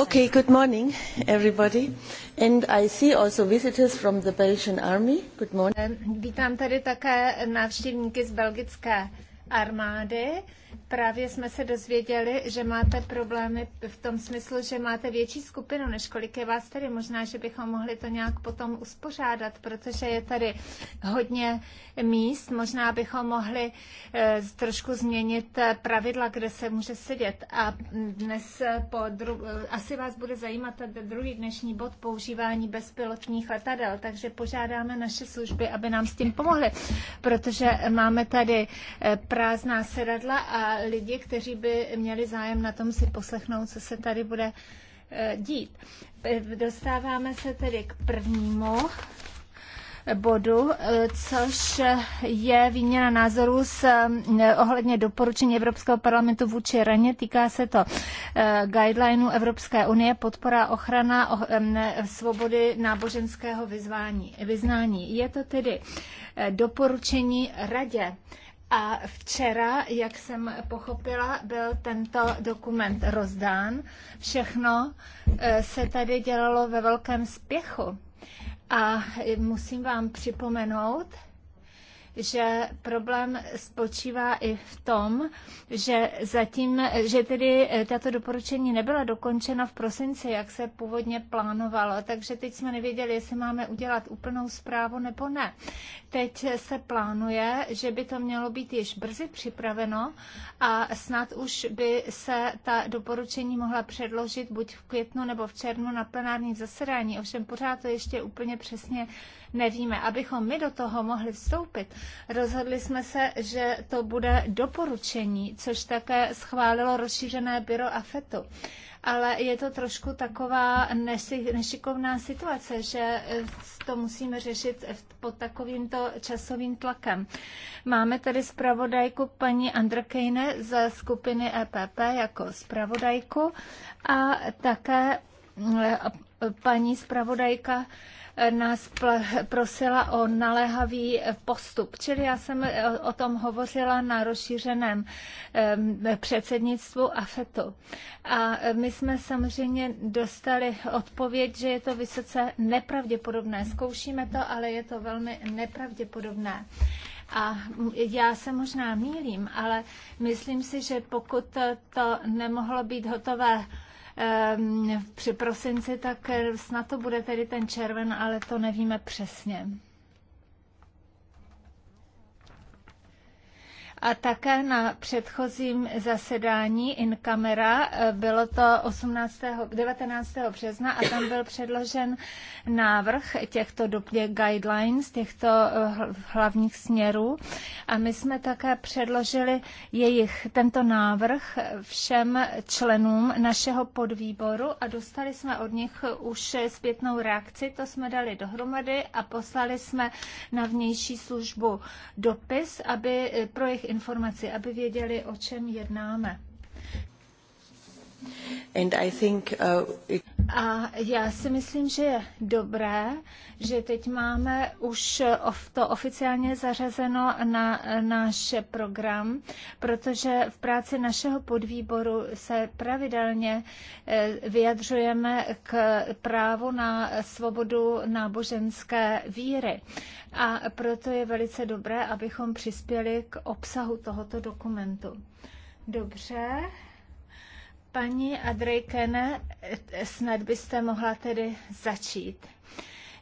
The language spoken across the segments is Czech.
Okay, good morning, everybody. And I see also visitors from the Belgian army. Good morning. Vítám tady také návštěvníky z belgické armády. Právě jsme se dozvěděli, že máte problémy v tom smyslu, že máte větší skupinu, než kolik je vás tady. Možná, že bychom mohli to nějak potom uspořádat, protože je tady hodně míst. Možná bychom mohli eh, trošku změnit eh, pravidla, kde se může sedět. A dnes eh, po dru- eh, asi vás bude zajímat druhý dnešní bod používání bezpilotních letadel, takže požádáme naše služby, aby nám s tím pomohly, protože máme tady prázdná sedadla a lidi, kteří by měli zájem na tom si poslechnout, co se tady bude eh, dít. Dostáváme se tedy k prvnímu bodu, eh, což je výměna názorů s, eh, ohledně doporučení Evropského parlamentu vůči raně. Týká se to guidelineů Evropské unie, podpora ochrana svobody náboženského vyzvání, vyznání. Je to tedy doporučení radě a včera, jak jsem pochopila, byl tento dokument rozdán. Všechno eh, se tady dělalo ve velkém spěchu. A musím vám připomenout, že problém spočívá i v tom, že zatím, že tedy eh, tato doporučení nebyla dokončena v prosinci, jak se původně plánovalo, takže teď jsme nevěděli, jestli máme udělat úplnou zprávu nebo ne. Teď se plánuje, že by to mělo být již brzy připraveno a snad už by se ta doporučení mohla předložit buď v květnu nebo v červnu na plenárním zasedání. Ovšem pořád to ještě úplně přesně nevíme. Abychom my do toho mohli vstoupit, rozhodli jsme se, že to bude doporučení, což také schválilo rozšířené byro AFETu ale je to trošku taková nešikovná situace, že eh, to musíme řešit pod takovýmto časovým tlakem. Máme tady zpravodajku paní Andrkejne ze skupiny EPP jako zpravodajku a také eh, paní zpravodajka nás prosila o naléhavý postup. Čili já jsem eh, o tom hovořila na rozšířeném předsednictvu AFETu. A eh, my jsme samozřejmě dostali odpověď, že je to vysoce nepravděpodobné. Zkoušíme to, ale je to velmi nepravděpodobné. A já se možná mílím, ale myslím si, že pokud to nemohlo být hotové Ehm, při prosinci, tak snad to bude tedy ten červen, ale to nevíme přesně. A také na předchozím zasedání in camera, eh, bylo to 18. 19. března a tam byl předložen návrh těchto guidelines, těchto eh, hlavních směrů. A my jsme také předložili jejich tento návrh všem členům našeho podvýboru a dostali jsme od nich už zpětnou reakci. To jsme dali dohromady a poslali jsme na vnější službu dopis, aby pro jejich informaci, aby věděli, o čem jednáme. And I think, uh, it... A já si myslím, že je dobré, že teď máme už eh, to oficiálně zařazeno na eh, náš program, protože v práci našeho podvýboru se pravidelně eh, vyjadřujeme k právu na svobodu náboženské víry. A proto je velice dobré, abychom přispěli k obsahu tohoto dokumentu. Dobře, Paní Adrejkene, snad byste mohla tedy začít.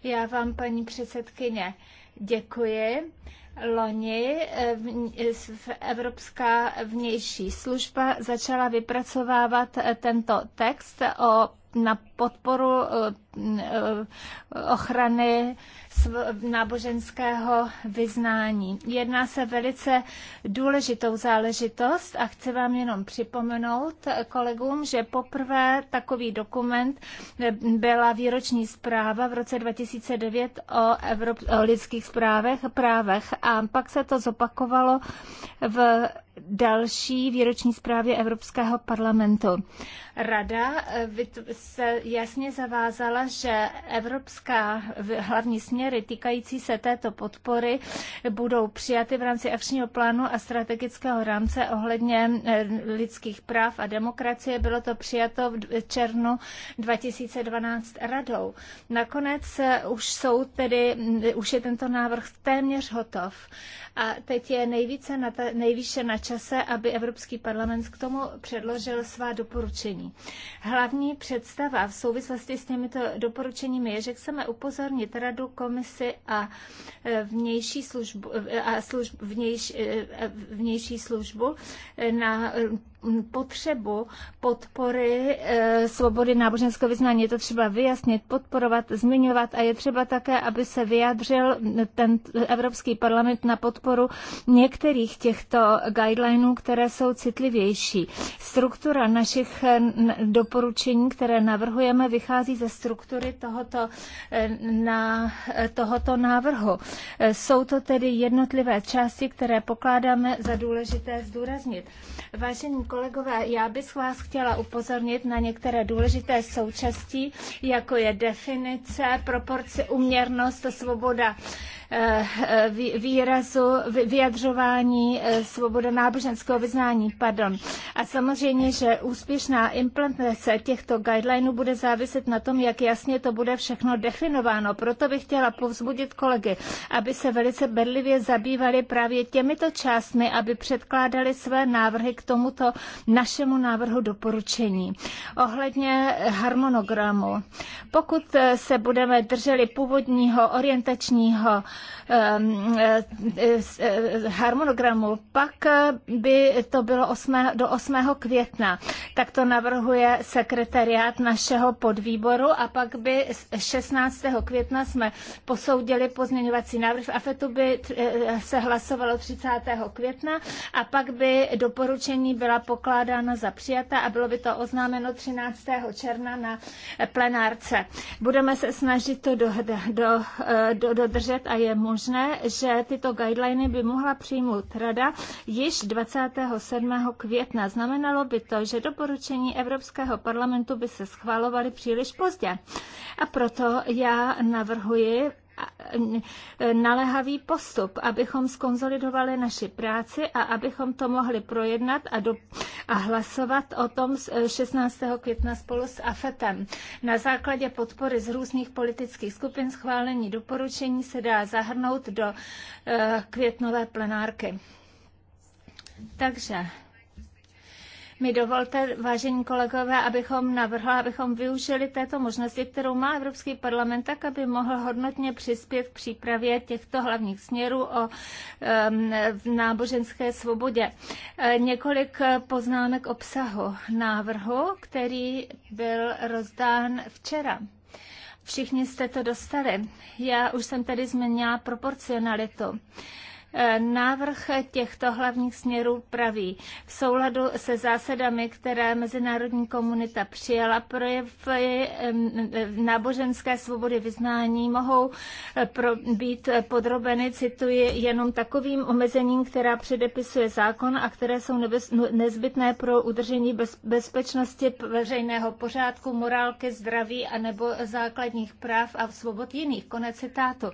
Já vám, paní předsedkyně, děkuji loni eh, Evropská vnější služba začala vypracovávat eh, tento text o na podporu eh, ochrany náboženského vyznání. Jedná se velice důležitou záležitost a chci vám jenom připomenout kolegům, že poprvé takový dokument byla výroční zpráva v roce 2009 o, Evrop- o lidských právech, právech a pak se to zopakovalo v další výroční zprávě Evropského parlamentu. Rada eh, se jasně zavázala, že Evropská hlavní směr směry týkající se této podpory budou přijaty v rámci akčního plánu a strategického rámce ohledně eh, lidských práv a demokracie. Bylo to přijato v červnu 2012 radou. Nakonec eh, už jsou tedy, mm, už je tento návrh téměř hotov. A teď je nejvíce na ta, nejvíce na čase, aby Evropský parlament k tomu předložil svá doporučení. Hlavní představa v souvislosti s těmito doporučeními je, že chceme upozornit radu komisí komisi a e, vnější službu, e, a službu, vnější, e, vnější službu na potřebu podpory eh, svobody náboženského vyznání. Je to třeba vyjasnit, podporovat, zmiňovat a je třeba také, aby se vyjádřil ten Evropský parlament na podporu některých těchto guidelineů které jsou citlivější. Struktura našich eh, doporučení, které navrhujeme, vychází ze struktury tohoto, eh, na, tohoto návrhu. Jsou to tedy jednotlivé části, které pokládáme za důležité zdůraznit. Vážení kolegové, já bych vás chtěla upozornit na některé důležité součásti, jako je definice, proporce, uměrnost, svoboda Eh, výrazu, vyjadřování, eh, svoboda náboženského vyznání, pardon. A samozřejmě, že úspěšná implementace těchto guidelinů bude záviset na tom, jak jasně to bude všechno definováno. Proto bych chtěla povzbudit kolegy, aby se velice bedlivě zabývali právě těmito částmi, aby předkládali své návrhy k tomuto našemu návrhu doporučení. Ohledně harmonogramu. Pokud eh, se budeme drželi původního orientačního Ehm, eh, eh, harmonogramu, pak eh, by to bylo 8, do 8. května. Tak to navrhuje sekretariát našeho podvýboru a pak by 16. května jsme posoudili pozměňovací návrh. V AFETu by se hlasovalo 30. května a pak by doporučení byla pokládána za přijata a bylo by to oznámeno 13. června na plenárce. Budeme se snažit to do, do, do, dodržet a je je možné, že tyto guideliny by mohla přijmout Rada již 27. května. Znamenalo by to, že doporučení Evropského parlamentu by se schvalovaly příliš pozdě. A proto já navrhuji naléhavý postup, abychom skonzolidovali naši práci a abychom to mohli projednat a, do, a hlasovat o tom 16. E, května spolu s AFETem. Na základě podpory z různých politických skupin schválení doporučení se dá zahrnout do e, květnové plenárky. Takže mi dovolte, vážení kolegové, abychom navrhla, abychom využili této možnosti, kterou má Evropský parlament, tak, aby mohl hodnotně přispět k přípravě těchto hlavních směrů o um, náboženské svobodě. E, několik poznámek obsahu návrhu, který byl rozdán včera. Všichni jste to dostali. Já už jsem tady změnila proporcionalitu. Eh, návrh těchto hlavních směrů praví v souladu se zásadami, které mezinárodní komunita přijala, projevy náboženské svobody vyznání mohou eh, pro, být podrobeny, cituji, jenom takovým omezením, která předepisuje zákon a které jsou nebez, no, nezbytné pro udržení bez, bezpečnosti veřejného pořádku, morálky, zdraví a nebo základních práv a svobod jiných. Konec citátu.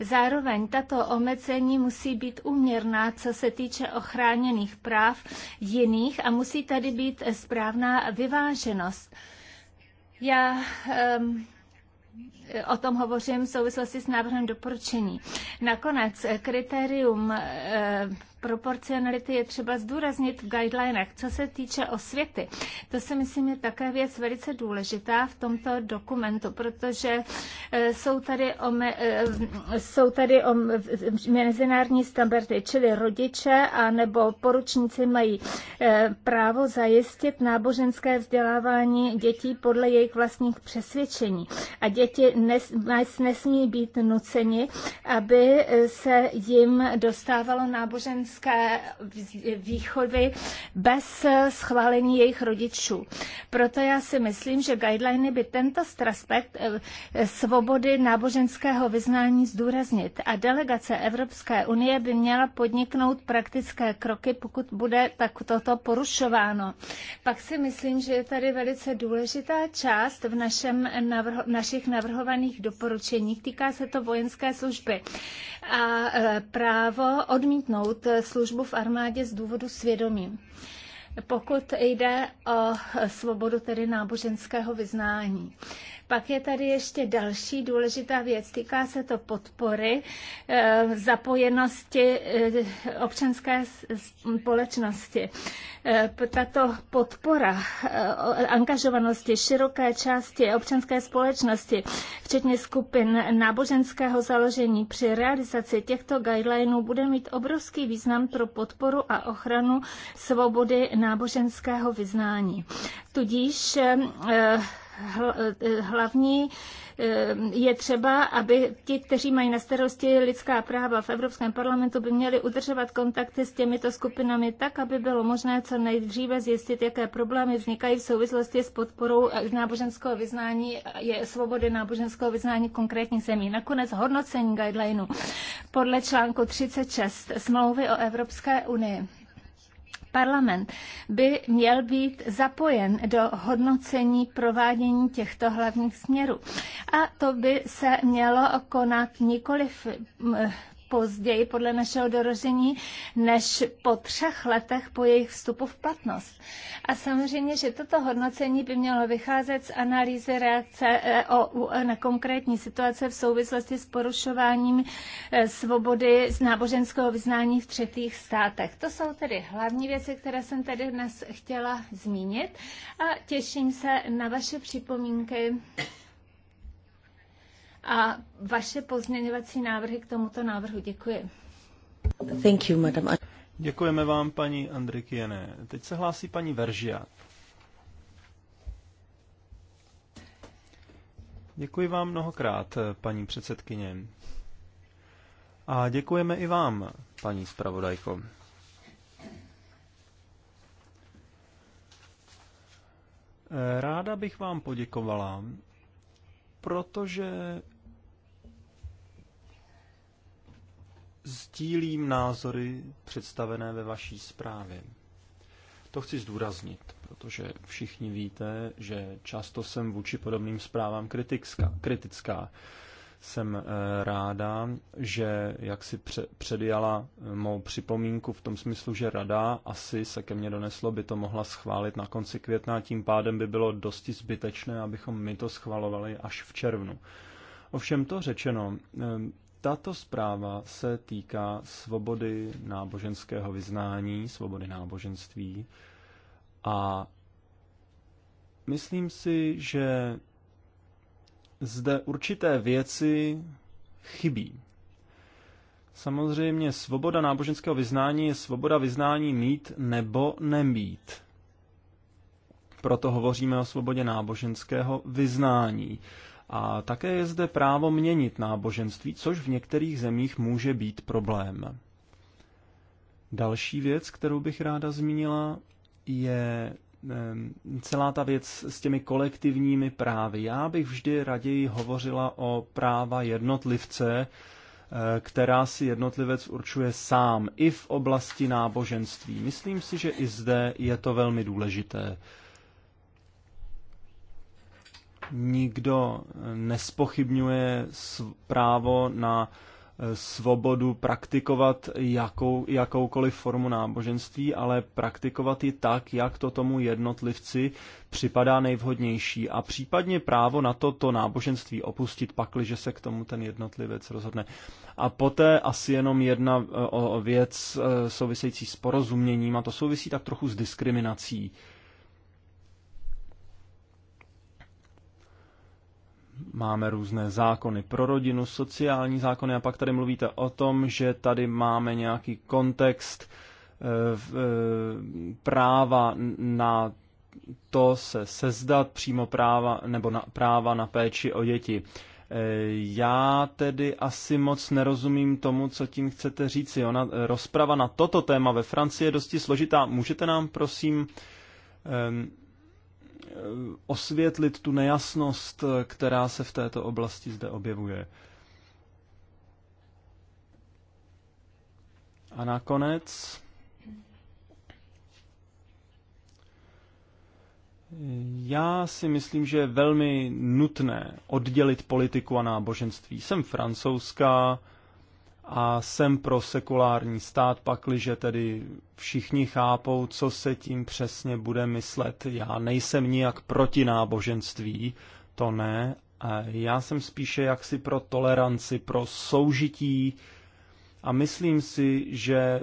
Zároveň tato omezení musí musí být uměrná, co se týče ochráněných práv jiných a musí tady být správná vyváženost. Já um, o tom hovořím v souvislosti s návrhem doporučení. Nakonec eh, kritérium eh, proporcionality je třeba zdůraznit v guidelinech. Co se týče osvěty, to si myslím je také věc velice důležitá v tomto dokumentu, protože jsou tady, ome, jsou tady o eh, mezinární standardy, čili rodiče a nebo poručníci mají právo zajistit náboženské vzdělávání dětí podle jejich vlastních přesvědčení. A děti nes, nesmí být nuceni, aby se jim dostávalo náboženské výchovy bez schválení jejich rodičů. Proto já si myslím, že guideliny by tento aspekt eh, svobody náboženského vyznání zdůraznit a delegace Evropské unie by měla podniknout praktické kroky, pokud bude tak toto porušováno. Pak si myslím, že je tady velice důležitá část v našem navrho, našich navrhovaných navrhovaných doporučeních. Týká se to vojenské služby a e, právo odmítnout e, službu v armádě z důvodu svědomí. Pokud jde o e, svobodu tedy náboženského vyznání. Pak je tady ještě další důležitá věc, týká se to podpory eh, zapojenosti eh, občanské společnosti. Eh, tato podpora angažovanosti široké části občanské společnosti, včetně skupin náboženského založení při realizaci těchto guidelineů, bude mít obrovský význam pro podporu a ochranu svobody náboženského vyznání. Tudíž Eh, hlavní eh, je třeba, aby ti, kteří mají na starosti lidská práva v Evropském parlamentu, by měli udržovat kontakty s těmito skupinami tak, aby bylo možné co nejdříve zjistit, jaké problémy vznikají v souvislosti s podporou eh, náboženského vyznání, je svobody náboženského vyznání konkrétních zemí. Nakonec hodnocení guidelineu podle článku 36 smlouvy o Evropské unii parlament by měl být zapojen do hodnocení provádění těchto hlavních směrů. A to by se mělo konat nikoli eh, později podle našeho dorožení než po třech letech po jejich vstupu v platnost. A samozřejmě, že toto hodnocení by mělo vycházet z analýzy reakce EU na konkrétní situace v souvislosti s porušováním e, svobody z náboženského vyznání v třetích státech. To jsou tedy hlavní věci, které jsem tady dnes chtěla zmínit a těším se na vaše připomínky a vaše pozměňovací návrhy k tomuto návrhu. Děkuji. Thank you, madam. Děkujeme vám, paní Andrikiene. Teď se hlásí paní Veržia. Děkuji vám mnohokrát, paní předsedkyně. A děkujeme i vám, paní zpravodajko. Ráda bych vám poděkovala, protože sdílím názory představené ve vaší zprávě. To chci zdůraznit, protože všichni víte, že často jsem vůči podobným zprávám kritická. kritická. Jsem eh, ráda, že jak si předjala eh, mou připomínku v tom smyslu, že rada asi se ke mně doneslo, by to mohla schválit na konci května, tím pádem by bylo dosti zbytečné, abychom my to schvalovali až v červnu. Ovšem to řečeno, eh, tato zpráva se týká svobody náboženského vyznání, svobody náboženství a myslím si, že zde určité věci chybí. Samozřejmě svoboda náboženského vyznání je svoboda vyznání mít nebo nemít. Proto hovoříme o svobodě náboženského vyznání. A také je zde právo měnit náboženství, což v některých zemích může být problém. Další věc, kterou bych ráda zmínila, je celá ta věc s těmi kolektivními právy. Já bych vždy raději hovořila o práva jednotlivce, eh, která si jednotlivec určuje sám, i v oblasti náboženství. Myslím si, že i zde je to velmi důležité nikdo nespochybňuje právo na eh, svobodu praktikovat jakou, jakoukoliv formu náboženství, ale praktikovat ji tak, jak to tomu jednotlivci připadá nejvhodnější a případně právo na to, to náboženství opustit, pakliže se k tomu ten jednotlivec rozhodne. A poté asi jenom jedna eh, věc eh, související s porozuměním a to souvisí tak trochu s diskriminací máme různé zákony pro rodinu, sociální zákony a pak tady mluvíte o tom, že tady máme nějaký kontext eh, eh, práva na to se sezdat, přímo práva nebo na, práva na péči o děti. Eh, já tedy asi moc nerozumím tomu, co tím chcete říci. Ona, rozprava na toto téma ve Francii je dosti složitá. Můžete nám prosím Eh, osvětlit tu nejasnost, která se v této oblasti zde objevuje. A nakonec Já si myslím, že je velmi nutné oddělit politiku a náboženství. Jsem francouzská, a jsem pro sekulární stát, pakliže tedy všichni chápou, co se tím přesně bude myslet. Já nejsem nijak proti náboženství, to ne, a já jsem spíše jaksi pro toleranci, pro soužití a myslím si, že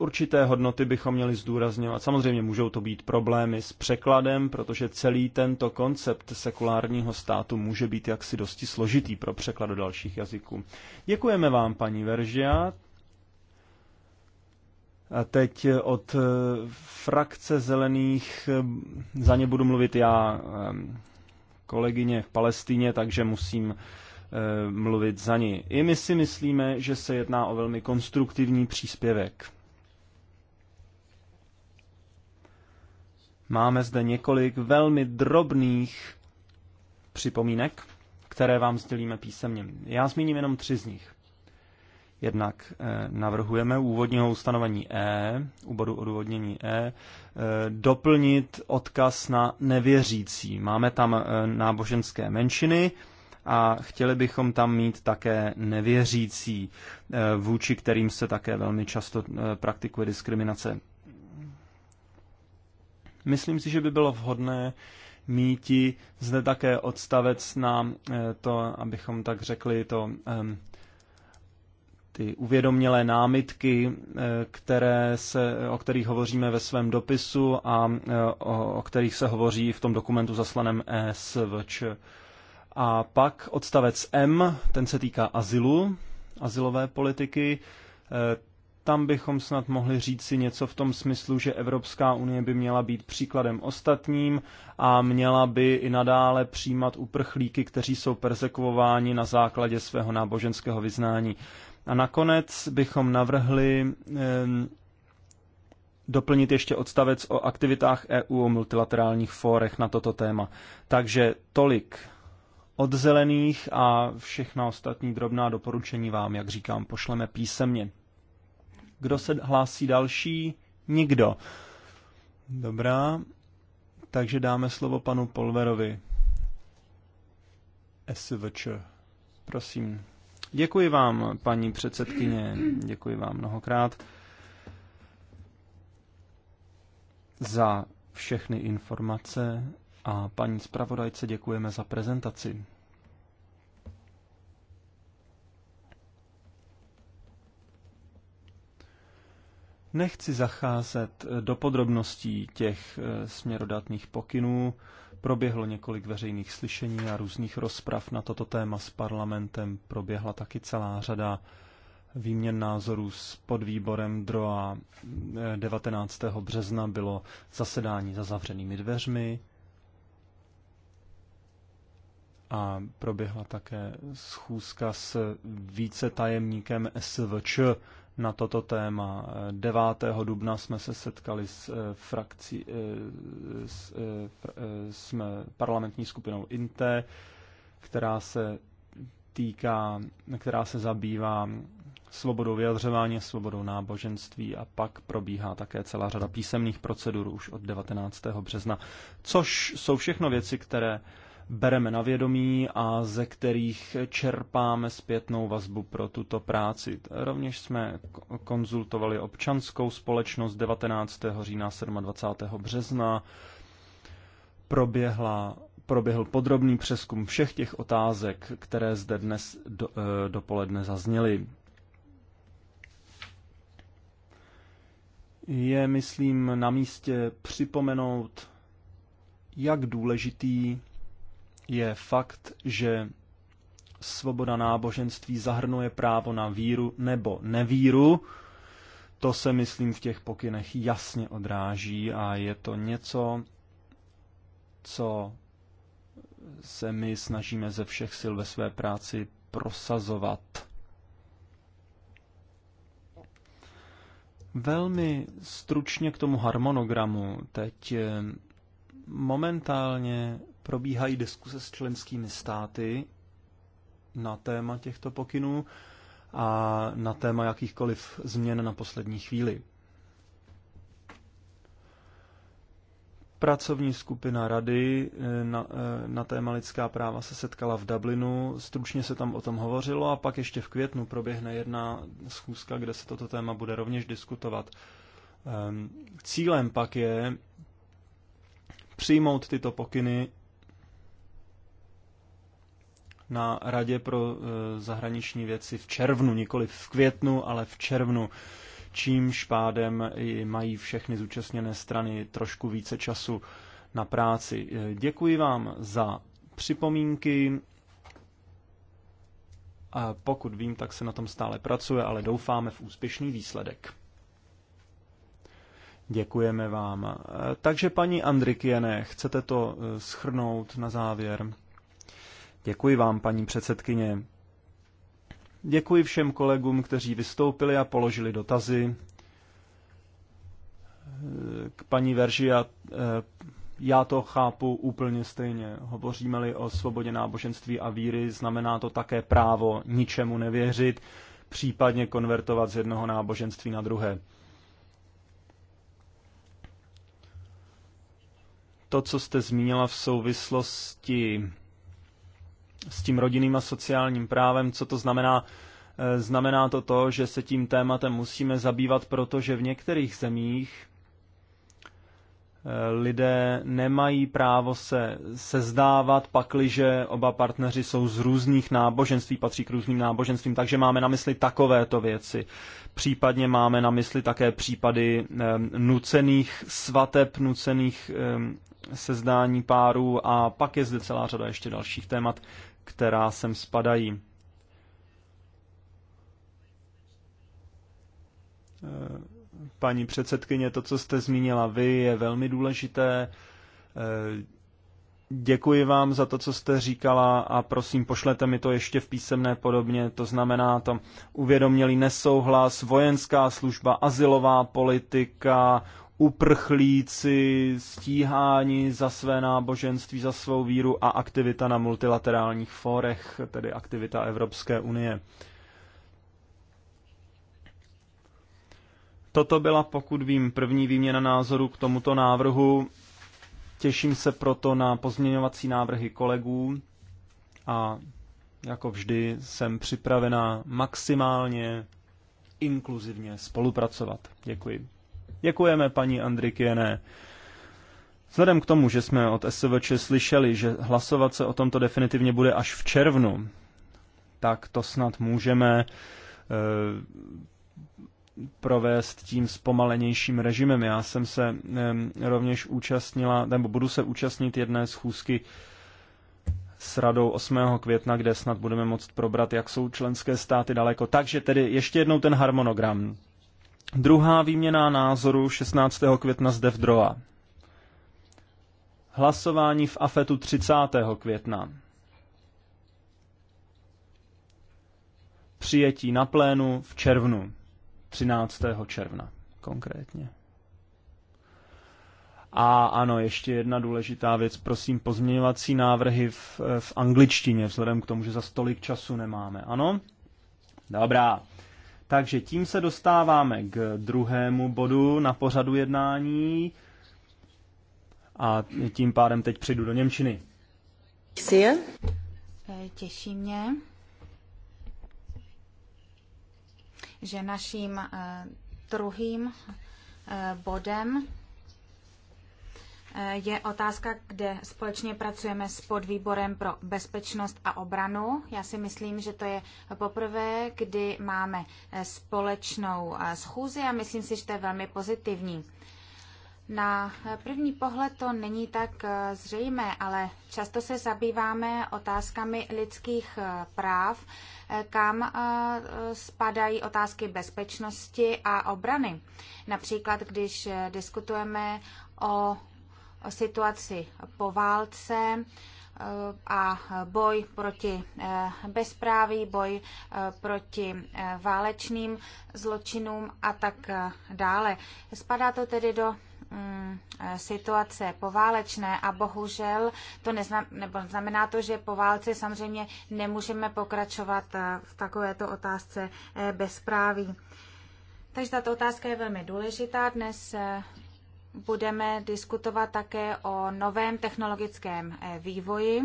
Určité hodnoty bychom měli zdůrazňovat. Samozřejmě můžou to být problémy s překladem, protože celý tento koncept sekulárního státu může být jaksi dosti složitý pro překlad do dalších jazyků. Děkujeme vám, paní Veržia. A teď od eh, frakce zelených, eh, za ně budu mluvit já, eh, kolegyně v Palestíně, takže musím mluvit za ní. I my si myslíme, že se jedná o velmi konstruktivní příspěvek. Máme zde několik velmi drobných připomínek, které vám sdělíme písemně. Já zmíním jenom tři z nich. Jednak eh, navrhujeme úvodního ustanovení E, u bodu odůvodnění E, eh, doplnit odkaz na nevěřící. Máme tam eh, náboženské menšiny a chtěli bychom tam mít také nevěřící, vůči kterým se také velmi často praktikuje diskriminace. Myslím si, že by bylo vhodné míti zde také odstavec na eh, to, abychom tak řekli, to ehm, ty uvědomělé námitky, eh, které se, o kterých hovoříme ve svém dopisu a eh, o, o kterých se hovoří v tom dokumentu zaslaném ESVČ. A pak odstavec M, ten se týká azylu, azylové politiky tam bychom snad mohli říci něco v tom smyslu, že Evropská unie by měla být příkladem ostatním a měla by i nadále přijímat uprchlíky, kteří jsou persekuováni na základě svého náboženského vyznání. A nakonec bychom navrhli eh, doplnit ještě odstavec o aktivitách EU o multilaterálních fórech na toto téma. Takže tolik od zelených a všechna ostatní drobná doporučení vám, jak říkám, pošleme písemně. Kdo se hlásí další? Nikdo. Dobrá, takže dáme slovo panu Polverovi. SVČ. Prosím. Děkuji vám, paní předsedkyně, děkuji vám mnohokrát za všechny informace a paní zpravodajce děkujeme za prezentaci. Nechci zacházet eh, do podrobností těch eh, směrodatných pokynů. Proběhlo několik veřejných slyšení a různých rozprav na toto téma s parlamentem. Proběhla taky celá řada výměn názorů s podvýborem DROA 19. Eh, března bylo zasedání za zavřenými dveřmi a proběhla také schůzka s více tajemníkem SVČ na toto téma. 9. dubna jsme se setkali s eh, frakcí, eh, s, eh, s parlamentní skupinou INTE, která se týká, která se zabývá svobodou vyjadřování, svobodou náboženství a pak probíhá také celá řada písemných procedur už od 19. března, což jsou všechno věci, které bereme na vědomí a ze kterých čerpáme zpětnou vazbu pro tuto práci. Rovněž jsme konzultovali občanskou společnost 19. října 27. března. Proběhla, proběhl podrobný přeskum všech těch otázek, které zde dnes do, eh, dopoledne zazněly. Je, myslím, na místě připomenout, jak důležitý je fakt, že svoboda náboženství zahrnuje právo na víru nebo nevíru. To se, myslím, v těch pokynech jasně odráží a je to něco, co se my snažíme ze všech sil ve své práci prosazovat. Velmi stručně k tomu harmonogramu. Teď eh, momentálně probíhají diskuse s členskými státy na téma těchto pokynů a na téma jakýchkoliv změn na poslední chvíli. Pracovní skupina rady eh, na, eh, na téma lidská práva se setkala v Dublinu, stručně se tam o tom hovořilo a pak ještě v květnu proběhne jedna schůzka, kde se toto téma bude rovněž diskutovat. Ehm, cílem pak je přijmout tyto pokyny na Radě pro e, zahraniční věci v červnu, nikoli v květnu, ale v červnu, Čím špádem mají všechny zúčastněné strany trošku více času na práci. E, děkuji vám za připomínky. A pokud vím, tak se na tom stále pracuje, ale doufáme v úspěšný výsledek. Děkujeme vám. E, takže paní Andrikiene, chcete to schrnout na závěr? Děkuji vám, paní předsedkyně. Děkuji všem kolegům, kteří vystoupili a položili dotazy. K paní Verži, já, eh, já to chápu úplně stejně. Hovoříme-li o svobodě náboženství a víry, znamená to také právo ničemu nevěřit, případně konvertovat z jednoho náboženství na druhé. To, co jste zmínila v souvislosti s tím rodinným a sociálním právem. Co to znamená? E, znamená to to, že se tím tématem musíme zabývat, protože v některých zemích e, lidé nemají právo se sezdávat, pakliže oba partneři jsou z různých náboženství, patří k různým náboženstvím, takže máme na mysli takovéto věci. Případně máme na mysli také případy e, nucených svateb, nucených sezdání párů a pak je zde celá řada ještě dalších témat, která sem spadají. Paní předsedkyně, to, co jste zmínila vy, je velmi důležité. Děkuji vám za to, co jste říkala a prosím, pošlete mi to ještě v písemné podobně. To znamená to uvědomělý nesouhlas, vojenská služba, asilová politika, uprchlíci stíháni za své náboženství, za svou víru a aktivita na multilaterálních fórech, tedy aktivita Evropské unie. Toto byla, pokud vím, první výměna názoru k tomuto návrhu. Těším se proto na pozměňovací návrhy kolegů a jako vždy jsem připravena maximálně inkluzivně spolupracovat. Děkuji. Děkujeme paní Andrikiené. Vzhledem k tomu, že jsme od SVČ slyšeli, že hlasovat se o tomto definitivně bude až v červnu, tak to snad můžeme e, provést tím zpomalenějším režimem. Já jsem se e, rovněž účastnila, nebo budu se účastnit jedné schůzky s radou 8. května, kde snad budeme moct probrat, jak jsou členské státy daleko. Takže tedy ještě jednou ten harmonogram. Druhá výměna názoru 16. května z Devdroa. Hlasování v AFETu 30. května. Přijetí na plénu v červnu, 13. června konkrétně. A ano, ještě jedna důležitá věc, prosím, pozměňovací návrhy v, v angličtině, vzhledem k tomu, že za stolik času nemáme. Ano? Dobrá. Takže tím se dostáváme k druhému bodu na pořadu jednání a tím pádem teď přijdu do Němčiny. Těší mě, že naším eh, druhým eh, bodem je otázka, kde společně pracujeme s podvýborem pro bezpečnost a obranu. Já si myslím, že to je poprvé, kdy máme společnou eh, schůzi a myslím si, že to je velmi pozitivní. Na první pohled to není tak eh, zřejmé, ale často se zabýváme otázkami lidských eh, práv, kam spadají otázky bezpečnosti a obrany. Například, když diskutujeme o situaci po válce eh, a boj proti eh, bezpráví, boj eh, proti válečným zločinům a tak dále. Spadá to tedy do mm, situace poválečné a bohužel to neznam nebo znamená to, že po válce samozřejmě nemůžeme pokračovat v takovéto otázce bezpráví. Takže tato otázka je velmi důležitá. Dnes budeme diskutovat také o novém technologickém eh, vývoji.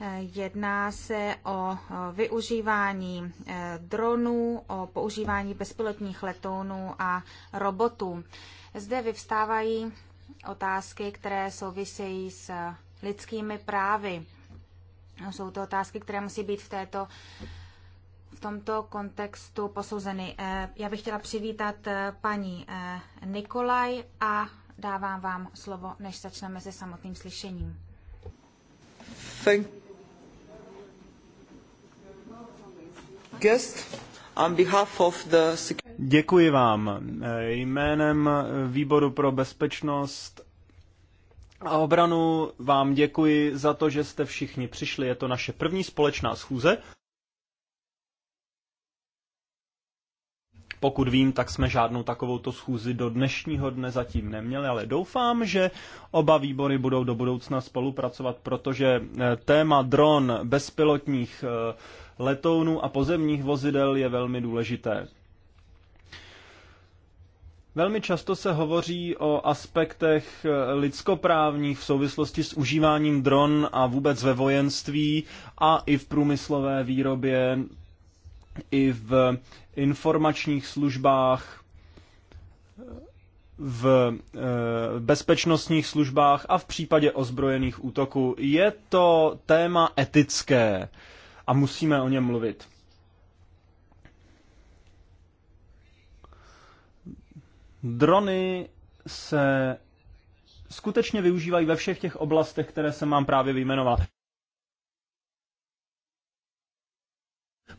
Eh, jedná se o využívání eh, dronů, o používání bezpilotních letounů a robotů. Zde vyvstávají otázky, které souvisejí s lidskými právy. Jsou to otázky, které musí být v této tomto kontextu posouzeny. Eh, já bych chtěla přivítat eh, paní eh, Nikolaj a dávám vám slovo, než začneme se samotným slyšením. Thank guest on behalf of the Děkuji vám. Jménem Výboru pro bezpečnost a obranu vám děkuji za to, že jste všichni přišli. Je to naše první společná schůze. Pokud vím, tak jsme žádnou takovouto schůzi do dnešního dne zatím neměli, ale doufám, že oba výbory budou do budoucna spolupracovat, protože eh, téma dron, bezpilotních eh, letounů a pozemních vozidel je velmi důležité. Velmi často se hovoří o aspektech eh, lidskoprávních v souvislosti s užíváním dron a vůbec ve vojenství a i v průmyslové výrobě i v informačních službách, v eh, bezpečnostních službách a v případě ozbrojených útoků. Je to téma etické a musíme o něm mluvit. Drony se skutečně využívají ve všech těch oblastech, které jsem vám právě vyjmenoval.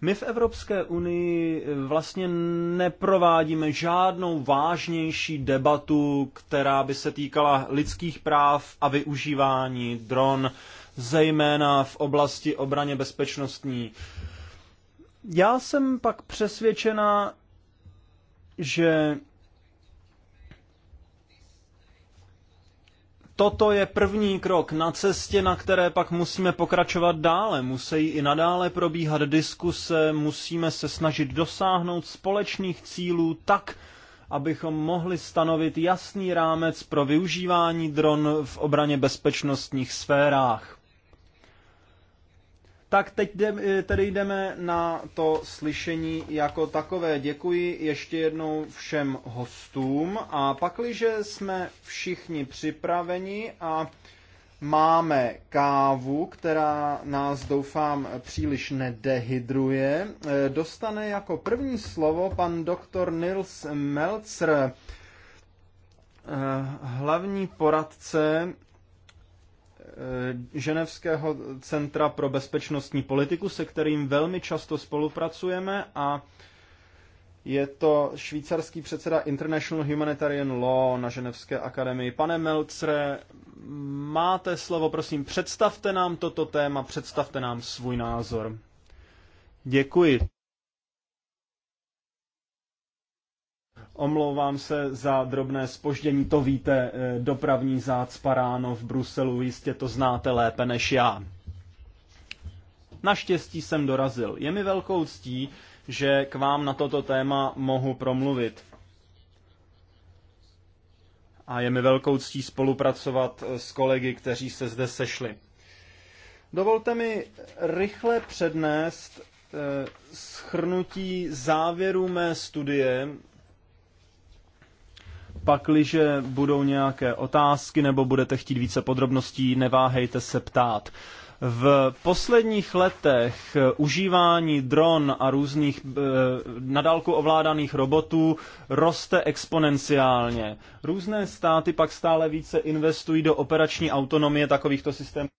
My v Evropské unii eh, vlastně neprovádíme žádnou vážnější debatu, která by se týkala lidských práv a využívání dron, zejména v oblasti obraně bezpečnostní. Já jsem pak přesvědčena, že toto je první krok na cestě, na které pak musíme pokračovat dále. Musí i nadále probíhat diskuse, musíme se snažit dosáhnout společných cílů tak, abychom mohli stanovit jasný rámec pro využívání dron v obraně bezpečnostních sférách. Tak teď eh, tedy jdeme na to slyšení jako takové. Děkuji ještě jednou všem hostům a pakliže jsme všichni připraveni a máme kávu, která nás doufám příliš nedehydruje, eh, dostane jako první slovo pan doktor Nils Melzer, eh, hlavní poradce Eh, Ženevského centra pro bezpečnostní politiku, se kterým velmi často spolupracujeme a je to švýcarský předseda International Humanitarian Law na Ženevské akademii. Pane Melcre, máte slovo, prosím, představte nám toto téma, představte nám svůj názor. Děkuji. Omlouvám se za drobné spoždění, to víte, eh, dopravní zácpa ráno v Bruselu, jistě to znáte lépe než já. Naštěstí jsem dorazil. Je mi velkou ctí, že k vám na toto téma mohu promluvit. A je mi velkou ctí spolupracovat eh, s kolegy, kteří se zde sešli. Dovolte mi rychle přednést eh, schrnutí závěru mé studie Pakliže budou nějaké otázky nebo budete chtít více podrobností, neváhejte se ptát. V posledních letech užívání dron a různých e, eh, nadálku ovládaných robotů roste exponenciálně. Různé státy pak stále více investují do operační autonomie takovýchto systémů.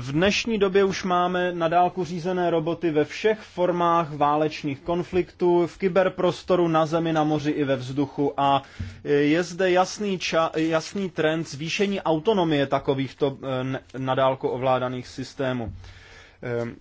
V dnešní době už máme nadálku řízené roboty ve všech formách válečných konfliktů, v kyberprostoru, na zemi, na moři i ve vzduchu a je zde jasný, ča, jasný trend zvýšení autonomie takovýchto eh, nadálku ovládaných systémů. Ehm,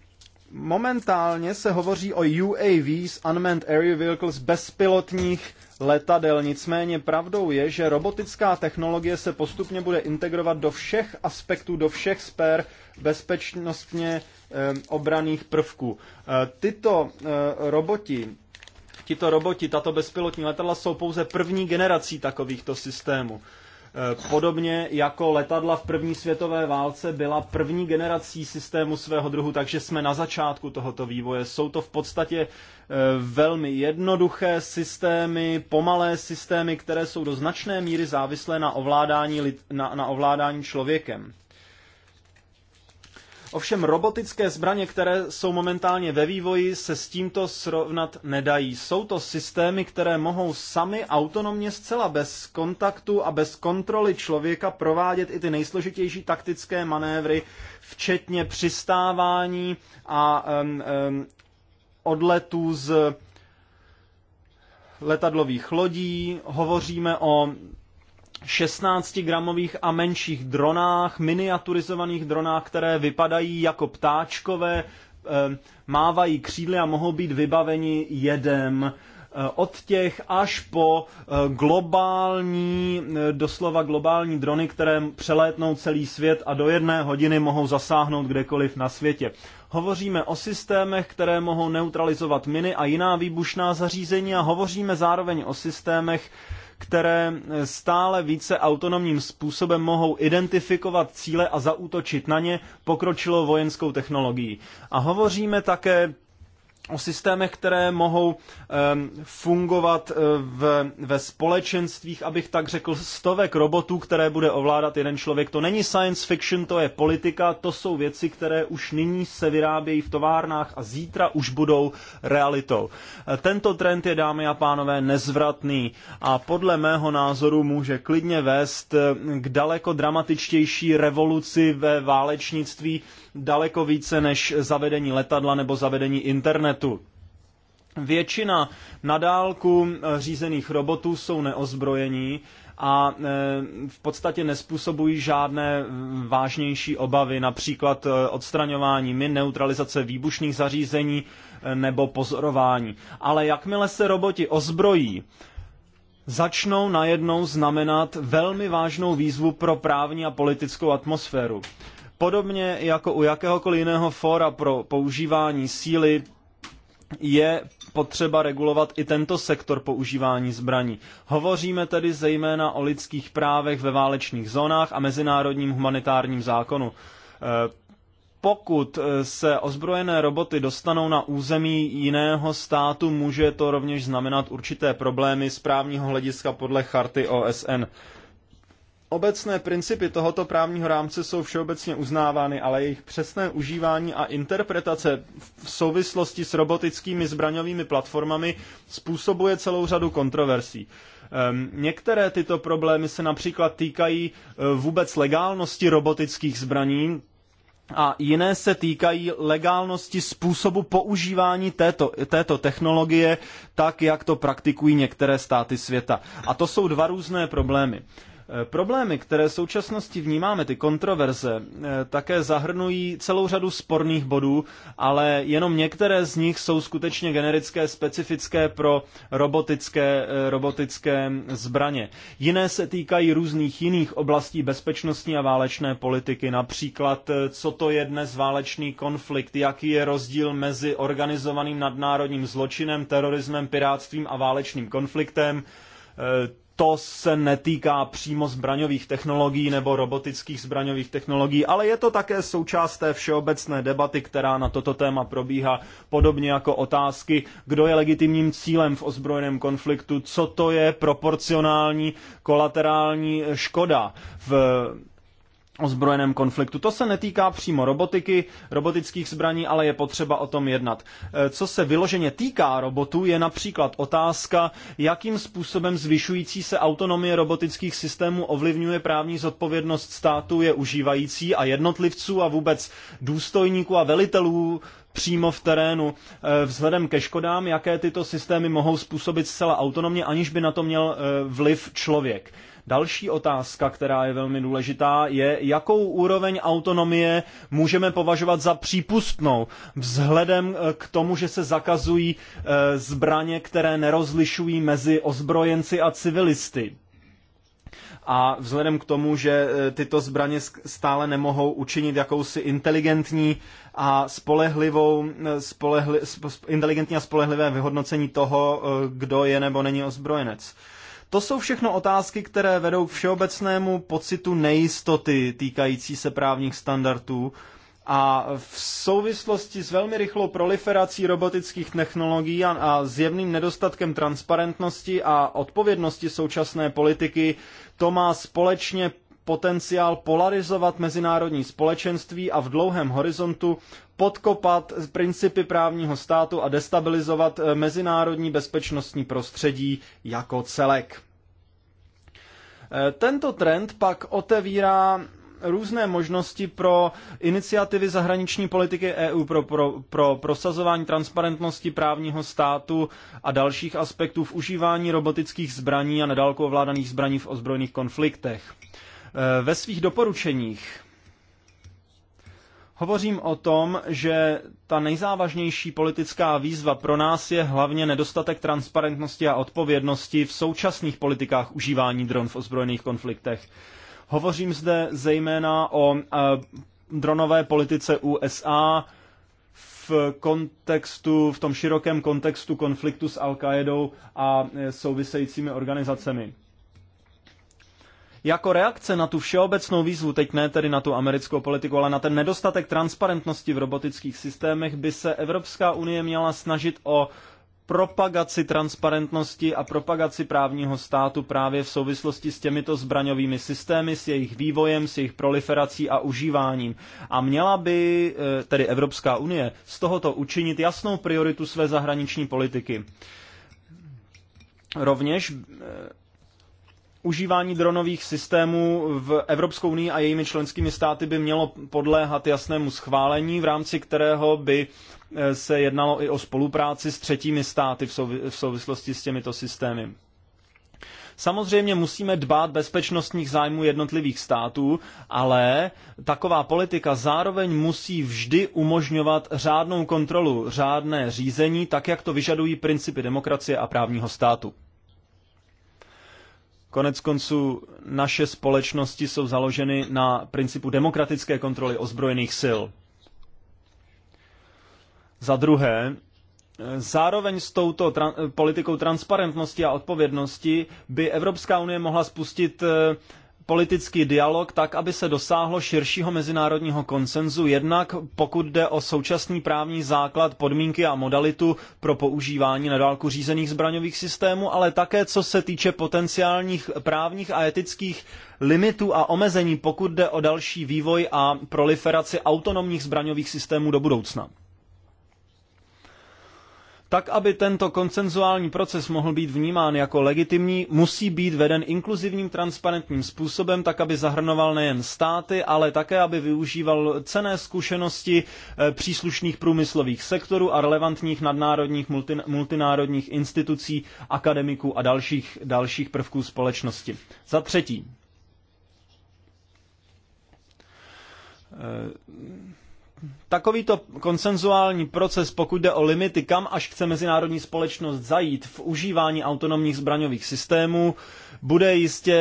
momentálně se hovoří o UAVs, Unmanned Aerial Vehicles, bezpilotních letadel. Nicméně pravdou je, že robotická technologie se postupně bude integrovat do všech aspektů, do všech sfér bezpečnostně eh, obraných prvků. Eh, tyto eh, roboti Tito roboti, tato bezpilotní letadla jsou pouze první generací takovýchto systémů. Eh, podobně jako letadla v první světové válce byla první generací systému svého druhu, takže jsme na začátku tohoto vývoje. Jsou to v podstatě eh, velmi jednoduché systémy, pomalé systémy, které jsou do značné míry závislé na ovládání, na, na ovládání člověkem. Ovšem robotické zbraně, které jsou momentálně ve vývoji, se s tímto srovnat nedají. Jsou to systémy, které mohou sami autonomně zcela bez kontaktu a bez kontroly člověka provádět i ty nejsložitější taktické manévry, včetně přistávání a um, um, odletů z letadlových lodí. Hovoříme o 16-gramových a menších dronách, miniaturizovaných dronách, které vypadají jako ptáčkové, eh, mávají křídly a mohou být vybaveni jedem eh, od těch až po eh, globální, doslova globální drony, které přelétnou celý svět a do jedné hodiny mohou zasáhnout kdekoliv na světě. Hovoříme o systémech, které mohou neutralizovat miny a jiná výbušná zařízení a hovoříme zároveň o systémech, které stále více autonomním způsobem mohou identifikovat cíle a zaútočit na ně pokročilou vojenskou technologií. A hovoříme také o systémech, které mohou fungovat e, v, ve společenstvích, abych tak řekl, stovek robotů, které bude ovládat jeden člověk. To není science fiction, to je politika, to jsou věci, které už nyní se vyrábějí v továrnách a zítra už budou realitou. E, tento trend je, dámy a pánové, nezvratný a podle mého názoru může klidně vést e, k daleko dramatičtější revoluci ve válečnictví, daleko více než zavedení letadla nebo zavedení internetu. Většina nadálku eh, řízených robotů jsou neozbrojení a eh, v podstatě nespůsobují žádné vážnější obavy, například eh, odstraňování min, neutralizace výbušných zařízení nebo pozorování. Ale jakmile se roboti ozbrojí, začnou najednou znamenat velmi vážnou výzvu pro právní a politickou atmosféru. Podobně jako u jakéhokoliv jiného fóra pro používání síly je potřeba regulovat i tento sektor používání zbraní. Hovoříme tedy zejména o lidských právech ve válečných zónách a mezinárodním humanitárním zákonu. E, pokud e, se ozbrojené roboty dostanou na území jiného státu, může to rovněž znamenat určité problémy z právního hlediska podle charty OSN. Obecné principy tohoto právního rámce jsou všeobecně uznávány, ale jejich přesné užívání a interpretace v souvislosti s robotickými zbraňovými platformami způsobuje celou řadu kontroversí. Ehm, některé tyto problémy se například týkají e, vůbec legálnosti robotických zbraní, a jiné se týkají legálnosti způsobu používání této, této technologie, tak jak to praktikují některé státy světa. A to jsou dva různé problémy. Eh, problémy, které v současnosti vnímáme, ty kontroverze, eh, také zahrnují celou řadu sporných bodů, ale jenom některé z nich jsou skutečně generické, specifické pro robotické, eh, robotické zbraně. Jiné se týkají různých jiných oblastí bezpečnostní a válečné politiky, například co to je dnes válečný konflikt, jaký je rozdíl mezi organizovaným nadnárodním zločinem, terorismem, pirátstvím a válečným konfliktem, to se netýká přímo zbraňových technologií nebo robotických zbraňových technologií, ale je to také součást té všeobecné debaty, která na toto téma probíhá, podobně jako otázky, kdo je legitimním cílem v ozbrojeném konfliktu, co to je proporcionální kolaterální škoda v ozbrojeném konfliktu. To se netýká přímo robotiky, robotických zbraní, ale je potřeba o tom jednat. E, co se vyloženě týká robotů, je například otázka, jakým způsobem zvyšující se autonomie robotických systémů ovlivňuje právní zodpovědnost státu, je užívající a jednotlivců a vůbec důstojníků a velitelů přímo v terénu e, vzhledem ke škodám, jaké tyto systémy mohou způsobit zcela autonomně, aniž by na to měl e, vliv člověk. Další otázka, která je velmi důležitá, je, jakou úroveň autonomie můžeme považovat za přípustnou vzhledem eh, k tomu, že se zakazují eh, zbraně, které nerozlišují mezi ozbrojenci a civilisty. A vzhledem k tomu, že eh, tyto zbraně stále nemohou učinit jakousi inteligentní a spolehlivou, spolehli, inteligentní a spolehlivé vyhodnocení toho, kdo je nebo není ozbrojenec. To jsou všechno otázky, které vedou k všeobecnému pocitu nejistoty týkající se právních standardů. A v souvislosti s velmi rychlou proliferací robotických technologií a, a zjevným nedostatkem transparentnosti a odpovědnosti současné politiky, to má společně potenciál polarizovat mezinárodní společenství a v dlouhém horizontu podkopat principy právního státu a destabilizovat eh, mezinárodní bezpečnostní prostředí jako celek. Eh, tento trend pak otevírá různé možnosti pro iniciativy zahraniční politiky EU pro, pro, pro prosazování transparentnosti právního státu a dalších aspektů v užívání robotických zbraní a nedálko ovládaných zbraní v ozbrojených konfliktech. Eh, ve svých doporučeních hovořím o tom, že ta nejzávažnější politická výzva pro nás je hlavně nedostatek transparentnosti a odpovědnosti v současných politikách užívání dron v ozbrojených konfliktech. Hovořím zde zejména o eh, dronové politice USA v kontextu, v tom širokém kontextu konfliktu s al qaedou a eh, souvisejícími organizacemi jako reakce na tu všeobecnou výzvu, teď ne tedy na tu americkou politiku, ale na ten nedostatek transparentnosti v robotických systémech, by se Evropská unie měla snažit o propagaci transparentnosti a propagaci právního státu právě v souvislosti s těmito zbraňovými systémy, s jejich vývojem, s jejich proliferací a užíváním. A měla by eh, tedy Evropská unie z tohoto učinit jasnou prioritu své zahraniční politiky. Rovněž eh, užívání dronových systémů v Evropskou unii a jejími členskými státy by mělo podléhat jasnému schválení, v rámci kterého by eh, se jednalo i o spolupráci s třetími státy v souvislosti s těmito systémy. Samozřejmě musíme dbát bezpečnostních zájmů jednotlivých států, ale taková politika zároveň musí vždy umožňovat řádnou kontrolu, řádné řízení, tak jak to vyžadují principy demokracie a právního státu. Konec konců naše společnosti jsou založeny na principu demokratické kontroly ozbrojených sil. Za druhé, Zároveň s touto tra- politikou transparentnosti a odpovědnosti by Evropská unie mohla spustit eh, politický dialog tak, aby se dosáhlo širšího mezinárodního konsenzu, jednak pokud jde o současný právní základ, podmínky a modalitu pro používání na dálku řízených zbraňových systémů, ale také co se týče potenciálních právních a etických limitů a omezení, pokud jde o další vývoj a proliferaci autonomních zbraňových systémů do budoucna. Tak, aby tento konsenzuální proces mohl být vnímán jako legitimní, musí být veden inkluzivním, transparentním způsobem, tak, aby zahrnoval nejen státy, ale také, aby využíval cené zkušenosti eh, příslušných průmyslových sektorů a relevantních nadnárodních, multin, multinárodních institucí, akademiků a dalších, dalších prvků společnosti. Za třetí. E takovýto konsenzuální proces, pokud jde o limity, kam až chce mezinárodní společnost zajít v užívání autonomních zbraňových systémů, bude jistě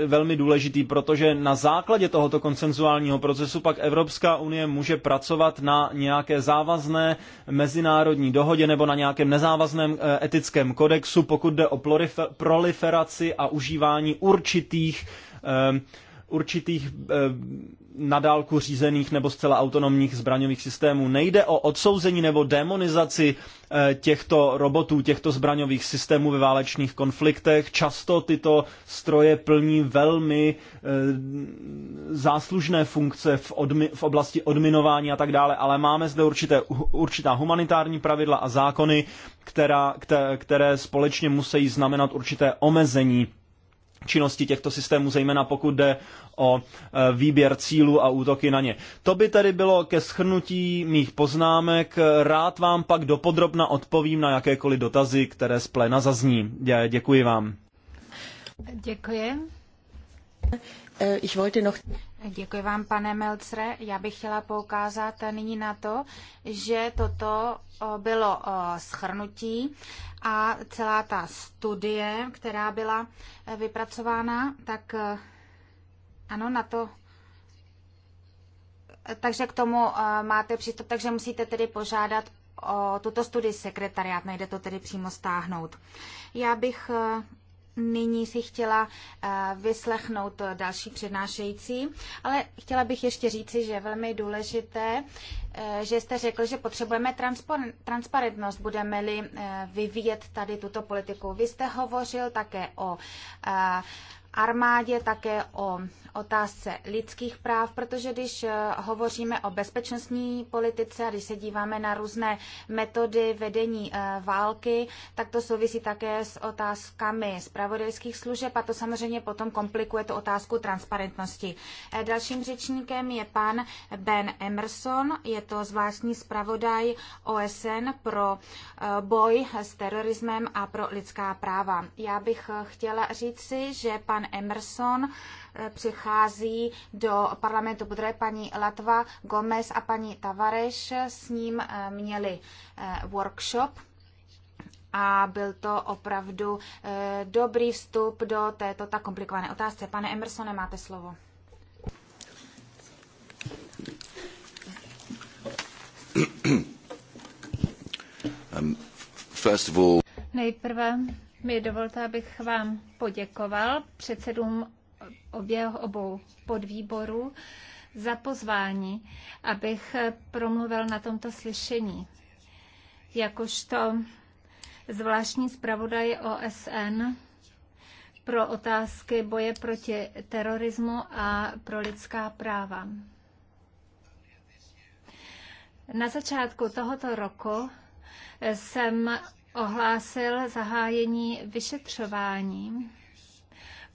e, velmi důležitý, protože na základě tohoto konsenzuálního procesu pak Evropská unie může pracovat na nějaké závazné mezinárodní dohodě nebo na nějakém nezávazném e, etickém kodexu, pokud jde o proliferaci a užívání určitých e, určitých eh, nadálku řízených nebo zcela autonomních zbraňových systémů. Nejde o odsouzení nebo demonizaci eh, těchto robotů, těchto zbraňových systémů ve válečných konfliktech. Často tyto stroje plní velmi eh, záslužné funkce v, odmi, v oblasti odminování a tak dále, ale máme zde určité, určitá humanitární pravidla a zákony, která, které, které společně musí znamenat určité omezení činnosti těchto systémů, zejména pokud jde o e, výběr cílů a útoky na ně. To by tedy bylo ke schrnutí mých poznámek. Rád vám pak dopodrobna odpovím na jakékoliv dotazy, které z pléna zazní. Děkuji vám. Děkuji. E, ich wollte noch... Děkuji vám, pane Melcre. Já bych chtěla poukázat nyní na to, že toto bylo schrnutí a celá ta studie, která byla e, vypracována, tak e, ano, na to e, takže k tomu máte přístup, takže musíte tedy požádat o tuto studii sekretariát, nejde to tedy přímo stáhnout. Já bych Nyní si chtěla eh, vyslechnout eh, další přednášející, ale chtěla bych ještě říci, že je velmi důležité, eh, že jste řekl, že potřebujeme transparentnost, budeme-li vyvíjet tady tuto politiku. Vy jste hovořil také o armádě, také o otázce lidských práv, protože když eh, hovoříme o bezpečnostní politice a když se díváme na různé metody vedení eh, války, tak to souvisí také s otázkami zpravodajských služeb a to samozřejmě potom komplikuje tu otázku transparentnosti. Eh, dalším řečníkem je pan Ben Emerson, je to zvláštní zpravodaj OSN pro boj s terorismem a pro lidská práva. Já bych chtěla říci, že pan Emerson eh, přichází do parlamentu, protože paní Latva Gomez a paní Tavareš s ním eh, měli eh, workshop a byl to opravdu dobrý vstup do této tak komplikované otázce. Pane Emersone, máte slovo. Um, first of all... Nejprve mi dovolte, abych vám poděkoval předsedům obě, obou podvýborů za pozvání, abych promluvil na tomto slyšení. Jakožto zvláštní zpravodaj OSN pro otázky boje proti terorismu a pro lidská práva. Na začátku tohoto roku jsem ohlásil zahájení vyšetřování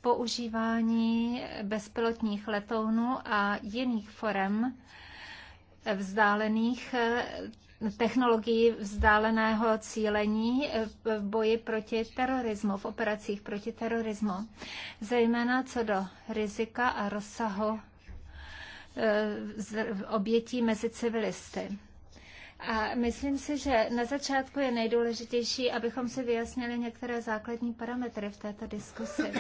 používání bezpilotních letounů a jiných forem vzdálených technologií vzdáleného cílení v boji proti terorismu, v operacích proti terorismu, zejména co do rizika a rozsahu eh, obětí mezi civilisty. A myslím si, že na začátku je nejdůležitější, abychom si vyjasnili některé základní parametry v této diskusi.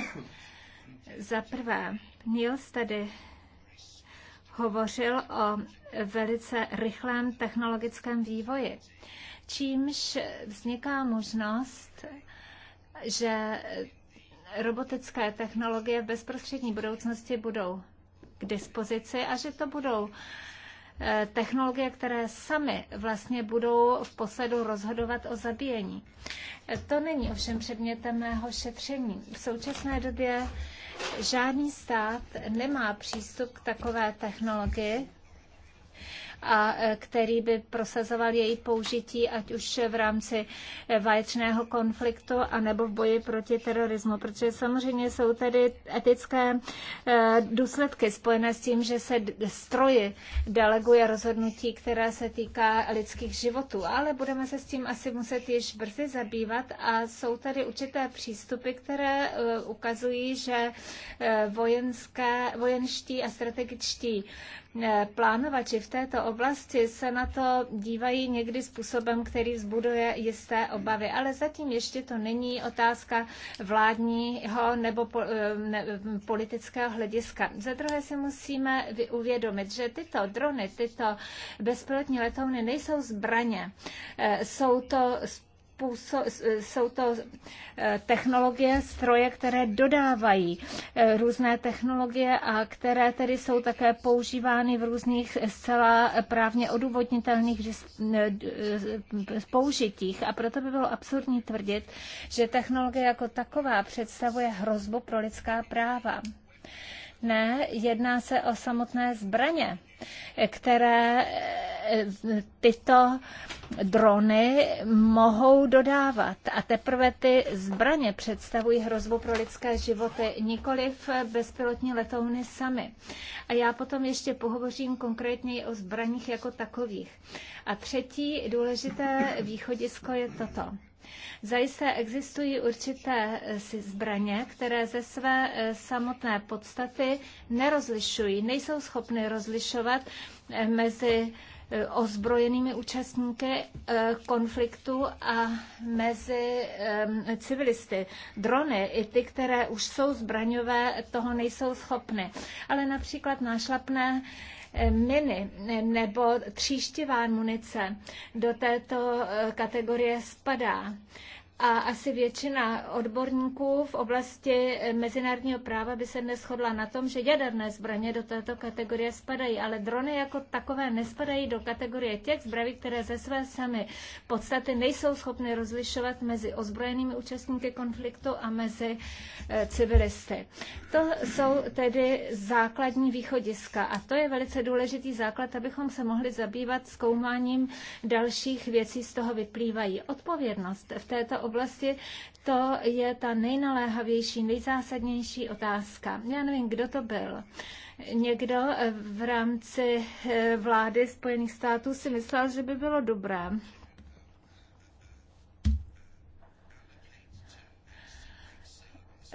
Za prvé, Niels tady hovořil o velice rychlém technologickém vývoji, čímž vzniká možnost, že robotické technologie v bezprostřední budoucnosti budou k dispozici a že to budou Eh, technologie, které sami vlastně budou v posledu rozhodovat o zabíjení. Eh, to není ovšem předmětem mého šetření. V současné době žádný stát nemá přístup k takové technologii a eh, který by prosazoval její použití, ať už v rámci eh, vaječného konfliktu, anebo v boji proti terorismu. Protože samozřejmě jsou tady etické eh, důsledky spojené s tím, že se stroji deleguje rozhodnutí, které se týká lidských životů. Ale budeme se s tím asi muset již brzy zabývat a jsou tady určité přístupy, které ukazují, že vojenské, vojenští a strategičtí Eh, plánovači v této oblasti se na to dívají někdy způsobem, který vzbuduje jisté obavy. Ale zatím ještě to není otázka vládního nebo po, eh, ne, politického hlediska. Za druhé si musíme uvědomit, že tyto drony, tyto bezpilotní letouny nejsou zbraně. Eh, jsou to způsob, jsou to eh, technologie, stroje, které dodávají eh, různé technologie a které tedy jsou také používány v různých zcela právně odůvodnitelných použitích. A proto by bylo absurdní tvrdit, že technologie jako taková představuje hrozbu pro lidská práva. Ne, jedná se o samotné zbraně které eh, tyto drony mohou dodávat. A teprve ty zbraně představují hrozbu pro lidské životy, nikoliv bezpilotní letouny samy. A já potom ještě pohovořím konkrétně o zbraních jako takových. A třetí důležité východisko je toto. Zajisté existují určité eh, zbraně, které ze své eh, samotné podstaty nerozlišují, nejsou schopny rozlišovat eh, mezi ozbrojenými účastníky konfliktu a mezi civilisty. Drony, i ty, které už jsou zbraňové, toho nejsou schopny. Ale například nášlapné miny nebo tříštivá munice do této eh, kategorie spadá a asi většina odborníků v oblasti eh, mezinárodního práva by se dnes shodla na tom, že jaderné zbraně do této kategorie spadají, ale drony jako takové nespadají do kategorie těch zbraní, které ze své samy podstaty nejsou schopny rozlišovat mezi ozbrojenými účastníky konfliktu a mezi eh, civilisty. To jsou tedy základní východiska a to je velice důležitý základ, abychom se mohli zabývat zkoumáním dalších věcí z toho vyplývají. Odpovědnost v této oblasti, to je ta nejnaléhavější, nejzásadnější otázka. Já nevím, kdo to byl někdo v rámci eh, vlády Spojených států si myslel, že by bylo dobré.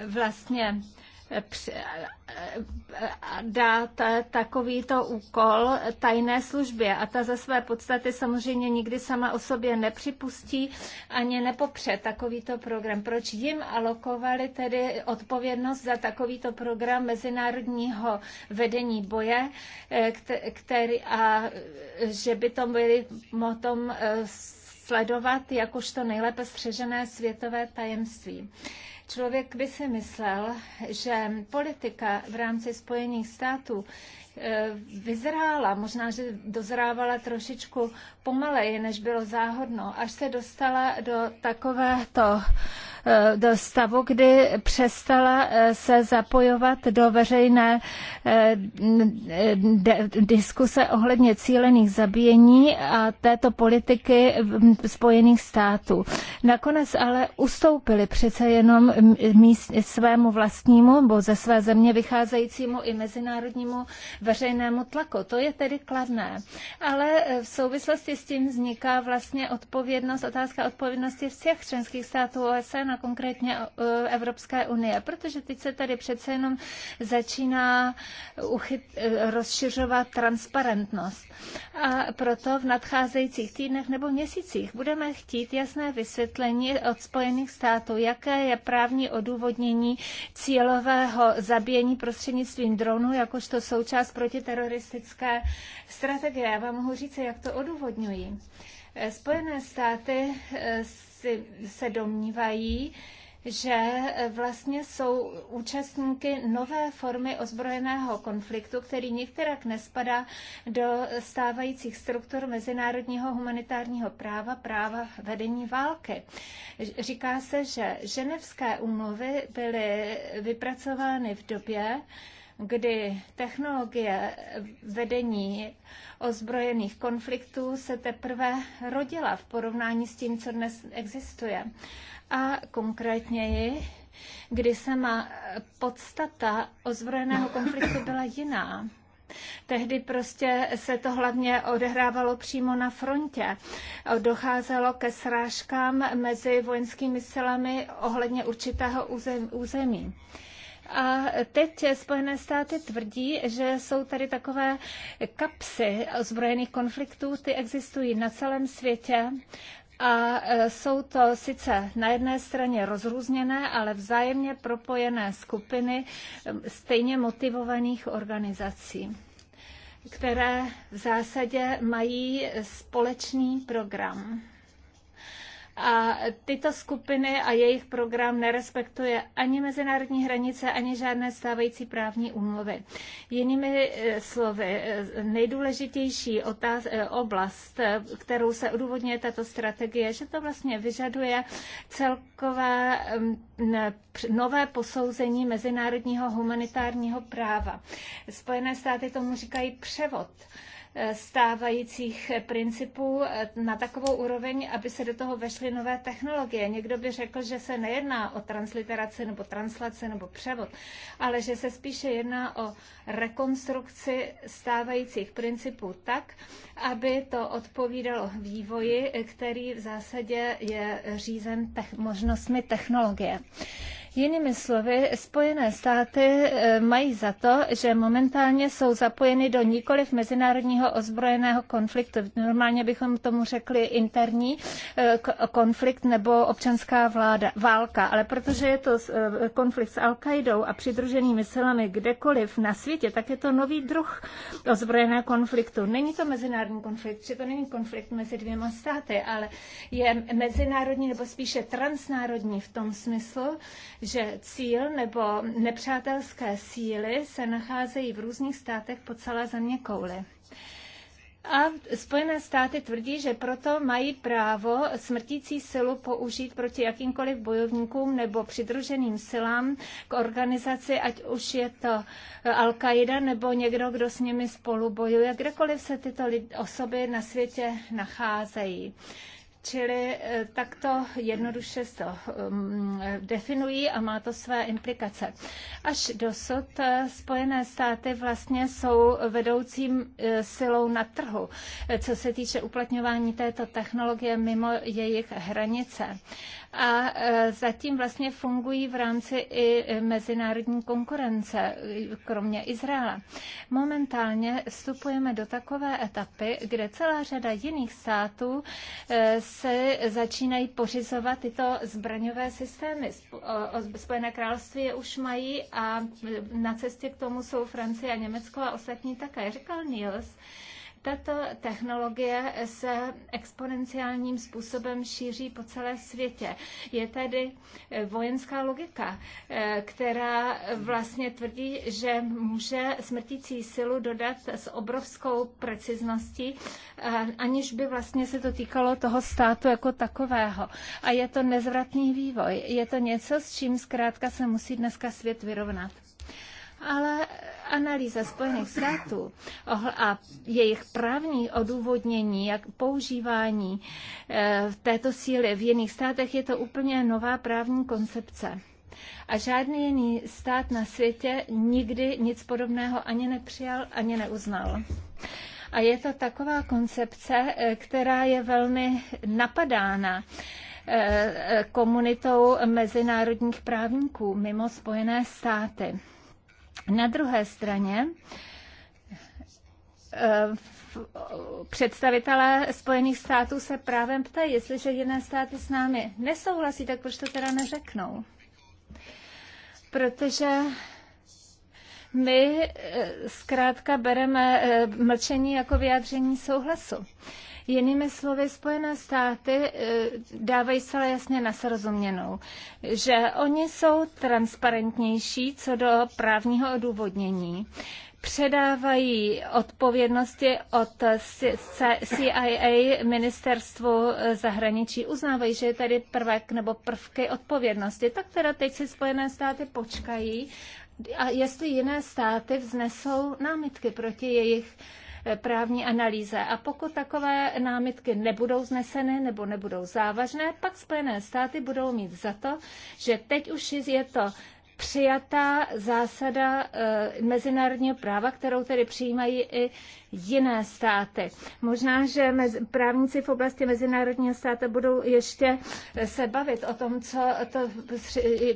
Vlastně dát takovýto úkol tajné službě. A ta ze své podstaty samozřejmě nikdy sama o sobě nepřipustí ani nepopře takovýto program. Proč jim alokovali tedy odpovědnost za takovýto program mezinárodního vedení boje, který a že by to byli potom eh, sledovat jakožto nejlépe střežené světové tajemství. Člověk by si myslel, že politika v rámci Spojených států eh, vyzrála, možná, že dozrávala trošičku pomaleji, než bylo záhodno, až se dostala do takovéto Eh, do stavu, kdy přestala eh, se zapojovat do veřejné eh, diskuse ohledně cílených zabíjení a této politiky Spojených států. Nakonec ale ustoupili přece jenom míst, svému vlastnímu, nebo ze své země vycházejícímu i mezinárodnímu veřejnému tlaku. To je tedy kladné. Ale v souvislosti s tím vzniká vlastně odpovědnost, otázka odpovědnosti všech členských států OSN na konkrétně e, Evropské unie, protože teď se tady přece jenom začíná uchyt, e, rozšiřovat transparentnost. A proto v nadcházejících týdnech nebo měsících budeme chtít jasné vysvětlení od Spojených států, jaké je právní odůvodnění cílového zabíjení prostřednictvím dronů, jakožto součást protiteroristické strategie. Já vám mohu říct, jak to odůvodňují. E, Spojené státy si, se domnívají, že eh, vlastně jsou účastníky nové formy ozbrojeného konfliktu, který některak nespadá do stávajících struktur mezinárodního humanitárního práva, práva vedení války. Říká se, že ženevské úmluvy byly vypracovány v době, kdy technologie vedení ozbrojených konfliktů se teprve rodila v porovnání s tím, co dnes existuje. A konkrétněji, kdy sama podstata ozbrojeného konfliktu byla jiná. Tehdy prostě se to hlavně odehrávalo přímo na frontě. Docházelo ke srážkám mezi vojenskými silami ohledně určitého území. A teď Spojené státy tvrdí, že jsou tady takové kapsy ozbrojených konfliktů, ty existují na celém světě. A e, jsou to sice na jedné straně rozrůzněné, ale vzájemně propojené skupiny stejně motivovaných organizací, které v zásadě mají společný program. A tyto skupiny a jejich program nerespektuje ani mezinárodní hranice, ani žádné stávající právní úmluvy. Jinými eh, slovy, eh, nejdůležitější otáz, eh, oblast, kterou se odůvodňuje tato strategie, že to vlastně vyžaduje celkové nové posouzení mezinárodního humanitárního práva. Spojené státy tomu říkají převod stávajících principů na takovou úroveň, aby se do toho vešly nové technologie. Někdo by řekl, že se nejedná o transliteraci nebo translace nebo převod, ale že se spíše jedná o rekonstrukci stávajících principů tak, aby to odpovídalo vývoji, který v zásadě je řízen te- možnostmi technologie. Jinými slovy, Spojené státy eh, mají za to, že momentálně jsou zapojeny do nikoliv mezinárodního ozbrojeného konfliktu. Normálně bychom tomu řekli interní eh, konflikt nebo občanská vláda, válka, ale protože je to eh, konflikt s al kaidou a přidruženými silami kdekoliv na světě, tak je to nový druh ozbrojeného konfliktu. Není to mezinárodní konflikt, protože to není konflikt mezi dvěma státy, ale je mezinárodní nebo spíše transnárodní v tom smyslu, že cíl nebo nepřátelské síly se nacházejí v různých státech po celé země kouly. A Spojené státy tvrdí, že proto mají právo smrtící silu použít proti jakýmkoliv bojovníkům nebo přidruženým silám k organizaci, ať už je to Al-Qaida nebo někdo, kdo s nimi spolu bojuje, kdekoliv se tyto osoby na světě nacházejí. Čili eh, takto jednoduše to mm, eh, definují a má to své implikace. Až dosud eh, Spojené státy vlastně jsou vedoucím silou na trhu, co se týče uplatňování této technologie mimo jejich hranice. A zatím vlastně fungují v rámci i mezinárodní konkurence, kromě Izraela. Momentálně vstupujeme do takové etapy, kde celá řada jiných států se začínají pořizovat tyto zbraňové systémy. Spojené království je už mají a na cestě k tomu jsou Francie a Německo a ostatní také. Říkal Niels, tato technologie se exponenciálním způsobem šíří po celé světě. Je tady eh, vojenská logika, eh, která vlastně tvrdí, že může smrtící silu dodat s obrovskou precizností, aniž by vlastně se to týkalo toho státu jako takového. A je to nezvratný vývoj. Je to něco, s čím zkrátka se musí dneska svět vyrovnat. Ale analýza Spojených států a jejich právní odůvodnění, jak používání eh, této síly v jiných státech, je to úplně nová právní koncepce. A žádný jiný stát na světě nikdy nic podobného ani nepřijal, ani neuznal. A je to taková koncepce, eh, která je velmi napadána eh, komunitou mezinárodních právníků mimo Spojené státy. Na druhé straně eh, představitelé Spojených států se právem ptají, jestliže jiné státy s námi nesouhlasí, tak proč to teda neřeknou? Protože my eh, zkrátka bereme eh, mlčení jako vyjádření souhlasu. Jinými slovy, Spojené státy eh, dávají celé jasně nasrozuměnou, že oni jsou transparentnější co do právního odůvodnění předávají odpovědnosti od CIA ministerstvu eh, zahraničí. Uznávají, že je tady prvek nebo prvky odpovědnosti. Tak teda teď si Spojené státy počkají a jestli jiné státy vznesou námitky proti jejich právní analýze. A pokud takové námitky nebudou zneseny nebo nebudou závažné, pak Spojené státy budou mít za to, že teď už je to přijatá zásada e, mezinárodního práva, kterou tedy přijímají i jiné státy. Možná, že mezi, právníci v oblasti mezinárodního státu budou ještě se bavit o tom, co to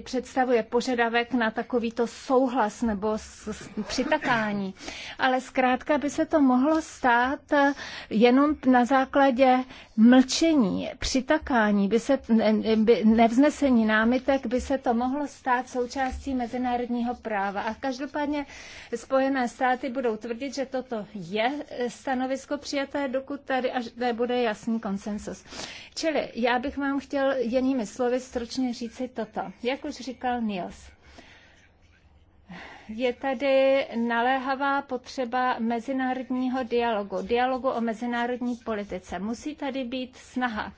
představuje požadavek na takovýto souhlas nebo přitakání. Ale zkrátka by se to mohlo stát jenom na základě mlčení, přitakání, by se, by, nevznesení námitek, by se to mohlo stát součástí mezinárodního práva. A každopádně Spojené státy budou tvrdit, že toto je stanovisko přijaté, dokud tady až bude jasný konsensus. Čili já bych vám chtěl jinými slovy stručně říci toto. Jak už říkal Niels, je tady naléhavá potřeba mezinárodního dialogu, dialogu o mezinárodní politice. Musí tady být snaha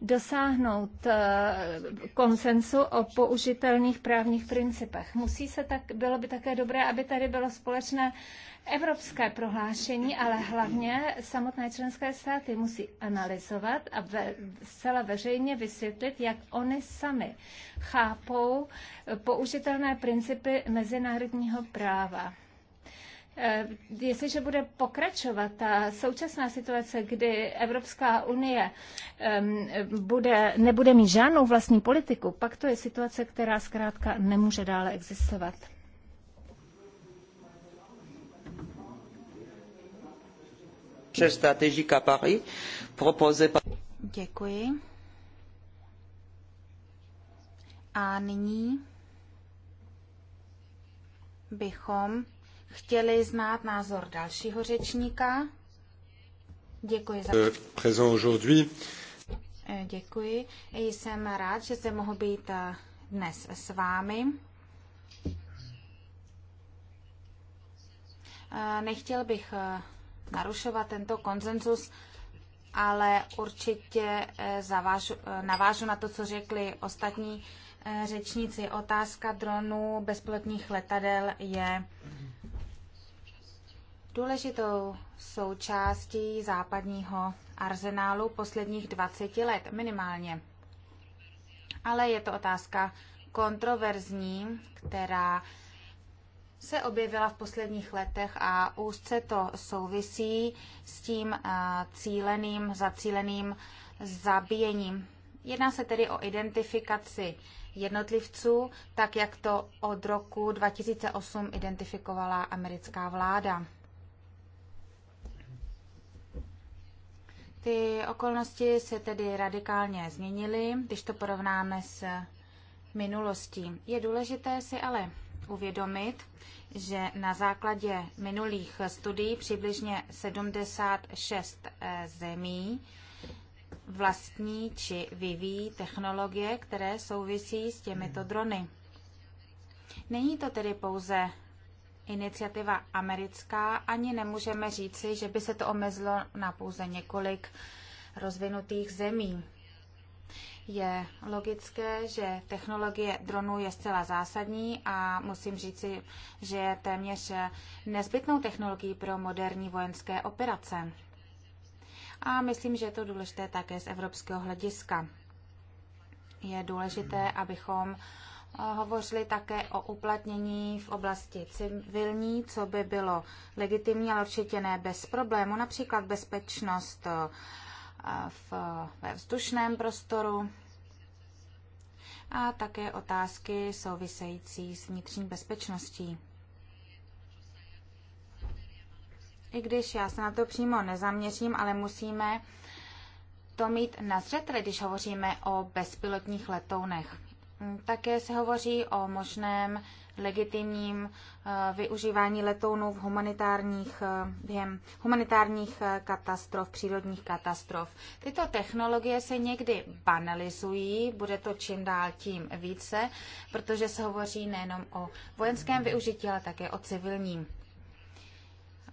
dosáhnout eh, konsensu o použitelných právních principech. Musí se tak, bylo by také dobré, aby tady bylo společné evropské prohlášení, ale hlavně samotné členské státy musí analyzovat a ve, zcela veřejně vysvětlit, jak oni sami chápou použitelné principy mezinárodního práva. Eh, jestliže bude pokračovat ta současná situace, kdy Evropská unie bude, nebude mít žádnou vlastní politiku, pak to je situace, která zkrátka nemůže dále existovat. Děkuji. A nyní bychom chtěli znát názor dalšího řečníka. Děkuji za... Eh, présent aujourd'hui. Eh, děkuji. Jsem rád, že se mohu být eh, dnes s vámi. Nechtěl bych narušovat tento konsenzus, ale určitě zavážu, navážu na to, co řekli ostatní řečníci. Otázka dronů bezpilotních letadel je důležitou součástí západního arzenálu posledních 20 let minimálně. Ale je to otázka kontroverzní, která se objevila v posledních letech a úzce to souvisí s tím eh, cíleným, zacíleným zabíjením. Jedná se tedy o identifikaci jednotlivců, tak jak to od roku 2008 identifikovala americká vláda. Ty okolnosti se tedy radikálně změnily, když to porovnáme s minulostí. Je důležité si ale uvědomit, že na základě minulých studií přibližně 76 eh, zemí vlastní či vyvíjí technologie, které souvisí s těmito drony. Není to tedy pouze iniciativa americká, ani nemůžeme říci, že by se to omezilo na pouze několik rozvinutých zemí. Je logické, že technologie dronů je zcela zásadní a musím říci, že je téměř nezbytnou technologií pro moderní vojenské operace. A myslím, že je to důležité také z evropského hlediska. Je důležité, abychom hovořili také o uplatnění v oblasti civilní, co by bylo legitimní, ale určitě ne bez problému, například bezpečnost eh, v, ve vzdušném prostoru a také otázky související s vnitřní bezpečností. I když já se na to přímo nezaměřím, ale musíme to mít na zřeteli, když hovoříme o bezpilotních letounech. Hm, také se hovoří o možném legitimním eh, využívání letounů v humanitárních, eh, během humanitárních eh, katastrof, přírodních katastrof. Tyto technologie se někdy banalizují, bude to čím dál tím více, protože se hovoří nejenom o vojenském využití, ale také o civilním.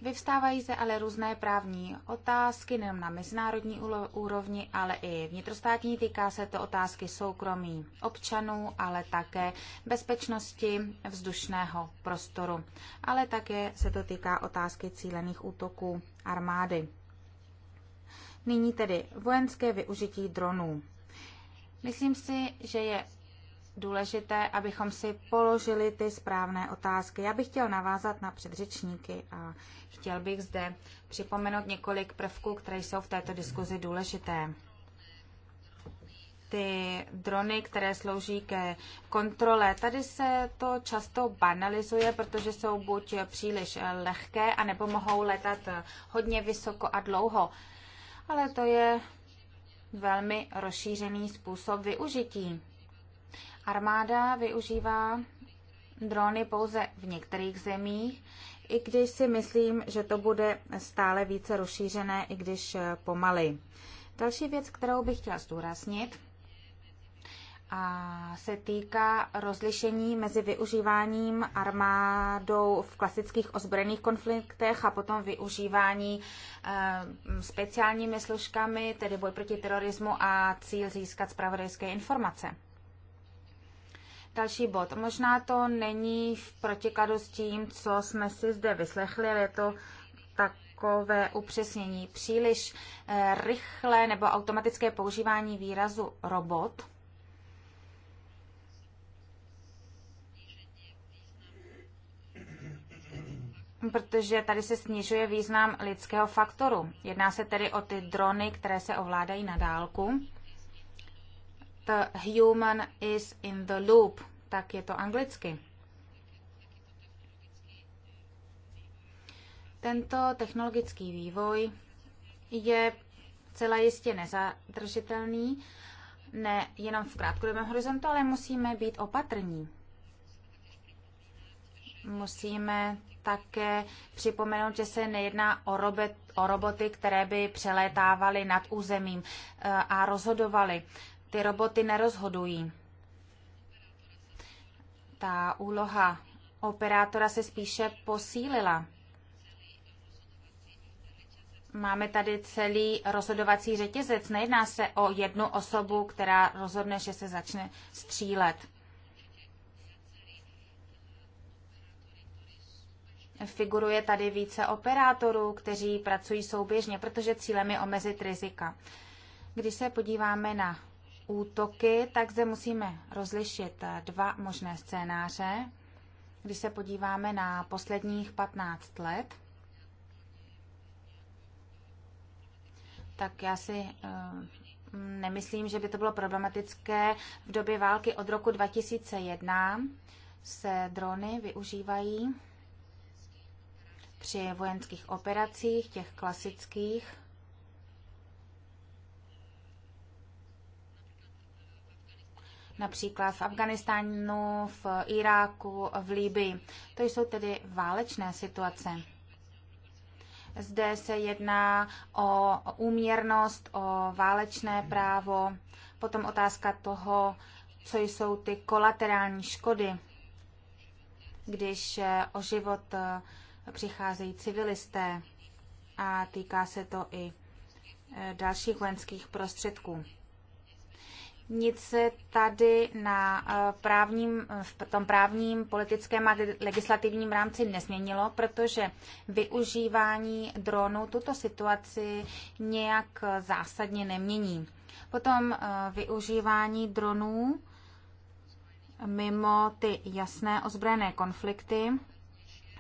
Vyvstávají se ale různé právní otázky, nejen na mezinárodní úrovni, ale i vnitrostátní. Týká se to otázky soukromí občanů, ale také bezpečnosti vzdušného prostoru. Ale také se to týká otázky cílených útoků armády. Nyní tedy vojenské využití dronů. Myslím si, že je důležité, abychom si položili ty správné otázky. Já bych chtěl navázat na předřečníky a chtěl bych zde připomenout několik prvků, které jsou v této diskuzi důležité. Ty drony, které slouží ke kontrole, tady se to často banalizuje, protože jsou buď příliš lehké, anebo mohou letat hodně vysoko a dlouho. Ale to je velmi rozšířený způsob využití Armáda využívá drony pouze v některých zemích, i když si myslím, že to bude stále více rozšířené, i když eh, pomaly. Další věc, kterou bych chtěla zdůraznit, a se týká rozlišení mezi využíváním armádou v klasických ozbrojených konfliktech a potom využívání e, speciálními složkami, tedy boj proti terorismu a cíl získat spravodajské informace. Další bod. Možná to není v protikladu s tím, co jsme si zde vyslechli, ale je to takové upřesnění. Příliš eh, rychlé nebo automatické používání výrazu robot protože tady se snižuje význam lidského faktoru. Jedná se tedy o ty drony, které se ovládají na dálku. The human is in the loop, tak je to anglicky. Tento technologický vývoj je celé jistě nezadržitelný, ne jenom v krátkodobém horizontu, ale musíme být opatrní. Musíme také připomenout, že se nejedná o, robot, o roboty, které by přelétávaly nad územím eh, a rozhodovaly. Ty roboty nerozhodují. Ta úloha operátora se spíše posílila. Máme tady celý rozhodovací řetězec. Nejedná se o jednu osobu, která rozhodne, že se začne střílet. Figuruje tady více operátorů, kteří pracují souběžně, protože cílem je omezit rizika. Když se podíváme na útoky, tak zde musíme rozlišit eh, dva možné scénáře. Když se podíváme na posledních 15 let, tak já si eh, nemyslím, že by to bylo problematické. V době války od roku 2001 se drony využívají při vojenských operacích, těch klasických, například v Afganistánu, v Iráku, v Líbii. To jsou tedy válečné situace. Zde se jedná o úměrnost, o válečné právo, potom otázka toho, co jsou ty kolaterální škody, když eh, o život eh, přicházejí civilisté a týká se to i eh, dalších vojenských prostředků nic se tady na eh, právním, v tom právním, politickém a legislativním rámci nesměnilo, protože využívání dronů tuto situaci nějak zásadně nemění. Potom eh, využívání dronů mimo ty jasné ozbrojené konflikty,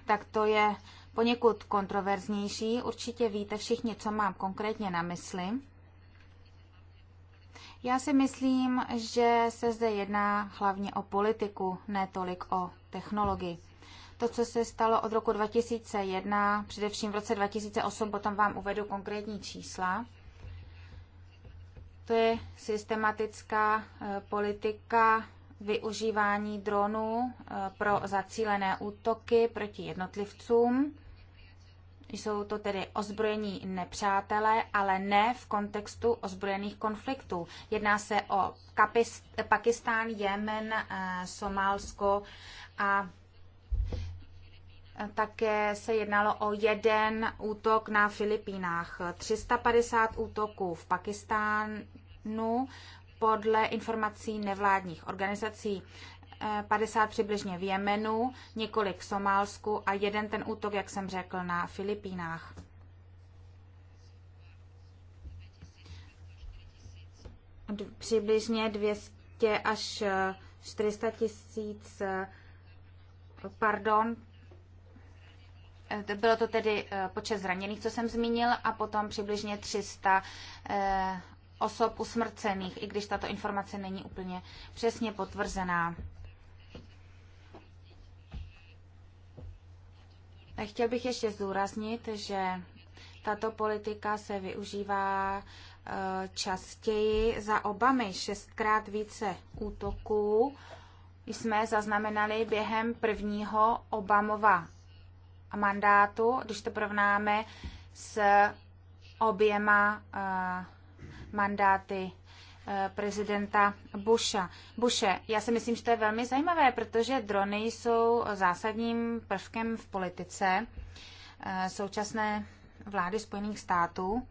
tak to je poněkud kontroverznější. Určitě víte všichni, co mám konkrétně na mysli. Já si myslím, že se zde jedná hlavně o politiku, ne tolik o technologii. To, co se stalo od roku 2001, především v roce 2008, potom vám uvedu konkrétní čísla. To je systematická e, politika využívání dronů e, pro zacílené útoky proti jednotlivcům. Jsou to tedy ozbrojení nepřátelé, ale ne v kontextu ozbrojených konfliktů. Jedná se o Pakistán, Jemen, eh, Somálsko a také se jednalo o jeden útok na Filipínách. 350 útoků v Pakistánu podle informací nevládních organizací. 50 přibližně v Jemenu, několik v Somálsku a jeden ten útok, jak jsem řekl, na Filipínách. Přibližně 200 až 400 tisíc, pardon, bylo to tedy e, počet zraněných, co jsem zmínil, a potom přibližně 300 e, osob usmrcených, i když tato informace není úplně přesně potvrzená. Chtěl bych ještě zdůraznit, že tato politika se využívá eh, častěji za Obamy. Šestkrát více útoků jsme zaznamenali během prvního Obamova mandátu, když to porovnáme s oběma eh, mandáty Eh, prezidenta Busha. Bushe, já si myslím, že to je velmi zajímavé, protože drony jsou zásadním prvkem v politice eh, současné vlády Spojených států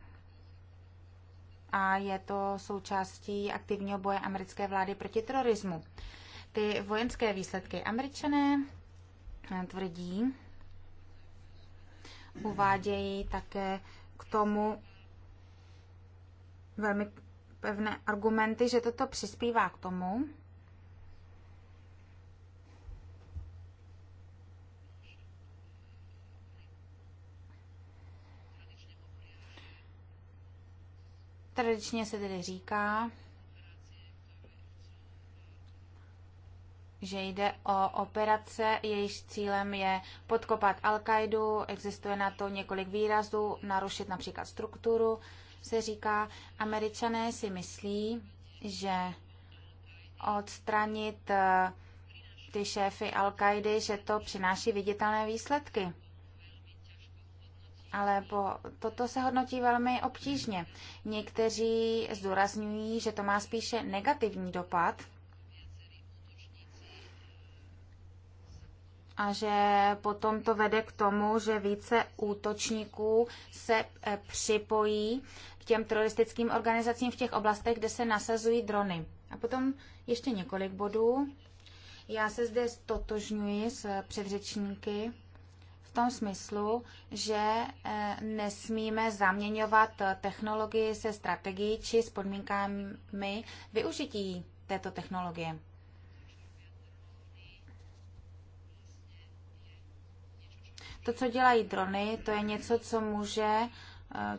a je to součástí aktivního boje americké vlády proti terorismu. Ty vojenské výsledky američané eh, tvrdí, uvádějí také k tomu velmi pevné argumenty, že toto přispívá k tomu, Tradičně se tedy říká, že jde o operace, jejíž cílem je podkopat al qaidu existuje na to několik výrazů, narušit například strukturu, se říká, američané si myslí, že odstranit eh, ty šéfy al kaidy že to přináší viditelné výsledky. Ale po, toto se hodnotí velmi obtížně. Někteří zdůrazňují, že to má spíše negativní dopad a že potom to vede k tomu, že více útočníků se eh, připojí k těm teroristickým organizacím v těch oblastech, kde se nasazují drony. A potom ještě několik bodů. Já se zde stotožňuji s předřečníky v tom smyslu, že eh, nesmíme zaměňovat technologii se strategií či s podmínkami využití této technologie. To, co dělají drony, to je něco, co může eh,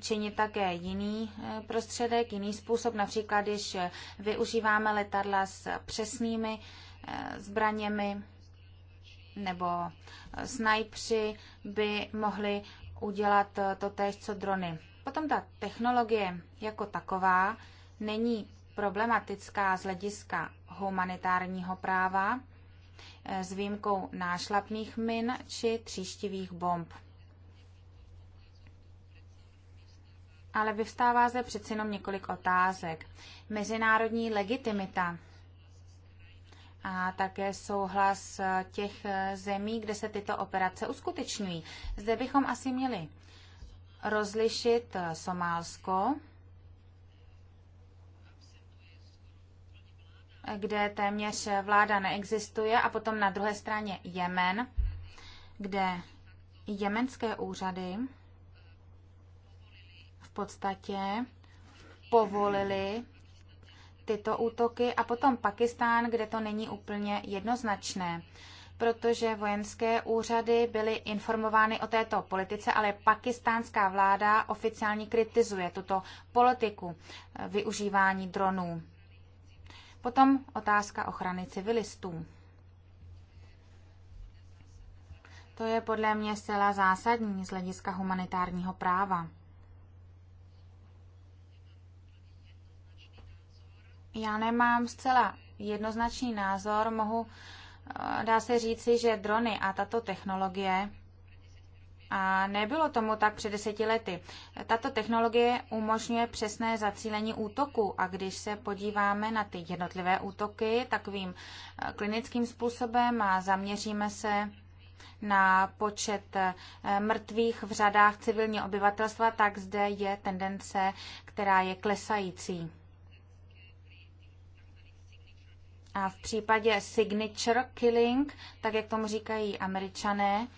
činit také jiný eh, prostředek, jiný způsob, například když eh, využíváme letadla s přesnými eh, zbraněmi nebo snajpři by mohli udělat to též, co drony. Potom ta technologie jako taková není problematická z hlediska humanitárního práva s výjimkou nášlapných min či tříštivých bomb. ale vyvstává zde přeci jenom několik otázek. Mezinárodní legitimita a také souhlas těch zemí, kde se tyto operace uskutečňují. Zde bychom asi měli rozlišit eh, Somálsko, kde téměř vláda neexistuje, a potom na druhé straně Jemen, kde jemenské úřady podstatě povolili tyto útoky a potom Pakistán, kde to není úplně jednoznačné protože vojenské úřady byly informovány o této politice, ale pakistánská vláda oficiálně kritizuje tuto politiku eh, využívání dronů. Potom otázka ochrany civilistů. To je podle mě zcela zásadní z hlediska humanitárního práva. Já nemám zcela jednoznačný názor, mohu, eh, dá se říci, že drony a tato technologie, a nebylo tomu tak před deseti lety, tato technologie umožňuje přesné zacílení útoku a když se podíváme na ty jednotlivé útoky takovým eh, klinickým způsobem a zaměříme se na počet eh, mrtvých v řadách civilního obyvatelstva, tak zde je tendence, která je klesající. A v případě signature killing, tak jak tomu říkají američané,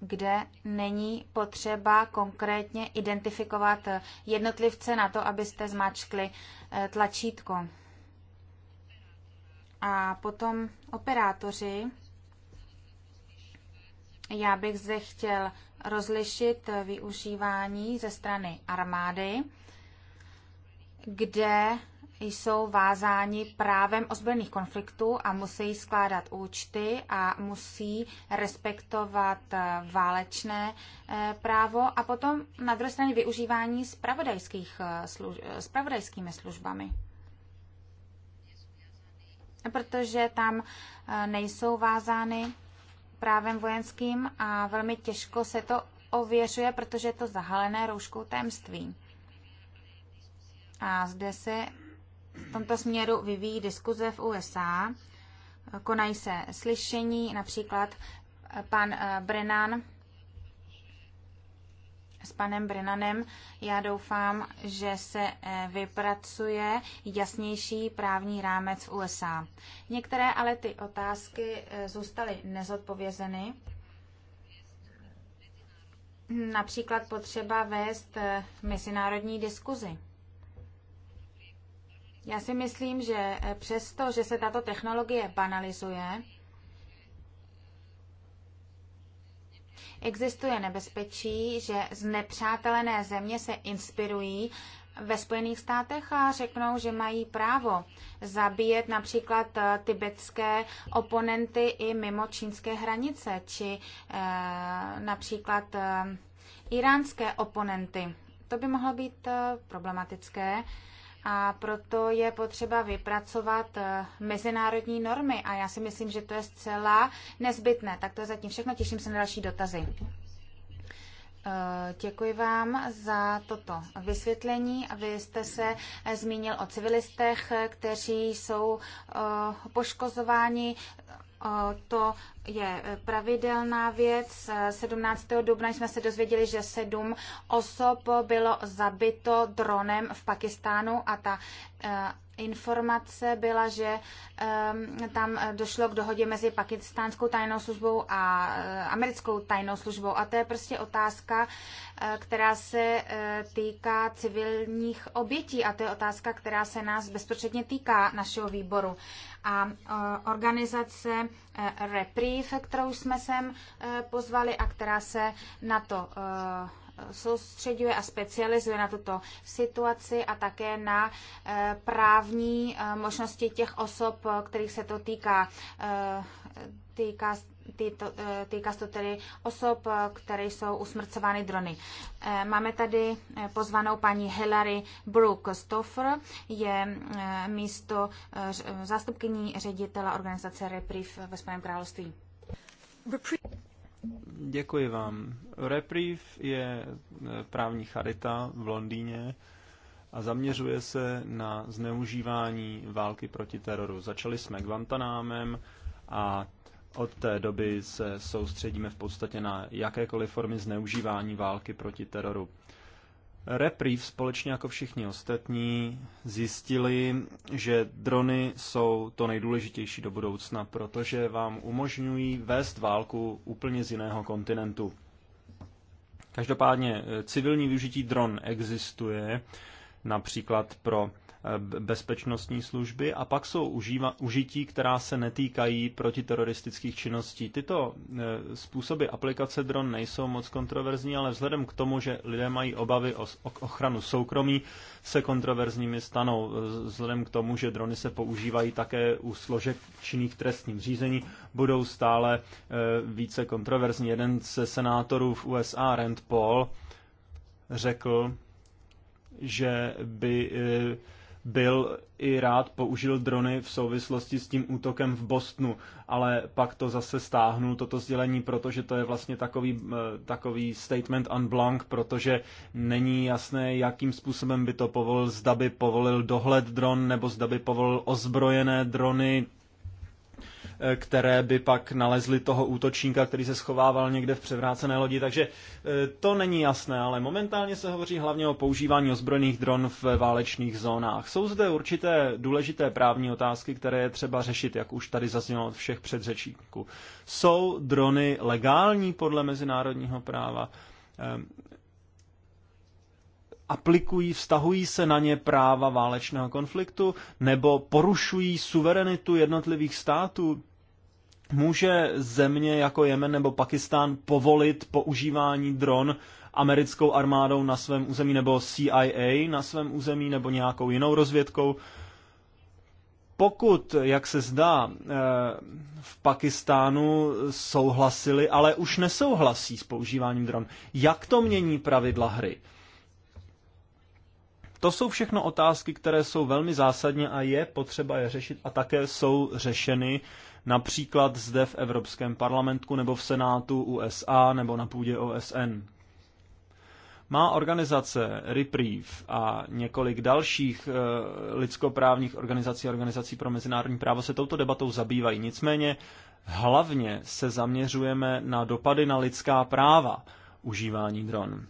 kde není potřeba konkrétně identifikovat jednotlivce na to, abyste zmáčkli eh, tlačítko. A potom operátoři. Já bych zde chtěl rozlišit eh, využívání ze strany armády, kde jsou vázáni právem ozbrojených konfliktů a musí skládat účty a musí respektovat eh, válečné eh, právo a potom na druhé straně využívání spravodajských eh, služ, spravodajskými službami. Protože tam nejsou vázány právem vojenským a velmi těžko se to ověřuje, protože je to zahalené rouškou témství. A zde se v tomto směru vyvíjí diskuze v USA. Konají se slyšení, například pan eh, Brennan s panem Brennanem. Já doufám, že se eh, vypracuje jasnější právní rámec v USA. Některé ale ty otázky eh, zůstaly nezodpovězeny. Například potřeba vést mezinárodní diskuzi. Já si myslím, že eh, přesto, že se tato technologie banalizuje, existuje nebezpečí, že znepřátelené země se inspirují ve Spojených státech a řeknou, že mají právo zabíjet například eh, tibetské oponenty i mimo čínské hranice, či e, například e, iránské oponenty. To by mohlo být e, problematické. E, a proto je potřeba vypracovat eh, mezinárodní normy a já si myslím, že to je zcela nezbytné. Tak to je zatím všechno, těším se na další dotazy. Eh, děkuji vám za toto vysvětlení. Vy jste se eh, zmínil o civilistech, kteří jsou poškozováni to je e, pravidelná věc. 17. E, dubna jsme se dozvěděli, že sedm osob bylo zabito dronem v Pakistánu a ta e, informace byla, že ehm, tam eh, došlo k dohodě mezi pakistánskou tajnou službou a eh, americkou tajnou službou. A to je prostě otázka, eh, která se týká civilních obětí. A to je otázka, která se nás bezprostředně týká našeho výboru. A organizace Reprieve, kterou jsme sem pozvali a která se na to soustředuje a specializuje na tuto situaci a také na eh, právní eh, možnosti těch osob, kterých se to týká. Eh, týká, týto, týká se to tedy osob, které jsou usmrcovány drony. Máme tady pozvanou paní Hilary Brooke Stoffer, je místo zástupkyní ředitela organizace Reprieve ve Spojeném království. Reprieve. Děkuji vám. Reprieve je e, právní charita v Londýně a zaměřuje se na zneužívání války proti teroru. Začali jsme Guantanámem a od té doby se soustředíme v podstatě na jakékoliv formy zneužívání války proti teroru. Reprieve společně jako všichni ostatní zjistili, že drony jsou to nejdůležitější do budoucna, protože vám umožňují vést válku úplně z jiného kontinentu. Každopádně eh, civilní využití dron existuje, například pro bezpečnostní služby a pak jsou užíva, užití, která se netýkají protiteroristických činností. Tyto e, způsoby aplikace dron nejsou moc kontroverzní, ale vzhledem k tomu, že lidé mají obavy o ochranu soukromí, se kontroverzními stanou. Vzhledem k tomu, že drony se používají také u složek činných trestním řízení, budou stále e, více kontroverzní. Jeden ze senátorů v USA, Rand Paul, řekl, že by e, byl i rád použil drony v souvislosti s tím útokem v Bostonu, ale pak to zase stáhnul, toto sdělení, protože to je vlastně takový, eh, takový statement en blanc, protože není jasné, jakým způsobem by to povolil, zda by povolil dohled dron, nebo zda by povolil ozbrojené drony, Eh, které by pak nalezly toho útočníka, který se schovával někde v převrácené lodi. Takže eh, to není jasné, ale momentálně se hovoří hlavně o používání ozbrojených dron v válečných zónách. Jsou zde určité důležité právní otázky, které je třeba řešit, jak už tady zaznělo od všech předřečníků. Jsou drony legální podle mezinárodního práva? Ehm, aplikují, vztahují se na ně práva válečného konfliktu nebo porušují suverenitu jednotlivých států? Může země jako Jemen nebo Pakistán povolit používání dron americkou armádou na svém území nebo CIA na svém území nebo nějakou jinou rozvědkou? Pokud, jak se zdá, eh, v Pakistánu souhlasili, ale už nesouhlasí s používáním dron, jak to mění pravidla hry? To jsou všechno otázky, které jsou velmi zásadně a je potřeba je řešit a také jsou řešeny například zde v Evropském parlamentu nebo v Senátu USA nebo na půdě OSN. Má organizace Reprieve a několik dalších eh, lidskoprávních organizací a organizací pro mezinárodní právo se touto debatou zabývají. Nicméně hlavně se zaměřujeme na dopady na lidská práva užívání dron.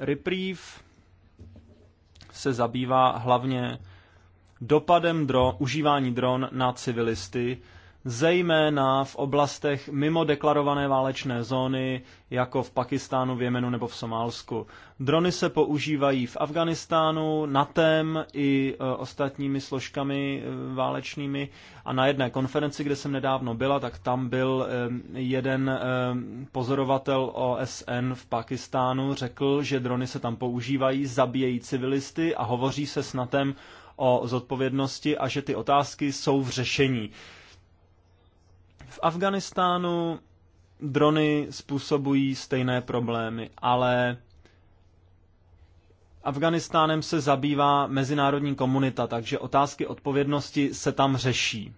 Reprieve se zabývá hlavně dopadem dro, užívání dron na civilisty zejména v oblastech mimo deklarované válečné zóny, jako v Pakistánu, v Jemenu nebo v Somálsku. Drony se používají v Afganistánu, NATEM i e, ostatními složkami e, válečnými a na jedné konferenci, kde jsem nedávno byla, tak tam byl e, jeden pozorovatel OSN v Pakistánu, řekl, že drony se tam používají, zabíjejí civilisty a hovoří se s NATEM o zodpovědnosti a že ty otázky jsou v řešení. V Afganistánu drony způsobují stejné problémy, ale Afganistánem se zabývá mezinárodní komunita, takže otázky odpovědnosti se tam řeší.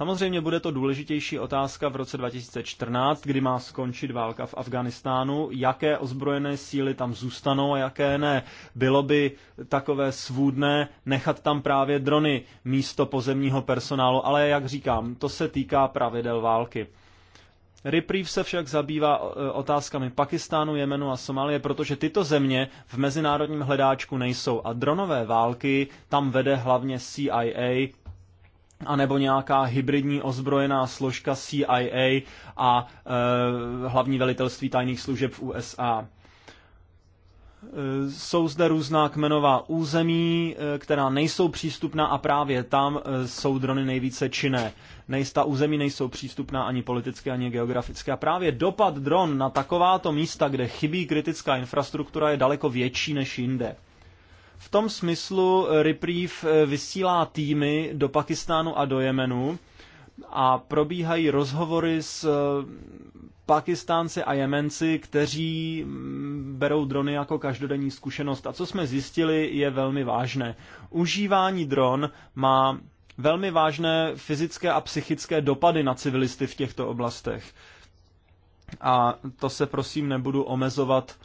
Samozřejmě bude to důležitější otázka v roce 2014, kdy má skončit válka v Afganistánu, jaké ozbrojené síly tam zůstanou a jaké ne. Bylo by takové svůdné nechat tam právě drony místo pozemního personálu, ale jak říkám, to se týká pravidel války. Reprieve se však zabývá e, otázkami Pakistánu, Jemenu a Somálie, protože tyto země v mezinárodním hledáčku nejsou a dronové války tam vede hlavně CIA anebo nějaká hybridní ozbrojená složka CIA a e, hlavní velitelství tajných služeb v USA. Eh, jsou zde různá kmenová území, eh, která nejsou přístupná a právě tam jsou drony nejvíce činné. Nejsta území nejsou přístupná ani politicky, ani geograficky. A právě dopad dron na takováto místa, kde chybí kritická infrastruktura, je daleko větší než jinde. V tom smyslu eh, Reprieve eh, vysílá týmy do Pakistánu a do Jemenu a probíhají rozhovory s eh, Pakistánci a Jemenci, kteří mm, berou drony jako každodenní zkušenost. A co jsme zjistili, je velmi vážné. Užívání dron má velmi vážné fyzické a psychické dopady na civilisty v těchto oblastech. A to se prosím nebudu omezovat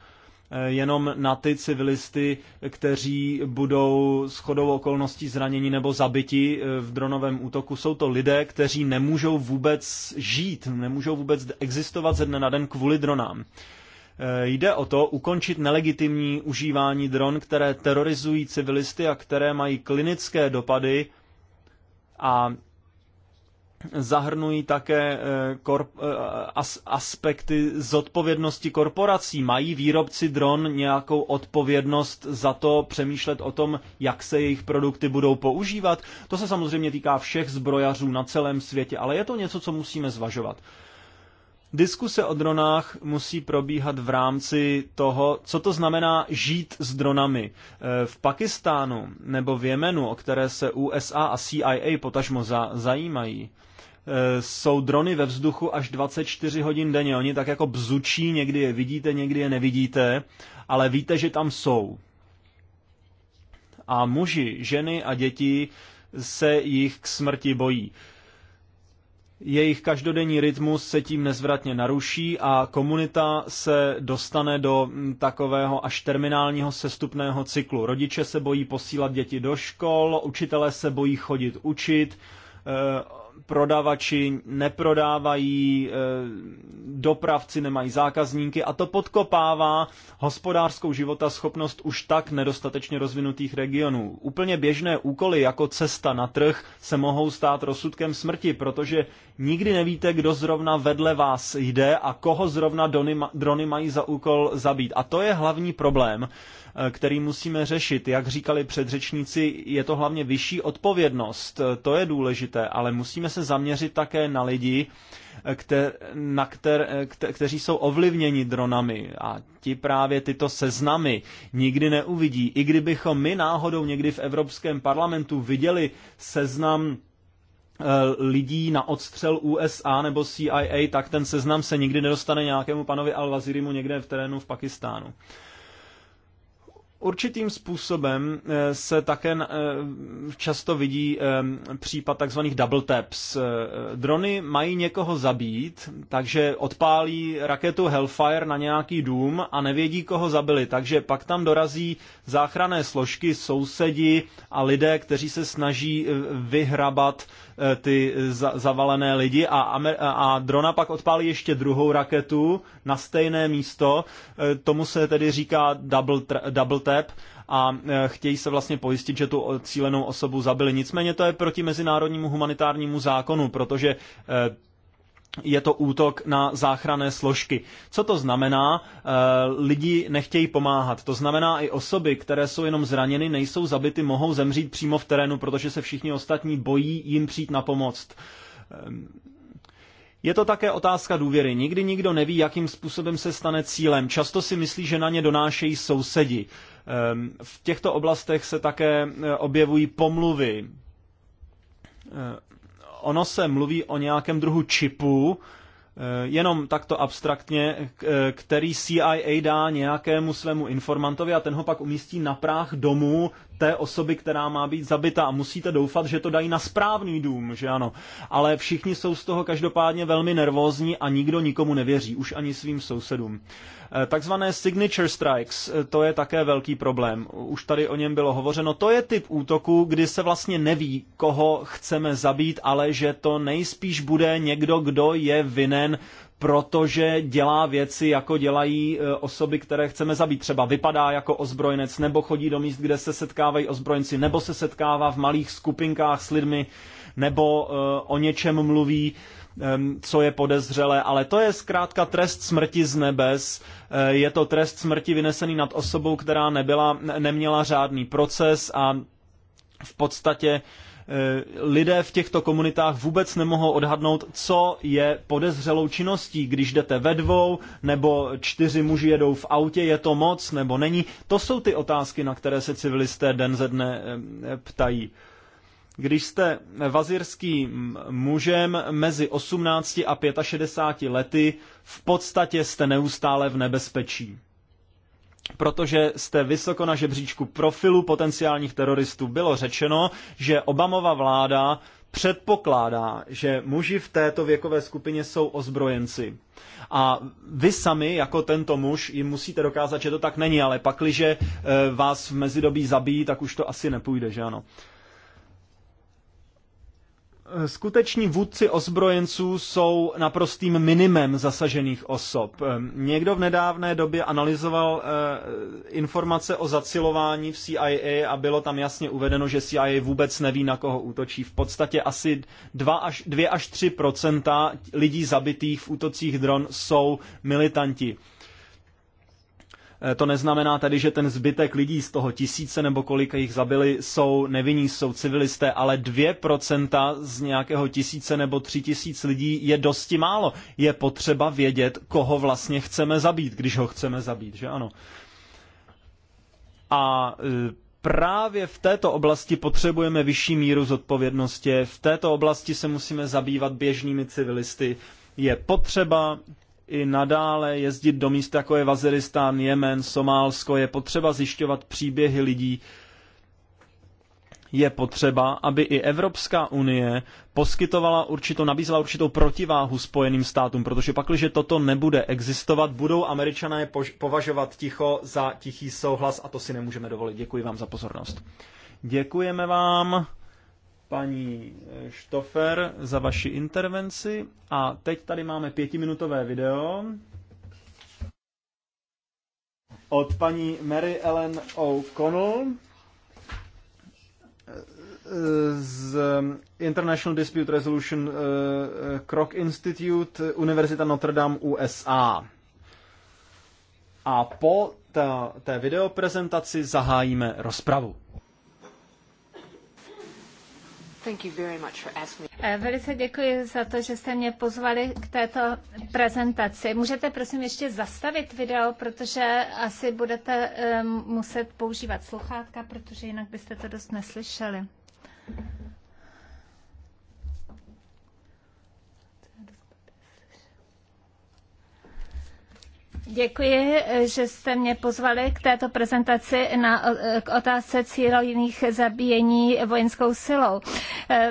Eh, jenom na ty civilisty, kteří budou s chodou okolností zranění nebo zabiti eh, v dronovém útoku. Jsou to lidé, kteří nemůžou vůbec žít, nemůžou vůbec existovat ze dne na den kvůli dronám. Eh, jde o to ukončit nelegitimní užívání dron, které terorizují civilisty a které mají klinické dopady a zahrnují také eh, eh, aspekty zodpovědnosti korporací. Mají výrobci dron nějakou odpovědnost za to přemýšlet o tom, jak se jejich produkty budou používat? To se samozřejmě týká všech zbrojařů na celém světě, ale je to něco, co musíme zvažovat. Diskuse o dronách musí probíhat v rámci toho, co to znamená žít s dronami. E, v Pakistánu nebo v Jemenu, o které se USA a CIA potažmo za, zajímají, e, jsou drony ve vzduchu až 24 hodin denně. Oni tak jako bzučí, někdy je vidíte, někdy je nevidíte, ale víte, že tam jsou. A muži, ženy a děti se jich k smrti bojí. Jejich každodenní rytmus se tím nezvratně naruší a komunita se dostane do mm, takového až terminálního sestupného cyklu. Rodiče se bojí posílat děti do škol, učitelé se bojí chodit učit, eh, prodavači neprodávají, e, dopravci nemají zákazníky a to podkopává hospodářskou života schopnost už tak nedostatečně rozvinutých regionů. Úplně běžné úkoly jako cesta na trh se mohou stát rozsudkem smrti, protože nikdy nevíte, kdo zrovna vedle vás jde a koho zrovna drony mají za úkol zabít. A to je hlavní problém, Eh, který musíme řešit. Jak říkali předřečníci, je to hlavně vyšší odpovědnost, to je důležité, ale musíme se zaměřit také na lidi, eh, kter, na kter, eh, kte, kteří jsou ovlivněni dronami a ti právě tyto seznamy nikdy neuvidí. I kdybychom my náhodou někdy v Evropském parlamentu viděli seznam lidí na odstřel USA nebo CIA, tak ten seznam se nikdy nedostane nějakému panovi Al-Wazirimu někde v terénu v Pakistánu. Určitým způsobem eh, se také eh, často vidí eh, případ takzvaných double taps. Drony mají někoho zabít, takže odpálí raketu Hellfire na nějaký dům a nevědí, koho zabili. Takže pak tam dorazí záchranné složky, sousedi a lidé, kteří se snaží vyhrabat ty zavalené lidi a, a drona pak odpálí ještě druhou raketu na stejné místo. Tomu se tedy říká double, double tap vazeb a e, chtějí se vlastně pojistit, že tu cílenou osobu zabili. Nicméně to je proti mezinárodnímu humanitárnímu zákonu, protože e, je to útok na záchranné složky. Co to znamená? E, lidi nechtějí pomáhat. To znamená, i osoby, které jsou jenom zraněny, nejsou zabity, mohou zemřít přímo v terénu, protože se všichni ostatní bojí jim přijít na pomoc. Je to také otázka důvěry. Nikdy nikdo neví, jakým způsobem se stane cílem. Často si myslí, že na ně donášejí sousedi. Ehm, v těchto oblastech se také eh, objevují pomluvy. Eh, ono se mluví o nějakém druhu čipu, eh, jenom takto abstraktně, který CIA dá nějakému svému informantovi a ten ho pak umístí na práh domu té osoby, která má být zabita a musíte doufat, že to dají na správný dům, že ano. Ale všichni jsou z toho každopádně velmi nervózní a nikdo nikomu nevěří, už ani svým sousedům. Eh, takzvané signature strikes, eh, to je také velký problém. Už tady o něm bylo hovořeno. To je typ útoku, kdy se vlastně neví, koho chceme zabít, ale že to nejspíš bude někdo, kdo je vinen protože dělá věci, jako dělají e, osoby, které chceme zabít. Třeba vypadá jako ozbrojenec, nebo chodí do míst, kde se setkávají ozbrojenci, nebo se setkává v malých skupinkách s lidmi, nebo e, o něčem mluví, co je podezřelé, ale to je zkrátka trest smrti z nebes. E, je to trest smrti vynesený nad osobou, která nebyla, neměla řádný proces a v podstatě Eh, lidé v těchto komunitách vůbec nemohou odhadnout, co je podezřelou činností. Když jdete ve dvou, nebo čtyři muži jedou v autě, je to moc, nebo není. To jsou ty otázky, na které se civilisté den ze dne eh, ptají. Když jste vazirským mužem mezi 18 a 65 lety, v podstatě jste neustále v nebezpečí protože jste vysoko na žebříčku profilu potenciálních teroristů. Bylo řečeno, že Obamova vláda předpokládá, že muži v této věkové skupině jsou ozbrojenci. A vy sami, jako tento muž, jim musíte dokázat, že to tak není, ale pakliže eh, vás v mezidobí zabijí, tak už to asi nepůjde, že ano? Skuteční vůdci ozbrojenců jsou naprostým minimem zasažených osob. Někdo v nedávné době analyzoval eh, informace o zacilování v CIA a bylo tam jasně uvedeno, že CIA vůbec neví, na koho útočí. V podstatě asi 2 až, 2 až 3 lidí zabitých v útocích dron jsou militanti. Eh, to neznamená tedy, že ten zbytek lidí z toho tisíce nebo kolik jich zabili jsou nevinní, jsou civilisté, ale 2% z nějakého tisíce nebo tři tisíc lidí je dosti málo. Je potřeba vědět, koho vlastně chceme zabít, když ho chceme zabít, že ano. A eh, právě v této oblasti potřebujeme vyšší míru zodpovědnosti. V této oblasti se musíme zabývat běžnými civilisty. Je potřeba i nadále jezdit do míst, jako je Vaziristán, Jemen, Somálsko. Je potřeba zjišťovat příběhy lidí. Je potřeba, aby i Evropská unie poskytovala určitou, nabízela určitou protiváhu Spojeným státům, protože pakliže toto nebude existovat, budou američané považovat ticho za tichý souhlas a to si nemůžeme dovolit. Děkuji vám za pozornost. Děkujeme vám paní eh, Štofer za vaši intervenci a teď tady máme pětiminutové video od paní Mary Ellen O'Connell eh, z International Dispute Resolution Croc eh, Institute Univerzita Notre Dame USA. A po té videoprezentaci zahájíme rozpravu. Eh, velice děkuji za to, že jste mě pozvali k této prezentaci. Můžete prosím ještě zastavit video, protože asi budete eh, muset používat sluchátka, protože jinak byste to dost neslyšeli. Děkuji, že jste mě pozvali k této prezentaci na, k otázce cílových zabíjení vojenskou silou.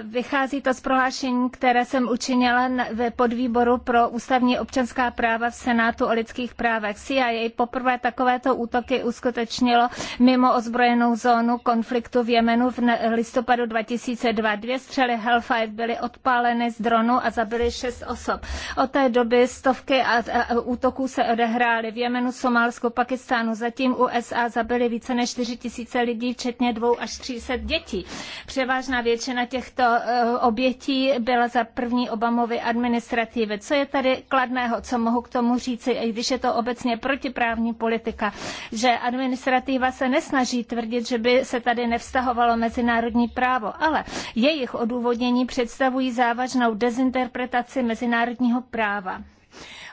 Vychází to z prohlášení, které jsem učinila v podvýboru pro ústavní občanská práva v Senátu o lidských právech. CIA poprvé takovéto útoky uskutečnilo mimo ozbrojenou zónu konfliktu v Jemenu v listopadu 2002. Dvě střely Hellfire byly odpáleny z dronu a zabily šest osob. Od té doby stovky a, a, útoků se odehrály odehrály v Jemenu, Somálsku, Pakistánu. Zatím USA zabili více než 4 tisíce lidí, včetně dvou až 300 dětí. Převážná většina těchto eh, obětí byla za první Obamovy administrativy. Co je tady kladného, co mohu k tomu říci, i když je to obecně protiprávní politika, že administrativa se nesnaží tvrdit, že by se tady nevztahovalo mezinárodní právo, ale jejich odůvodnění představují závažnou dezinterpretaci mezinárodního práva.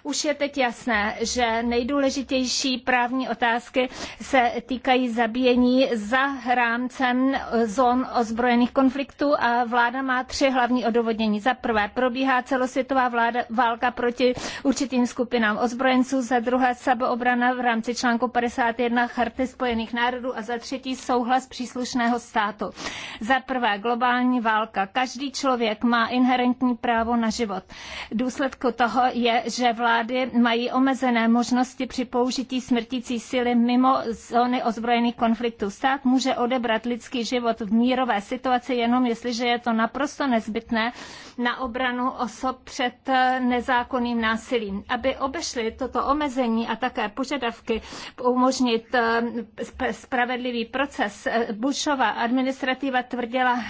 Už je teď jasné, že nejdůležitější právní otázky se týkají zabíjení za rámcem zón ozbrojených konfliktů a vláda má tři hlavní odůvodnění. Za prvé, probíhá celosvětová vláda, válka proti určitým skupinám ozbrojenců, za druhé sebeobrana v rámci článku 51 Charty Spojených národů a za třetí souhlas příslušného státu. Za prvé, globální válka. Každý člověk má inherentní právo na život. Důsledku toho je, že vláda vlády mají omezené možnosti při použití smrtící síly mimo zóny ozbrojených konfliktů. Stát může odebrat lidský život v mírové situaci jenom jestliže je to naprosto nezbytné na obranu osob před eh, nezákonným násilím. Aby obešli toto omezení a také požadavky umožnit eh, spravedlivý proces, eh, Bushova administrativa tvrdila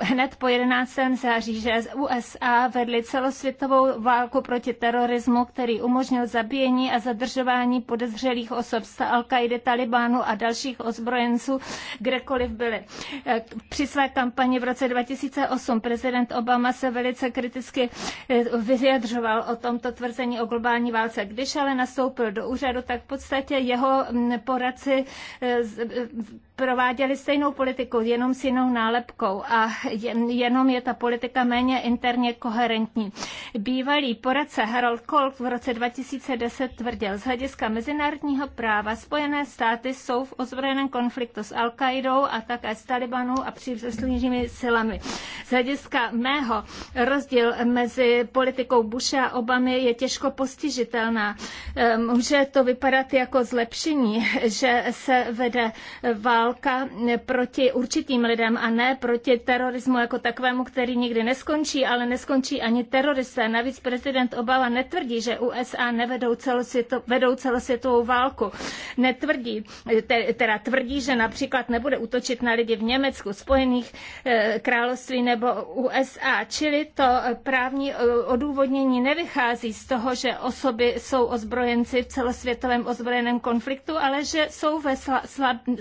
hned po 11. září, že USA vedly celosvětovou válku proti terorismu terorismu, který umožnil zabíjení a zadržování podezřelých osob z Al-Kaidy, Talibánu a dalších ozbrojenců, kdekoliv byli. Eh, při své kampani v roce 2008 prezident Obama se velice kriticky eh, vyjadřoval o tomto tvrzení o globální válce. Když ale nastoupil do úřadu, tak v podstatě jeho mm, poradci eh, prováděli stejnou politiku, jenom s jinou nálepkou a jenom je ta politika méně interně koherentní. Bývalý poradce Harold Kolk v roce 2010 tvrdil, z hlediska mezinárodního práva Spojené státy jsou v ozbrojeném konfliktu s al qaidou a také s Talibanou a příslušnými silami. Z hlediska mého rozdíl mezi politikou Busha a Obamy je těžko postižitelná. Ehm, může to vypadat jako zlepšení, že se vede vál válka proti určitým lidem a ne proti terorismu jako takovému, který nikdy neskončí, ale neskončí ani teroristé. Navíc prezident Obama netvrdí, že USA nevedou celosvěto, vedou celosvětovou válku. Netvrdí, teda tvrdí, že například nebude útočit na lidi v Německu, Spojených eh, království nebo USA. Čili to právní eh, odůvodnění nevychází z toho, že osoby jsou ozbrojenci v celosvětovém ozbrojeném konfliktu, ale že jsou ve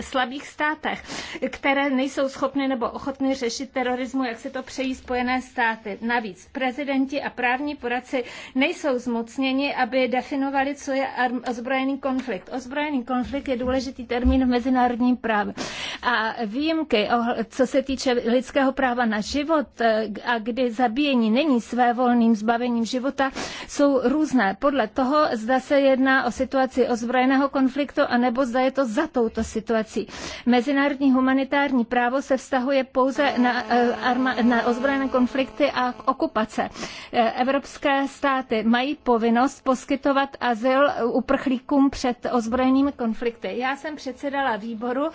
slabých státech, které nejsou schopny nebo ochotny řešit terorismu, jak si to přejí Spojené státy. Navíc prezidenti a právní poradci nejsou zmocněni, aby definovali, co je ozbrojený konflikt. Ozbrojený konflikt je důležitý termín v mezinárodním právu. A výjimky, oh, co se týče lidského práva na život eh, a kdy zabíjení není svévolným zbavením života, jsou různé podle toho, zda se jedná o situaci ozbrojeného konfliktu, anebo zda je to za touto situací. Mezinárodní humanitární právo se vztahuje pouze na, eh, arma, na ozbrojené konflikty a okupace. Eh, evropské státy mají povinnost poskytovat azyl uprchlíkům před ozbrojenými konflikty. Já jsem předsedala výboru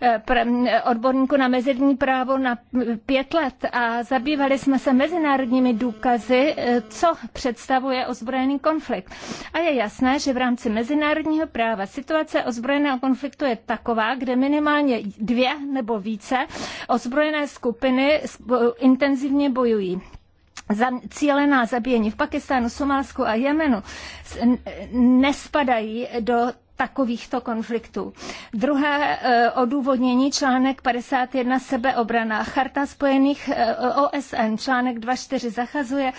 eh, odborníku na mezinárodní právo na pět let a zabývali jsme se mezinárodními důkazy, co představuje ozbrojený konflikt. A je jasné, že v rámci mezinárodního práva situace ozbrojeného konfliktu je taková, kde minimálně minimálně dvě nebo více ozbrojené skupiny intenzivně bojují za cílená zabíjení v Pakistánu, Somálsku a Jemenu nespadají do takovýchto konfliktů. Druhé eh, odůvodnění článek 51 sebeobrana. Charta spojených eh, OSN článek 24 zachazuje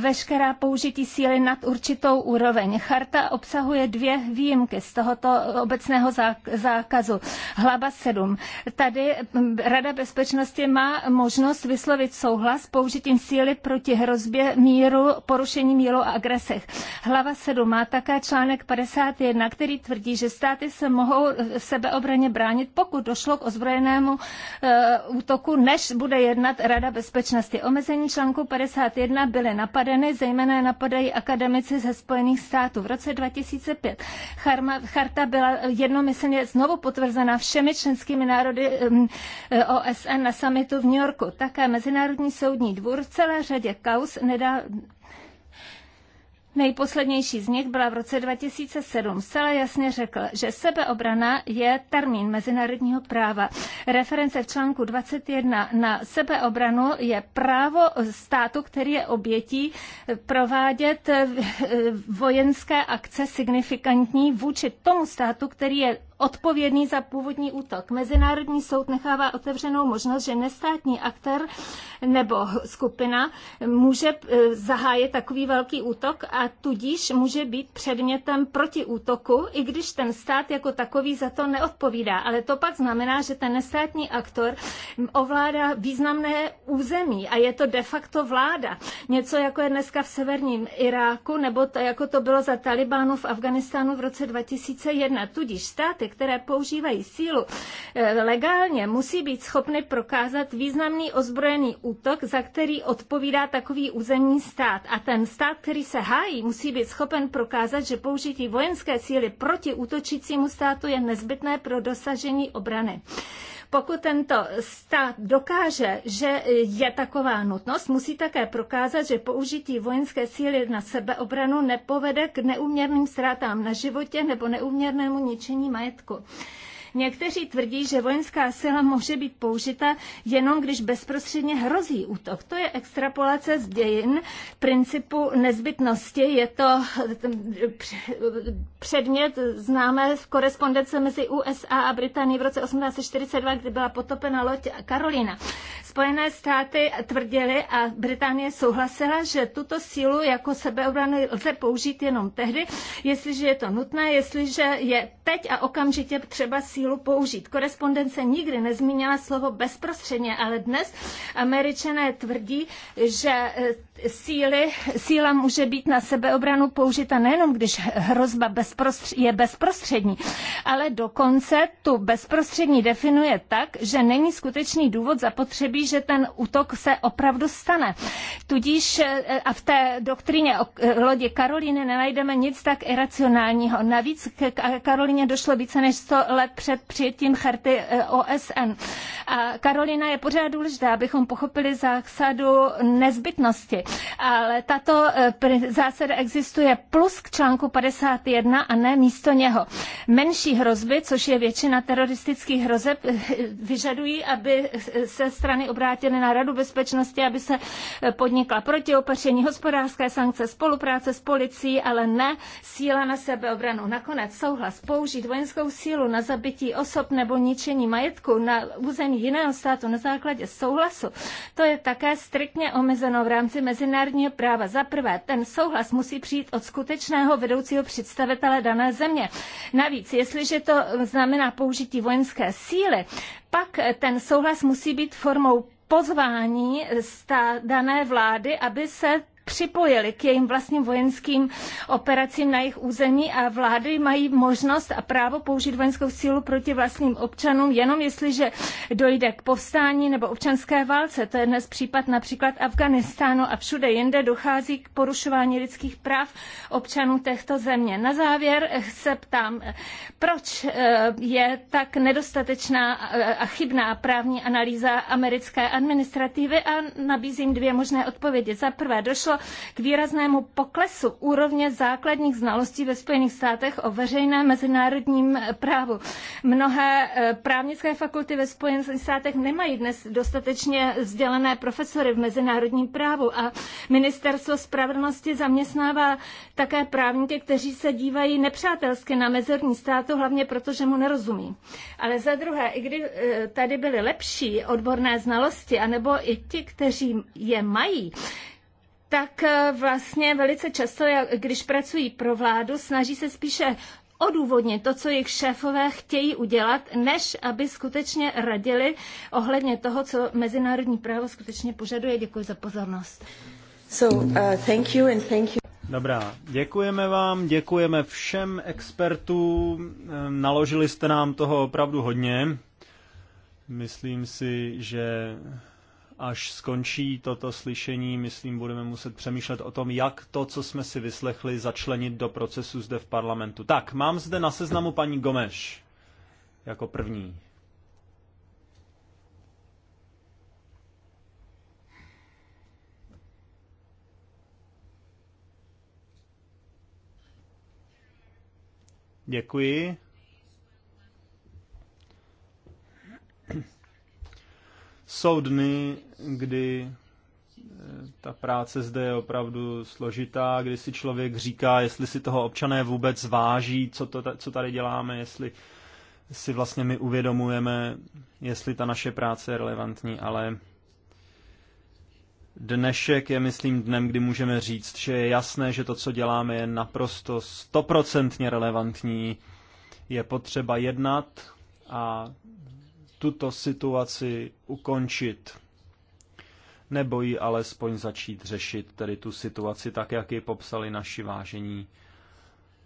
veškerá použití síly nad určitou úroveň. Charta obsahuje dvě výjimky z tohoto obecného zákazu. Hlava 7. Tady mm, Rada bezpečnosti má možnost vyslovit souhlas použitím síly proti hrozbě míru, porušení míru a agresech. Hlava 7 má také článek 51, který tvrdí, tvrdí, že státy se mohou sebeobraně bránit, pokud došlo k ozbrojenému eh, útoku, než bude jednat Rada bezpečnosti. Omezení článku 51 byly napadeny, zejména napadají akademici ze Spojených států. V roce 2005 charta byla jednomyslně znovu potvrzena všemi členskými národy eh, OSN na samitu v New Yorku. Také Mezinárodní soudní dvůr v celé řadě kaus nedá, Nejposlednější z nich byla v roce 2007. Zcela jasně řekl, že sebeobrana je termín mezinárodního práva. Reference v článku 21 na sebeobranu je právo státu, který je obětí, eh, provádět eh, eh, vojenské akce signifikantní vůči tomu státu, který je odpovědný za původní útok. Mezinárodní soud nechává otevřenou možnost, že nestátní aktor nebo skupina může e, zahájit takový velký útok a tudíž může být předmětem protiútoku, i když ten stát jako takový za to neodpovídá. Ale to pak znamená, že ten nestátní aktor ovládá významné území a je to de facto vláda. Něco jako je dneska v severním Iráku, nebo to, jako to bylo za Talibánu v Afganistánu v roce 2001. Tudíž státy státy, které používají sílu eh, legálně, musí být schopny prokázat významný ozbrojený útok, za který odpovídá takový územní stát. A ten stát, který se hájí, musí být schopen prokázat, že použití vojenské síly proti útočícímu státu je nezbytné pro dosažení obrany. Pokud tento stát dokáže, že je taková nutnost, musí také prokázat, že použití vojenské síly na sebeobranu nepovede k neuměrným ztrátám na životě nebo neuměrnému ničení majetku. Někteří tvrdí, že vojenská sila může být použita jenom, když bezprostředně hrozí útok. To je extrapolace z dějin principu nezbytnosti. Je to eh, předmět známé v korespondence mezi USA a Británií v roce 1842, kdy byla potopena loď Karolina. Spojené státy tvrdily a Británie souhlasila, že tuto sílu jako sebeobrany lze použít jenom tehdy, jestliže je to nutné, jestliže je teď a okamžitě třeba sílu použít. Korespondence nikdy nezmínila slovo bezprostředně, ale dnes američané tvrdí, že síly, síla může být na sebeobranu použita nejenom, když hrozba bezprostř- je bezprostřední, ale dokonce tu bezprostřední definuje tak, že není skutečný důvod zapotřebí, že ten útok se opravdu stane. Tudíž e, a v té doktríně o e, lodi Karolíny nenajdeme nic tak iracionálního. Navíc k Karolíně došlo více než 100 let před přijetím charty e, OSN. A Karolina je pořád důležitá, abychom pochopili zásadu nezbytnosti. Ale tato eh, zásada existuje plus k článku 51 a ne místo něho. Menší hrozby, což je většina teroristických hrozeb, eh, vyžadují, aby se strany obrátily na Radu bezpečnosti, aby se eh, podnikla protiopatření, hospodářské sankce, spolupráce s policií, ale ne síla na sebeobranu. Nakonec souhlas použít vojenskou sílu na zabití osob nebo ničení majetku na území jiného státu na základě souhlasu, to je také striktně omezeno v rámci mezi mezinárodního práva. Za prvé, ten souhlas musí přijít od skutečného vedoucího představitele dané země. Navíc, jestliže to znamená použití vojenské síly, pak ten souhlas musí být formou pozvání z dané vlády, aby se připojili k jejím vlastním vojenským operacím na jejich území a vlády mají možnost a právo použít vojenskou sílu proti vlastním občanům, jenom jestliže dojde k povstání nebo občanské válce. To je dnes případ například Afganistánu a všude jinde dochází k porušování lidských práv občanů těchto země. Na závěr se ptám, proč eh, je tak nedostatečná eh, a chybná právní analýza americké administrativy a nabízím dvě možné odpovědi. Za prvé, došlo došlo k výraznému poklesu úrovně základních znalostí ve Spojených státech o veřejném mezinárodním právu. Mnohé eh, právnické fakulty ve Spojených státech nemají dnes dostatečně vzdělané profesory v mezinárodním právu a ministerstvo spravedlnosti zaměstnává také právníky, kteří se dívají nepřátelsky na mezerní státu, hlavně proto, že mu nerozumí. Ale za druhé, i kdy eh, tady byly lepší odborné znalosti, anebo i ti, kteří je mají, tak eh, vlastně velice často, když pracují pro vládu, snaží se spíše odůvodnit to, co jejich šéfové chtějí udělat, než aby skutečně radili ohledně toho, co mezinárodní právo skutečně požaduje. Děkuji za pozornost. So, uh, thank you and thank you. Dobrá, děkujeme vám, děkujeme všem expertům, eh, naložili jste nám toho opravdu hodně. Myslím si, že až skončí toto slyšení, myslím, budeme muset přemýšlet o tom, jak to, co jsme si vyslechli, začlenit do procesu zde v parlamentu. Tak, mám zde na seznamu paní Gomeš jako první. Děkuji. Jsou dny, kdy eh, ta práce zde je opravdu složitá, kdy si člověk říká, jestli si toho občané vůbec váží, co, to, co tady děláme, jestli si vlastně my uvědomujeme, jestli ta naše práce je relevantní, ale dnešek je, myslím, dnem, kdy můžeme říct, že je jasné, že to, co děláme, je naprosto stoprocentně relevantní. Je potřeba jednat a tuto situaci ukončit nebo ji alespoň začít řešit, tedy tu situaci tak, jak ji popsali naši vážení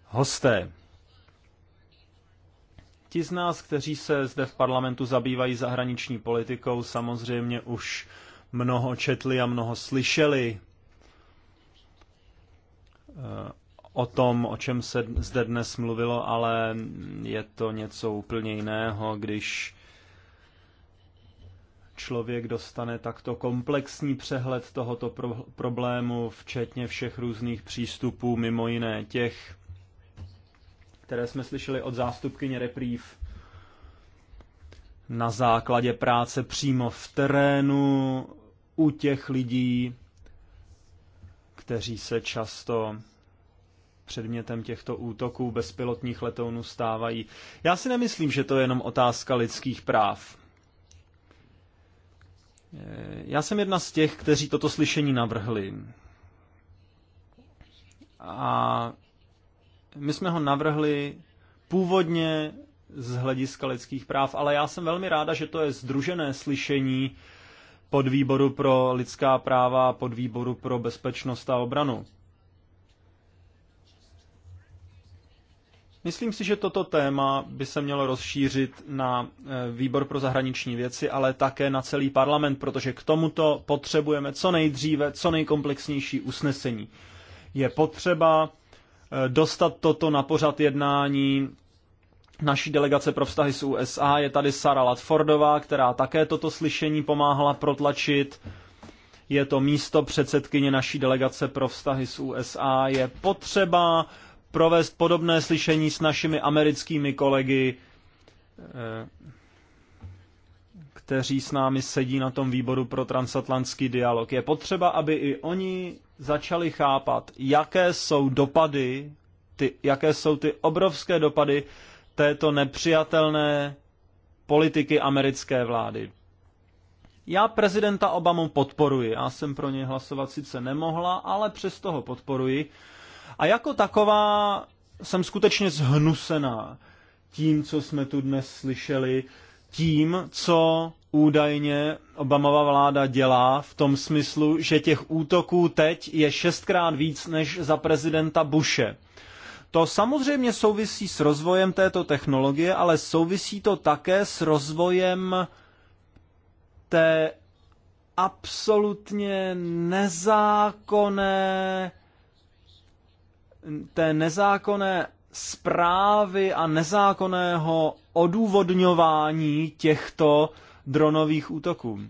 hosté. Ti z nás, kteří se zde v parlamentu zabývají zahraniční politikou, samozřejmě už mnoho četli a mnoho slyšeli eh, o tom, o čem se zde dnes mluvilo, ale je to něco úplně jiného, když člověk dostane takto komplexní přehled tohoto pro- problému, včetně všech různých přístupů, mimo jiné těch, které jsme slyšeli od zástupkyně reprív na základě práce přímo v terénu u těch lidí, kteří se často předmětem těchto útoků bezpilotních letounů stávají. Já si nemyslím, že to je jenom otázka lidských práv. Eh, já jsem jedna z těch, kteří toto slyšení navrhli. A my jsme ho navrhli původně z hlediska lidských práv, ale já jsem velmi ráda, že to je združené slyšení podvýboru pro lidská práva a podvýboru pro bezpečnost a obranu. Myslím si, že toto téma by se mělo rozšířit na e, výbor pro zahraniční věci, ale také na celý parlament, protože k tomuto potřebujeme co nejdříve, co nejkomplexnější usnesení. Je potřeba e, dostat toto na pořad jednání naší delegace pro vztahy s USA. Je tady Sara Latfordová, která také toto slyšení pomáhala protlačit. Je to místo předsedkyně naší delegace pro vztahy s USA. Je potřeba provést podobné slyšení s našimi americkými kolegy, eh, kteří s námi sedí na tom výboru pro transatlantský dialog. Je potřeba, aby i oni začali chápat, jaké jsou dopady, ty, jaké jsou ty obrovské dopady této nepřijatelné politiky americké vlády. Já prezidenta Obamu podporuji. Já jsem pro něj hlasovat sice nemohla, ale přesto ho podporuji, a jako taková jsem skutečně zhnusená tím, co jsme tu dnes slyšeli, tím, co údajně Obamova vláda dělá v tom smyslu, že těch útoků teď je šestkrát víc než za prezidenta Bushe. To samozřejmě souvisí s rozvojem této technologie, ale souvisí to také s rozvojem té absolutně nezákonné té nezákonné zprávy a nezákonného odůvodňování těchto dronových útoků.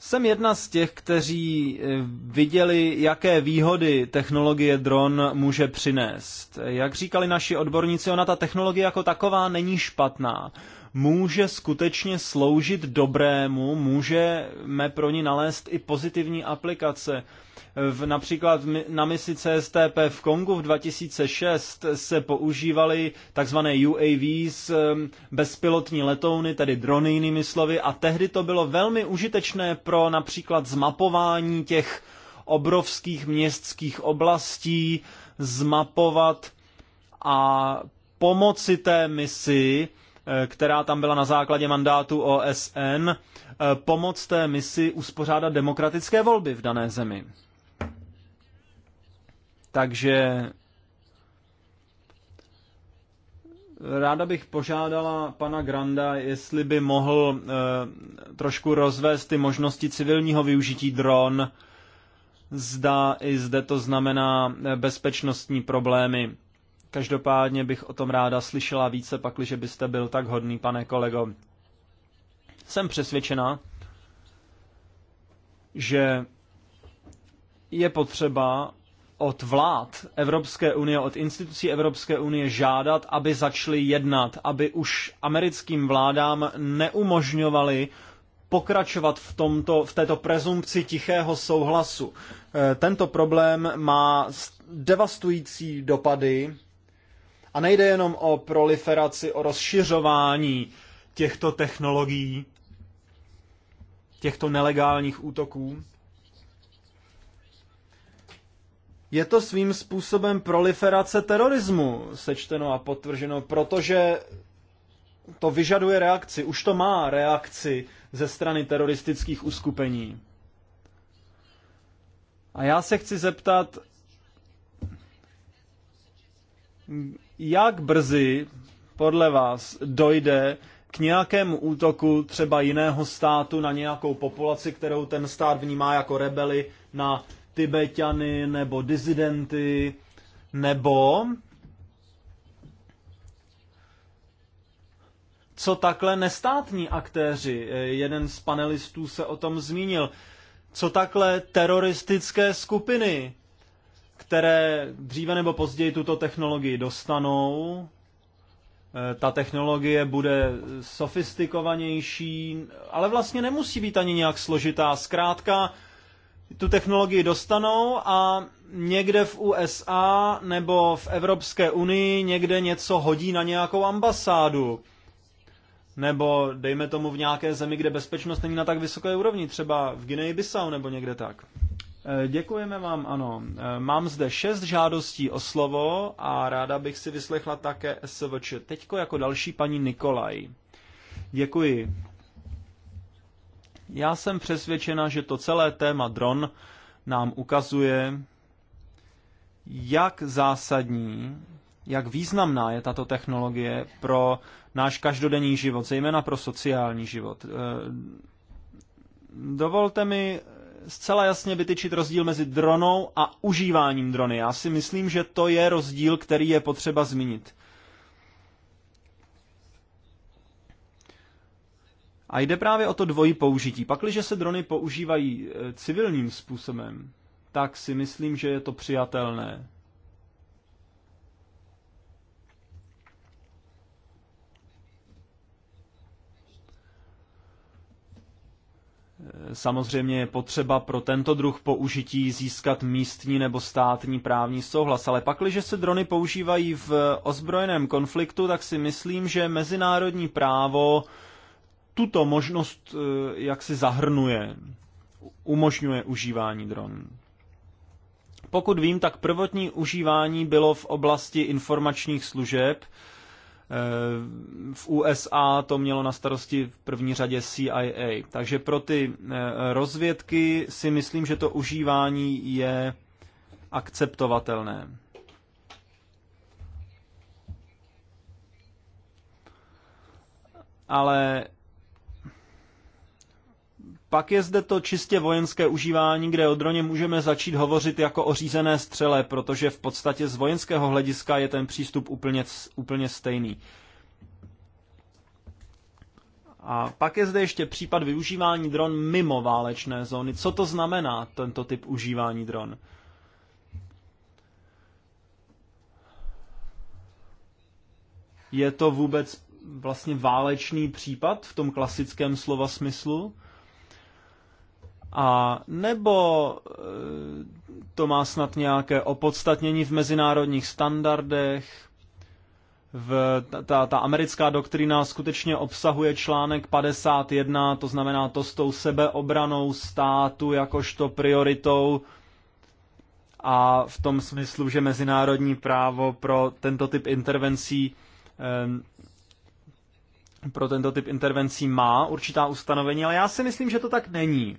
Jsem jedna z těch, kteří eh, viděli, jaké výhody technologie dron může přinést. Jak říkali naši odborníci, ona ta technologie jako taková není špatná může skutečně sloužit dobrému, můžeme pro ní nalézt i pozitivní aplikace. V, například na misi CSTP v Kongu v 2006 se používaly tzv. UAVs, ehm, bezpilotní letouny, tedy drony jinými slovy, a tehdy to bylo velmi užitečné pro například zmapování těch obrovských městských oblastí, zmapovat a pomoci té misi Eh, která tam byla na základě mandátu OSN, eh, pomoc té misi uspořádat demokratické volby v dané zemi. Takže Ráda bych požádala pana Granda, jestli by mohl e, trošku rozvést ty možnosti civilního využití dron. Zda i zde to znamená bezpečnostní problémy. Každopádně bych o tom ráda slyšela více, pakliže byste byl tak hodný, pane kolego. Jsem přesvědčena, že je potřeba od vlád Evropské unie, od institucí Evropské unie žádat, aby začaly jednat, aby už americkým vládám neumožňovali pokračovat v, tomto, v této prezumpci tichého souhlasu. E, tento problém má devastující dopady a nejde jenom o proliferaci, o rozšiřování těchto technologií, těchto nelegálních útoků. Je to svým způsobem proliferace terorismu, sečteno a potvrženo, protože to vyžaduje reakci, už to má reakci ze strany teroristických uskupení. A já se chci zeptat, jak brzy podle vás dojde k nějakému útoku třeba jiného státu na nějakou populaci, kterou ten stát vnímá jako rebeli, na Tibetany nebo dizidenty, nebo co takhle nestátní aktéři, jeden z panelistů se o tom zmínil, co takhle teroristické skupiny, které dříve nebo později tuto technologii dostanou. Eh, ta technologie bude sofistikovanější, ale vlastně nemusí být ani nějak složitá. Zkrátka, tu technologii dostanou a někde v USA nebo v Evropské unii někde něco hodí na nějakou ambasádu. Nebo dejme tomu v nějaké zemi, kde bezpečnost není na tak vysoké úrovni, třeba v Guinea-Bissau nebo někde tak. Eh, děkujeme vám, ano. Eh, mám zde šest žádostí o slovo a ráda bych si vyslechla také SVČ. Teďko jako další paní Nikolaj. Děkuji. Já jsem přesvědčena, že to celé téma dron nám ukazuje, jak zásadní, jak významná je tato technologie pro náš každodenní život, zejména pro sociální život. Eh, dovolte mi zcela jasně vytyčit rozdíl mezi dronou a užíváním drony. Já si myslím, že to je rozdíl, který je potřeba zmínit. A jde právě o to dvojí použití. Pakliže se drony používají eh, civilním způsobem, tak si myslím, že je to přijatelné. Samozřejmě je potřeba pro tento druh použití získat místní nebo státní právní souhlas, ale pakliže se drony používají v ozbrojeném konfliktu, tak si myslím, že mezinárodní právo tuto možnost eh, jak si zahrnuje, umožňuje užívání dronů. Pokud vím, tak prvotní užívání bylo v oblasti informačních služeb, Eh, v USA to mělo na starosti v první řadě CIA. Takže pro ty eh, rozvědky si myslím, že to užívání je akceptovatelné. Ale pak je zde to čistě vojenské užívání, kde o droně můžeme začít hovořit jako o řízené střele, protože v podstatě z vojenského hlediska je ten přístup úplně, úplně stejný. A pak je zde ještě případ využívání dron mimo válečné zóny. Co to znamená, tento typ užívání dron? Je to vůbec vlastně válečný případ v tom klasickém slova smyslu? A nebo eh, to má snad nějaké opodstatnění v mezinárodních standardech? V, ta, ta americká doktrina skutečně obsahuje článek 51, to znamená to s tou sebeobranou státu jakožto prioritou a v tom smyslu, že mezinárodní právo pro tento typ intervencí eh, pro tento typ intervencí má určitá ustanovení, ale já si myslím, že to tak není.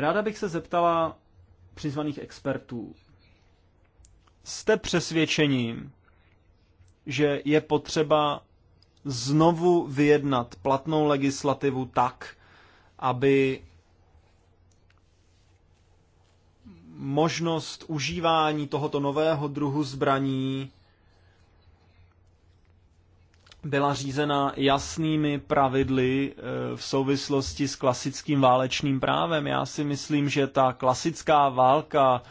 Ráda bych se zeptala přizvaných expertů. Jste přesvědčením, že je potřeba znovu vyjednat platnou legislativu tak, aby možnost užívání tohoto nového druhu zbraní byla řízena jasnými pravidly e, v souvislosti s klasickým válečným právem. Já si myslím, že ta klasická válka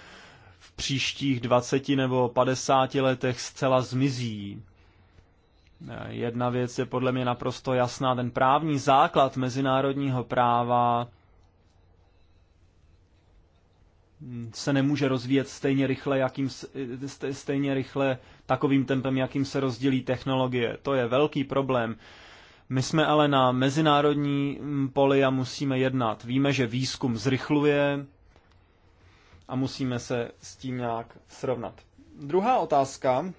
v příštích 20 nebo 50 letech zcela zmizí. E, jedna věc je podle mě naprosto jasná. Ten právní základ mezinárodního práva se nemůže rozvíjet stejně rychle, jakým, stejně rychle takovým tempem, jakým se rozdělí technologie. To je velký problém. My jsme ale na mezinárodní mm, poli a musíme jednat. Víme, že výzkum zrychluje a musíme se s tím nějak srovnat. Druhá otázka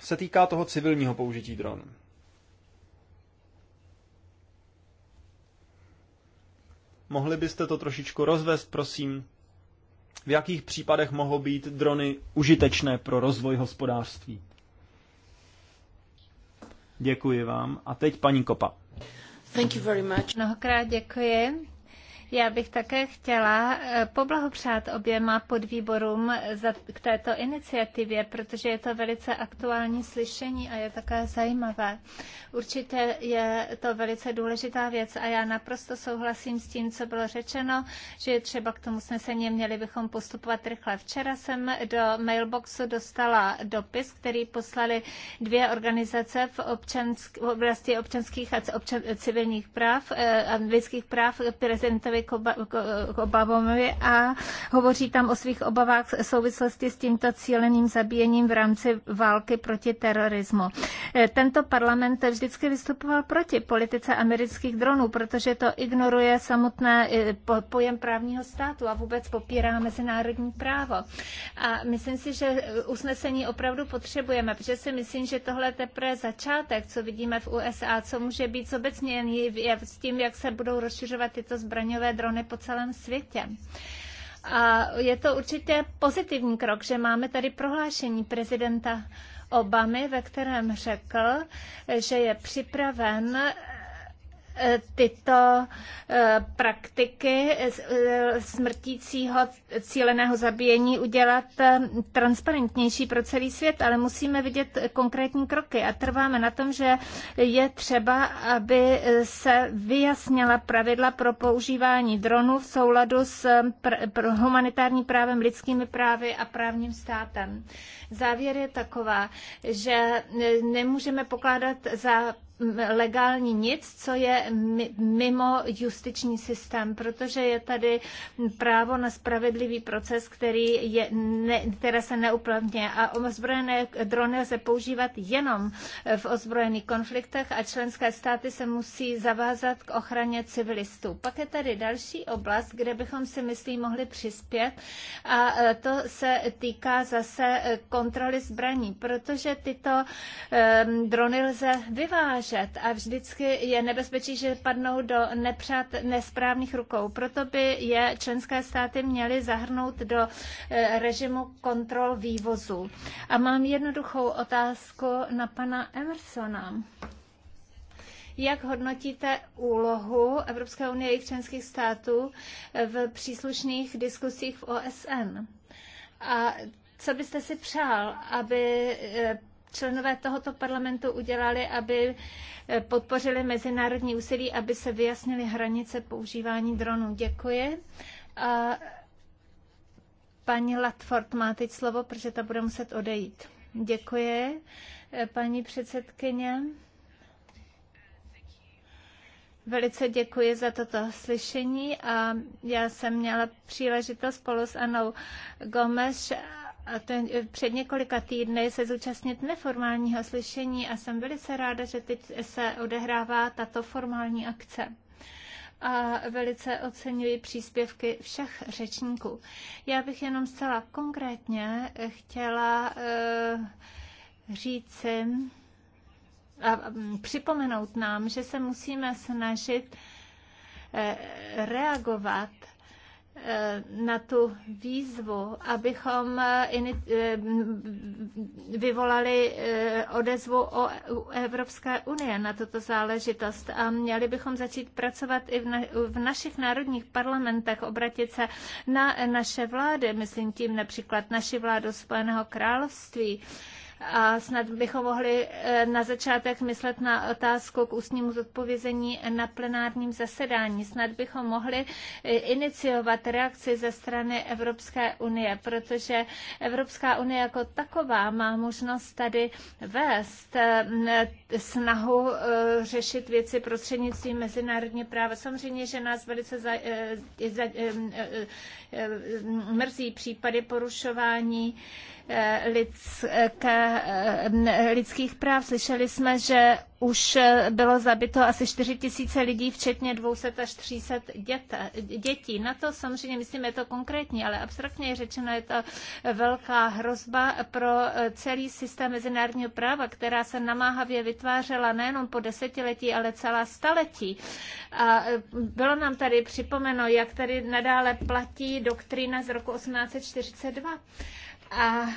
se týká toho civilního použití dronů. Mohli byste to trošičku rozvést, prosím? V jakých případech mohou být drony užitečné pro rozvoj hospodářství? Děkuji vám. A teď paní Kopa. Thank you very much. Mnohokrát děkuji. Já bych také chtěla eh, poblahopřát oběma podvýborům za, k této iniciativě, protože je to velice aktuální slyšení a je také zajímavé. Určitě je to velice důležitá věc a já naprosto souhlasím s tím, co bylo řečeno, že je třeba k tomu snesení měli bychom postupovat rychle. Včera jsem do mailboxu dostala dopis, který poslali dvě organizace v, občansk, v oblasti občanských a občan, civilních práv eh, a lidských práv prezidentovi vyjádřili k, oba, k a hovoří tam o svých obavách v souvislosti s tímto cíleným zabíjením v rámci války proti terorismu. Eh, tento parlament vždycky vystupoval proti politice amerických dronů, protože to ignoruje samotné eh, pojem právního státu a vůbec popírá mezinárodní právo. A myslím si, že eh, usnesení opravdu potřebujeme, protože si myslím, že tohle je teprve začátek, co vidíme v USA, co může být zobecněný s tím, jak se budou rozšiřovat tyto zbraňové své drony po celém světě. A je to určitě pozitivní krok, že máme tady prohlášení prezidenta Obamy, ve kterém řekl, že je připraven Eh, tyto eh, praktiky eh, smrtícího cíleného zabíjení udělat transparentnější pro celý svět, ale musíme vidět konkrétní kroky a trváme na tom, že je třeba, aby se vyjasnila pravidla pro používání dronů v souladu s pr- humanitárním právem, lidskými právy a právním státem. Závěr je taková, že nemůžeme pokládat za legální nic, co je mimo justiční systém, protože je tady právo na spravedlivý proces, který je, ne, které se neuplatňuje. A ozbrojené drony se používat jenom v ozbrojených konfliktech a členské státy se musí zavázat k ochraně civilistů. Pak je tady další oblast, kde bychom si myslím mohli přispět a e, to se týká zase e, kontroly zbraní, protože tyto e, drony lze vyvážet udržet a vždycky je nebezpečí, že padnou do nepřát, nesprávných rukou. Proto by je členské státy měly zahrnout do eh, režimu kontrol vývozu. A mám jednoduchou otázku na pana Emersona. Jak hodnotíte úlohu Evropské unie a jejich členských států eh, v příslušných diskusích v OSN? A co byste si přál, aby eh, členové tohoto parlamentu udělali, aby eh, podpořili mezinárodní úsilí, aby se vyjasnily hranice používání dronů. Děkuji. A paní Latford má teď slovo, protože ta bude muset odejít. Děkuji, eh, paní předsedkyně. Velice děkuji za toto slyšení a já jsem měla příležitost spolu s Anou Gomes a ten, eh, před několika týdny se zúčastnit neformálního slyšení a jsem velice ráda, že teď se odehrává tato formální akce a velice oceňuji příspěvky všech řečníků. Já bych jenom zcela konkrétně eh, chtěla uh, říci a mm, připomenout nám, že se musíme snažit reagovat Eh, na tu výzvu, abychom eh, eh, vyvolali odezvu o e- Evropské unie na tuto záležitost a měli bychom začít pracovat i v, našich národních parlamentech, obratit se na naše vlády, myslím tím například naši vládu Spojeného království, a snad bychom mohli eh, na začátek myslet na otázku k ústnímu zodpovězení na plenárním zasedání. Snad bychom mohli eh, iniciovat reakci ze strany Evropské unie, protože Evropská unie jako taková má možnost tady vést eh, snahu řešit věci prostřednictvím mezinárodní práva. Samozřejmě, že nás velice za, za, mrzí případy porušování Eh, lidské, eh, lidských práv. Slyšeli jsme, že už bylo zabito asi 4 tisíce lidí, včetně 200 až 300 dět, dětí. Na to samozřejmě myslím, je to konkrétní, ale abstraktně řečeno je to velká hrozba pro eh, celý systém mezinárodního práva, která se namáhavě vytvářela nejenom po desetiletí, ale celá staletí. A bylo nám tady připomeno, jak tady nadále platí doktrína z roku 1842. A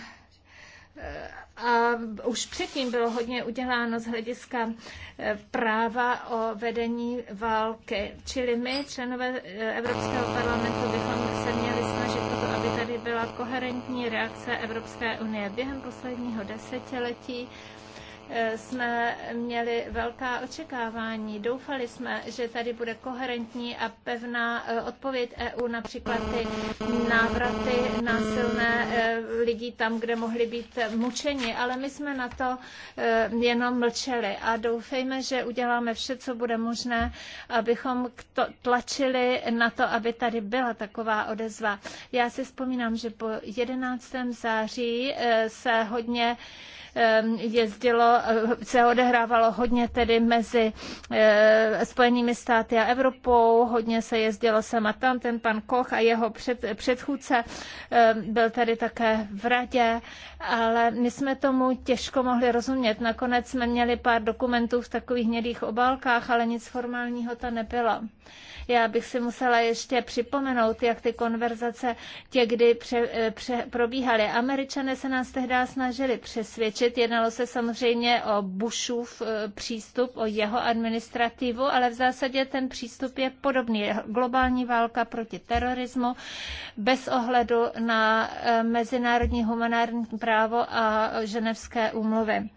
a už předtím bylo hodně uděláno z hlediska e, práva o vedení války. Čili my, členové e, Evropského parlamentu, bychom se měli snažit o to, aby tady byla koherentní reakce Evropské unie. Během posledního desetiletí Eh, jsme měli velká očekávání. Doufali jsme, že tady bude koherentní a pevná eh, odpověď EU, například ty návraty násilné eh, lidí tam, kde mohli být mučeni, ale my jsme na to jenom mlčeli a doufejme, že uděláme vše, co bude možné, abychom tlačili na to, aby tady byla taková odezva. Já si vzpomínám, že po 11. září se hodně Ehm, jezdilo, eh, se odehrávalo hodně tedy mezi eh, Spojenými státy a Evropou, hodně se jezdilo sem a tam. Ten pan Koch a jeho před, předchůdce ehm, byl tady také v radě, ale my jsme tomu těžko mohli rozumět. Nakonec jsme měli pár dokumentů v takových hnědých obálkách, ale nic formálního to nebylo. Já bych si musela ještě připomenout, jak ty konverzace tě kdy pře, eh, pře, probíhaly. Američané se nás tehdy snažili přesvědčit, zlepšit. Jednalo se samozřejmě o Bushův e, přístup, o jeho administrativu, ale v zásadě ten přístup je podobný. Globální válka proti terorismu bez ohledu na e, mezinárodní humanitární právo a ženevské úmluvy.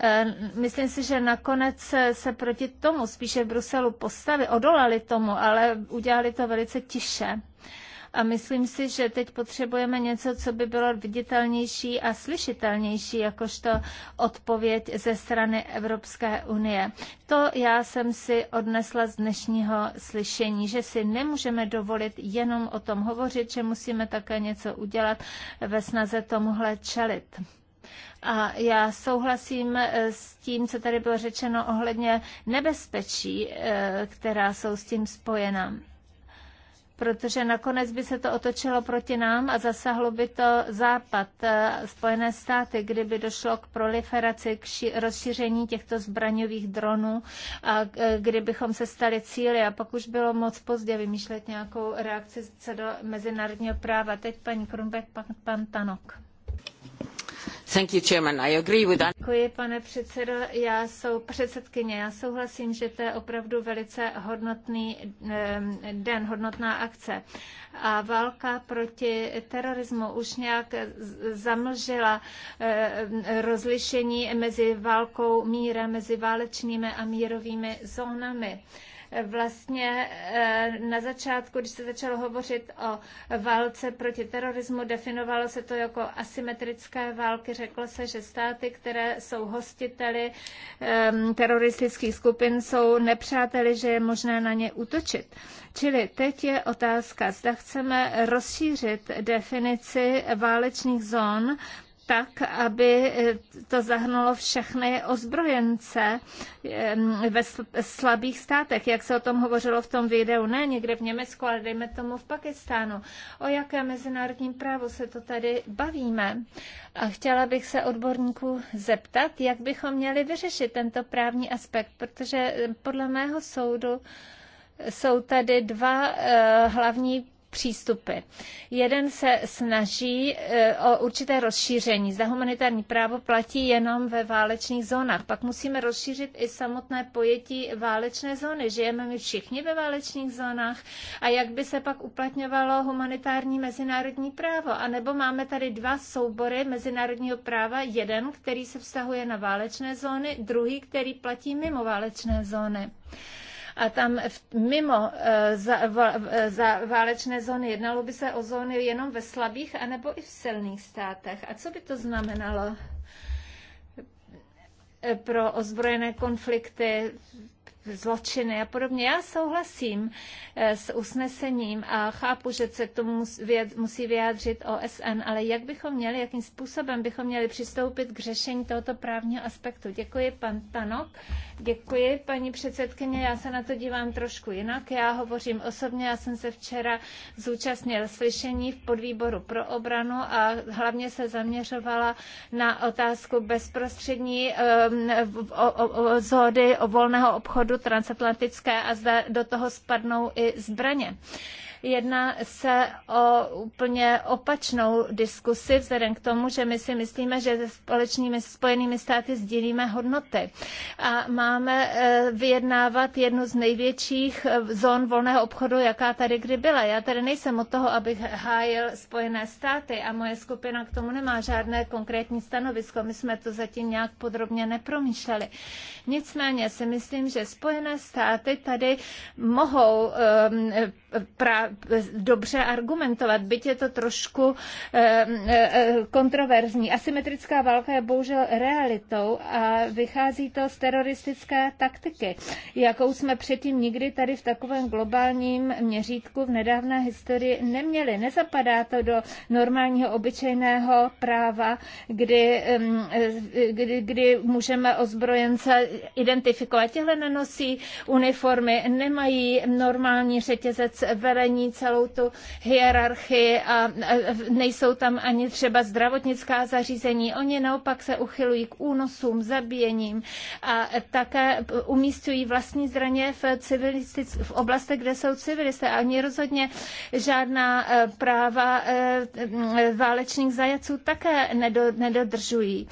E, myslím si, že nakonec se proti tomu spíše v Bruselu postavili, odolali tomu, ale udělali to velice tiše. A myslím si, že teď potřebujeme něco, co by bylo viditelnější a slyšitelnější, jakožto odpověď ze strany Evropské unie. To já jsem si odnesla z dnešního slyšení, že si nemůžeme dovolit jenom o tom hovořit, že musíme také něco udělat ve snaze tomuhle čelit. A já souhlasím eh, s tím, co tady bylo řečeno ohledně nebezpečí, eh, která jsou s tím spojená protože nakonec by se to otočilo proti nám a zasahlo by to Západ, eh, Spojené státy, kdyby došlo k proliferaci, k rozšíření těchto zbraňových dronů a eh, kdybychom se stali cíly a pak už bylo moc pozdě vymýšlet nějakou reakci co do mezinárodního práva. Teď paní Krumbek, pan, pan Tanok. Děkuji, pane předsedající Já předsedkyně. Já souhlasím, že to je opravdu velice hodnotný den, hodnotná akce. A válka proti terorismu už nějak zamlžila rozlišení mezi válkou míra, mezi válečnými a mírovými zónami. Vlastně eh, na začátku, když se začalo hovořit o válce proti terorismu, definovalo se to jako asymetrické války. Řeklo se, že státy, které jsou hostiteli eh, teroristických skupin, jsou nepřáteli, že je možné na ně útočit. Čili teď je otázka, zda chceme rozšířit definici válečných zón tak, aby eh, to zahrnulo všechny ozbrojence ve slabých státech, jak se o tom hovořilo v tom videu, ne někde v Německu, ale dejme tomu v Pakistánu. O jaké mezinárodním právu se to tady bavíme? A chtěla bych se odborníků zeptat, jak bychom měli vyřešit tento právní aspekt, protože eh, podle mého soudu jsou tady dva eh, hlavní přístupy. Jeden se snaží eh, o určité rozšíření. Zda humanitární právo platí jenom ve válečných zónách. Pak musíme rozšířit i samotné pojetí válečné zóny. Žijeme my všichni ve válečných zónách a jak by se pak uplatňovalo humanitární mezinárodní právo. A nebo máme tady dva soubory mezinárodního práva. Jeden, který se vztahuje na válečné zóny, druhý, který platí mimo válečné zóny a tam v, mimo eh, za, va, eh, za válečné zóny jednalo by se o zóny jenom ve slabých anebo i v silných státech. A co by to znamenalo eh, pro ozbrojené konflikty? zločiny a podobně. Já souhlasím eh, s usnesením a chápu, že se k tomu musí vyjádřit OSN, ale jak bychom měli, jakým způsobem bychom měli přistoupit k řešení tohoto právního aspektu? Děkuji, pan Tanok. Děkuji, paní předsedkyně. Já se na to dívám trošku jinak. Já hovořím osobně. Já jsem se včera zúčastnil slyšení v podvýboru pro obranu a hlavně se zaměřovala na otázku bezprostřední um, o, o, o, o volného obchodu transatlantické a zda do toho spadnou i zbraně. Jedná se o úplně opačnou diskusi vzhledem k tomu, že my si myslíme, že se společnými spojenými státy sdílíme hodnoty a máme e, vyjednávat jednu z největších e, zón volného obchodu, jaká tady kdy byla. Já tady nejsem od toho, abych hájil Spojené státy a moje skupina k tomu nemá žádné konkrétní stanovisko. My jsme to zatím nějak podrobně nepromýšleli. Nicméně si myslím, že Spojené státy tady mohou e, právě dobře argumentovat, byť je to trošku eh, eh, eh, kontroverzní. Asymetrická válka je bohužel realitou a vychází to z teroristické taktiky, jakou jsme předtím nikdy tady v takovém globálním měřítku v nedávné historii neměli. Nezapadá to do normálního obyčejného práva, kdy, kdy, kdy můžeme ozbrojence identifikovat. Těhle nenosí uniformy, nemají normální řetězec velení mění celou tu hierarchii a nejsou tam ani třeba zdravotnická zařízení. Oni naopak se uchylují k únosům, zabíjením a také umístují vlastní zraně v, v oblastech, kde jsou civilisté. A oni rozhodně žádná e, práva e, válečných zajaců také nedodržují.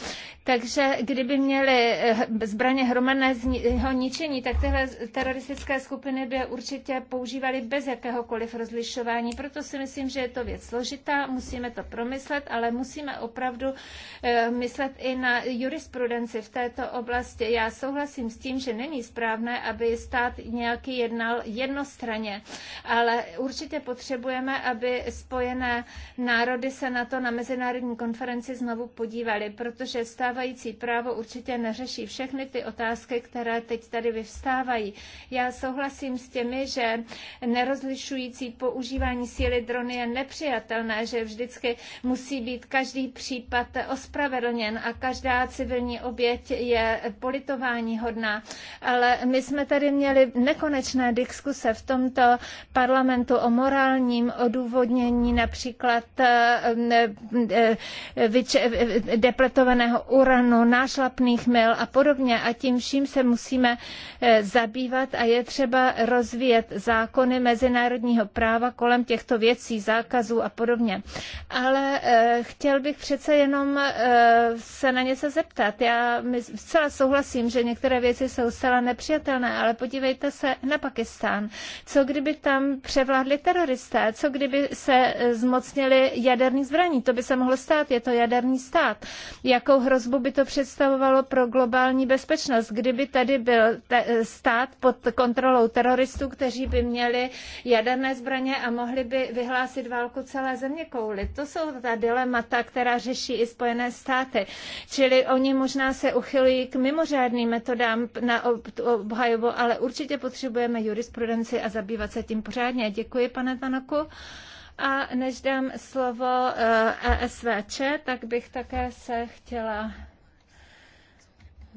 Takže kdyby měli eh, zbraně hromadného ničení, tak tyhle teroristické skupiny by je určitě používaly bez jakéhokoliv rozlišování. Proto si myslím, že je to věc složitá, musíme to promyslet, ale musíme opravdu eh, myslet i na jurisprudenci v této oblasti. Já souhlasím s tím, že není správné, aby stát nějaký jednal jednostranně, ale určitě potřebujeme, aby spojené národy se na to na mezinárodní konferenci znovu podívali, protože stává stávající právo určitě neřeší všechny ty otázky, které teď tady vyvstávají. Já souhlasím s těmi, že nerozlišující používání síly drony je nepřijatelné, že vždycky musí být každý případ ospravedlněn a každá civilní oběť je politování hodná. Ale my jsme tady měli nekonečné diskuse v tomto parlamentu o morálním odůvodnění například eh, eh, eh, depletovaného uranu ochranu, nášlapný chmel a podobně. A tím vším se musíme eh, zabývat a je třeba rozvíjet zákony mezinárodního práva kolem těchto věcí, zákazů a podobně. Ale eh, chtěl bych přece jenom eh, se na něco zeptat. Já zcela souhlasím, že některé věci jsou zcela nepřijatelné, ale podívejte se na Pakistán. Co kdyby tam převládli teroristé? Co kdyby se zmocnili jaderných zbraní? To by se mohlo stát, je to jaderný stát. Jakou hrozbu hrozbu by to představovalo pro globální bezpečnost, kdyby tady byl stát pod kontrolou teroristů, kteří by měli jaderné zbraně a mohli by vyhlásit válku celé země kouli. To jsou ta dilemata, která řeší i Spojené státy. Čili oni možná se uchylují k mimořádným metodám na obhajobu, ale určitě potřebujeme jurisprudenci a zabývat se tím pořádně. Děkuji, pane Tanoku. A než dám slovo ESVČ, eh, e tak bych také se chtěla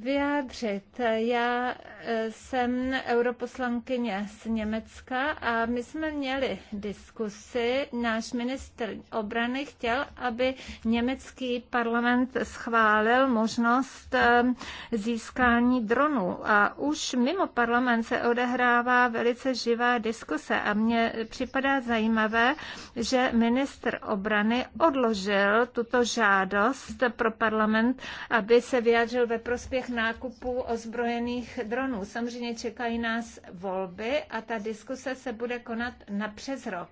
vyjádřit. Já e, jsem europoslankyně z Německa a my jsme měli diskusi. Náš ministr obrany chtěl, aby německý parlament schválil možnost e, získání dronů. A už mimo parlament se odehrává velice živá diskuse a mně připadá zajímavé, že minister obrany odložil tuto žádost pro parlament, aby se vyjádřil ve prospěch nákupu ozbrojených dronů. Samozřejmě čekají nás volby a ta diskuse se bude konat na přes rok.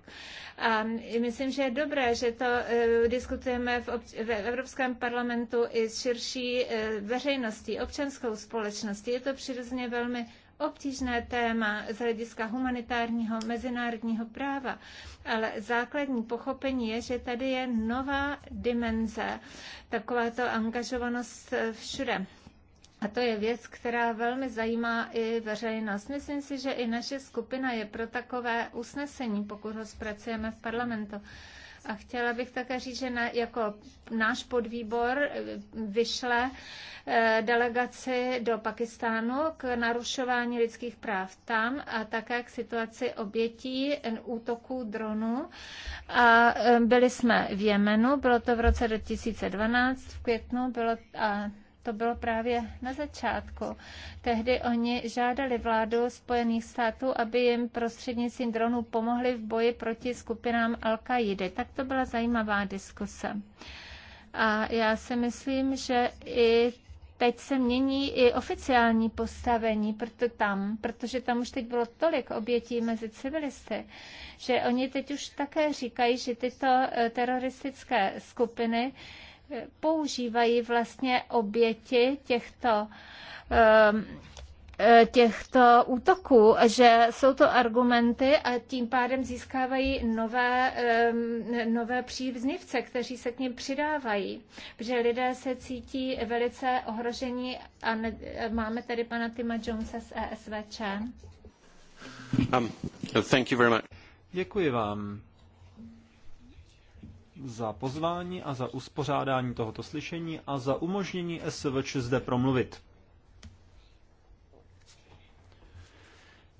A myslím, že je dobré, že to e, diskutujeme v, obč- v Evropském parlamentu i s širší e, veřejností, občanskou společností. Je to přirozeně velmi obtížné téma z hlediska humanitárního mezinárodního práva, ale základní pochopení je, že tady je nová dimenze, takováto angažovanost e, všude. A to je věc, která velmi zajímá i veřejnost. Myslím si, že i naše skupina je pro takové usnesení, pokud ho zpracujeme v parlamentu. A chtěla bych také říct, že na, jako náš podvýbor eh, vyšle eh, delegaci do Pakistánu k narušování lidských práv tam a také k situaci obětí eh, útoků dronů. A byli jsme v Jemenu, bylo to v roce 2012, v květnu bylo a to bylo právě na začátku. Tehdy oni žádali vládu Spojených států, aby jim prostřednictvím dronů pomohli v boji proti skupinám al qaidi Tak to byla zajímavá diskuse. A já si myslím, že i teď se mění i oficiální postavení proto tam, protože tam už teď bylo tolik obětí mezi civilisty, že oni teď už také říkají, že tyto eh, teroristické skupiny uh, používají vlastně oběti těchto um, eh, těchto útoků, že jsou to argumenty a tím pádem získávají nové, um, nové příznivce, kteří se k ním přidávají, protože lidé se cítí velice ohrožení a ne, máme tady pana Tima Jonesa z ESVČ. Um, thank you very much. Děkuji vám za pozvání a za uspořádání tohoto slyšení a za umožnění SVČ zde promluvit.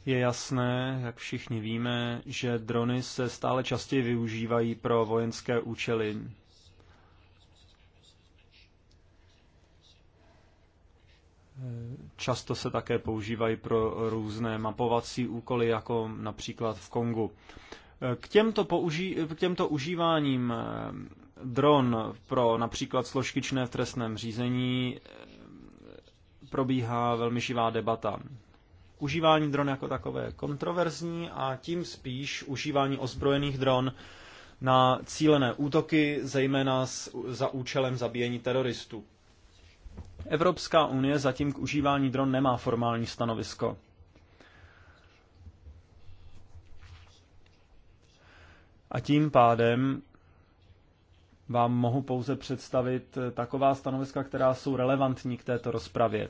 Je jasné, jak všichni víme, že drony se stále častěji využívají pro vojenské účely. Často se také používají pro různé mapovací úkoly, jako například v Kongu. K těmto, použi- k těmto užíváním eh, dron pro například složky činné v trestném řízení eh, probíhá velmi živá debata. Užívání dron jako takové je kontroverzní a tím spíš užívání ozbrojených dron na cílené útoky, zejména s, za účelem zabíjení teroristů. Evropská unie zatím k užívání dron nemá formální stanovisko. A tím pádem vám mohu pouze představit eh, taková stanoviska, která jsou relevantní k této rozpravě.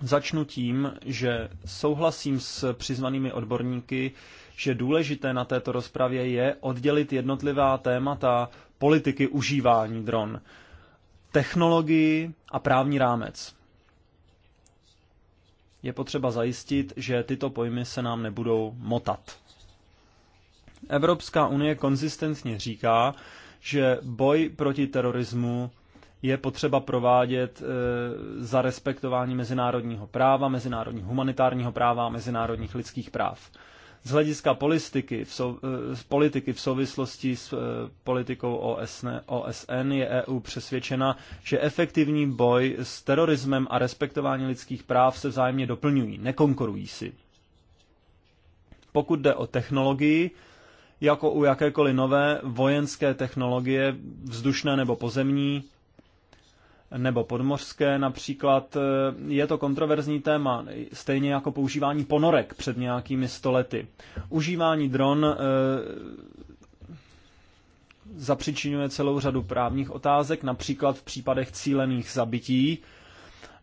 Začnu tím, že souhlasím s přizvanými odborníky, že důležité na této rozpravě je oddělit jednotlivá témata politiky užívání dron, technologii a právní rámec. Je potřeba zajistit, že tyto pojmy se nám nebudou motat. Evropská unie konzistentně říká, že boj proti terorismu je potřeba provádět e, za respektování mezinárodního práva, mezinárodního humanitárního práva a mezinárodních lidských práv. Z hlediska politiky v, sou, e, politiky v souvislosti s e, politikou OSN, OSN je EU přesvědčena, že efektivní boj s terorismem a respektování lidských práv se vzájemně doplňují, nekonkurují si. Pokud jde o technologii, jako u jakékoliv nové vojenské technologie, vzdušné nebo pozemní, nebo podmořské například. Eh, je to kontroverzní téma, stejně jako používání ponorek před nějakými stolety. Užívání dron e, eh, zapřičinuje celou řadu právních otázek, například v případech cílených zabití,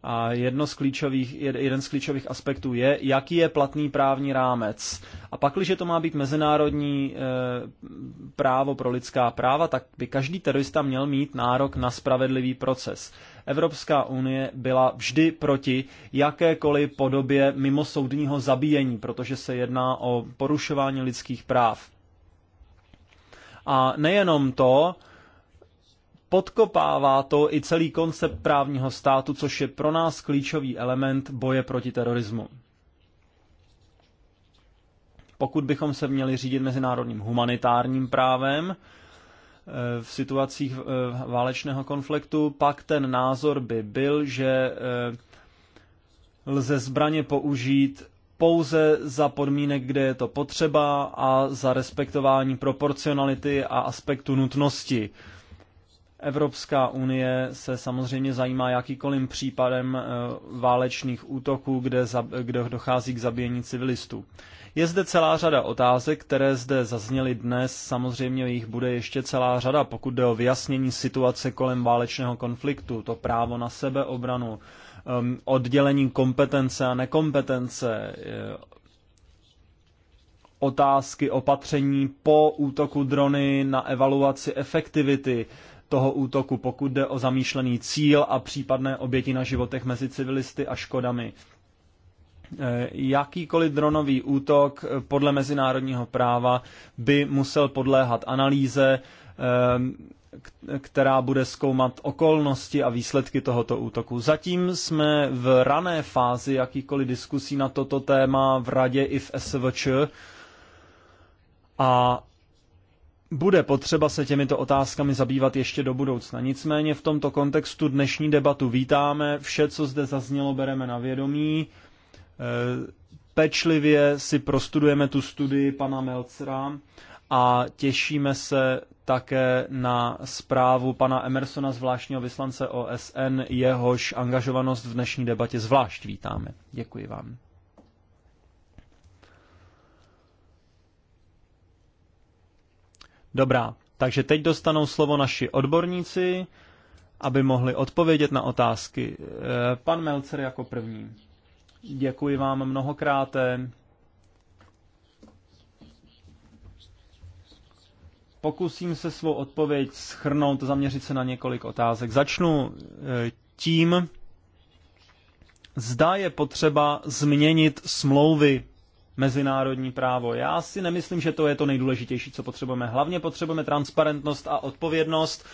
a jedno z klíčových, jeden z klíčových aspektů je, jaký je platný právní rámec. A pak, když to má být mezinárodní e, právo pro lidská práva, tak by každý terorista měl mít nárok na spravedlivý proces. Evropská unie byla vždy proti jakékoliv podobě mimosoudního zabíjení, protože se jedná o porušování lidských práv. A nejenom to, podkopává to i celý koncept právního státu, což je pro nás klíčový element boje proti terorismu. Pokud bychom se měli řídit mezinárodním humanitárním právem eh, v situacích eh, válečného konfliktu, pak ten názor by byl, že eh, lze zbraně použít pouze za podmínek, kde je to potřeba a za respektování proporcionality a aspektu nutnosti Evropská unie se samozřejmě zajímá jakýkoliv případem eh, válečných útoků, kde, za, kde dochází k zabíjení civilistů. Je zde celá řada otázek, které zde zazněly dnes, samozřejmě jich bude ještě celá řada, pokud jde o vyjasnění situace kolem válečného konfliktu, to právo na sebeobranu, ehm, oddělení kompetence a nekompetence, eh, otázky opatření po útoku drony na evaluaci efektivity, toho útoku, pokud jde o zamýšlený cíl a případné oběti na životech mezi civilisty a škodami. E, jakýkoliv dronový útok e, podle mezinárodního práva by musel podléhat analýze, e, která bude zkoumat okolnosti a výsledky tohoto útoku. Zatím jsme v rané fázi jakýkoliv diskusí na toto téma v radě i v SVČ a bude potřeba se těmito otázkami zabývat ještě do budoucna. Nicméně v tomto kontextu dnešní debatu vítáme, vše, co zde zaznělo, bereme na vědomí. E, pečlivě si prostudujeme tu studii pana Melcera a těšíme se také na zprávu pana Emersona, zvláštního vyslance OSN, jehož angažovanost v dnešní debatě zvlášť vítáme. Děkuji vám. Dobrá, takže teď dostanou slovo naši odborníci, aby mohli odpovědět na otázky. Eh, pan Melcer jako první. Děkuji vám mnohokrát. Pokusím se svou odpověď schrnout, zaměřit se na několik otázek. Začnu eh, tím, zda je potřeba změnit smlouvy mezinárodní právo. Já si nemyslím, že to je to nejdůležitější, co potřebujeme. Hlavně potřebujeme transparentnost a odpovědnost,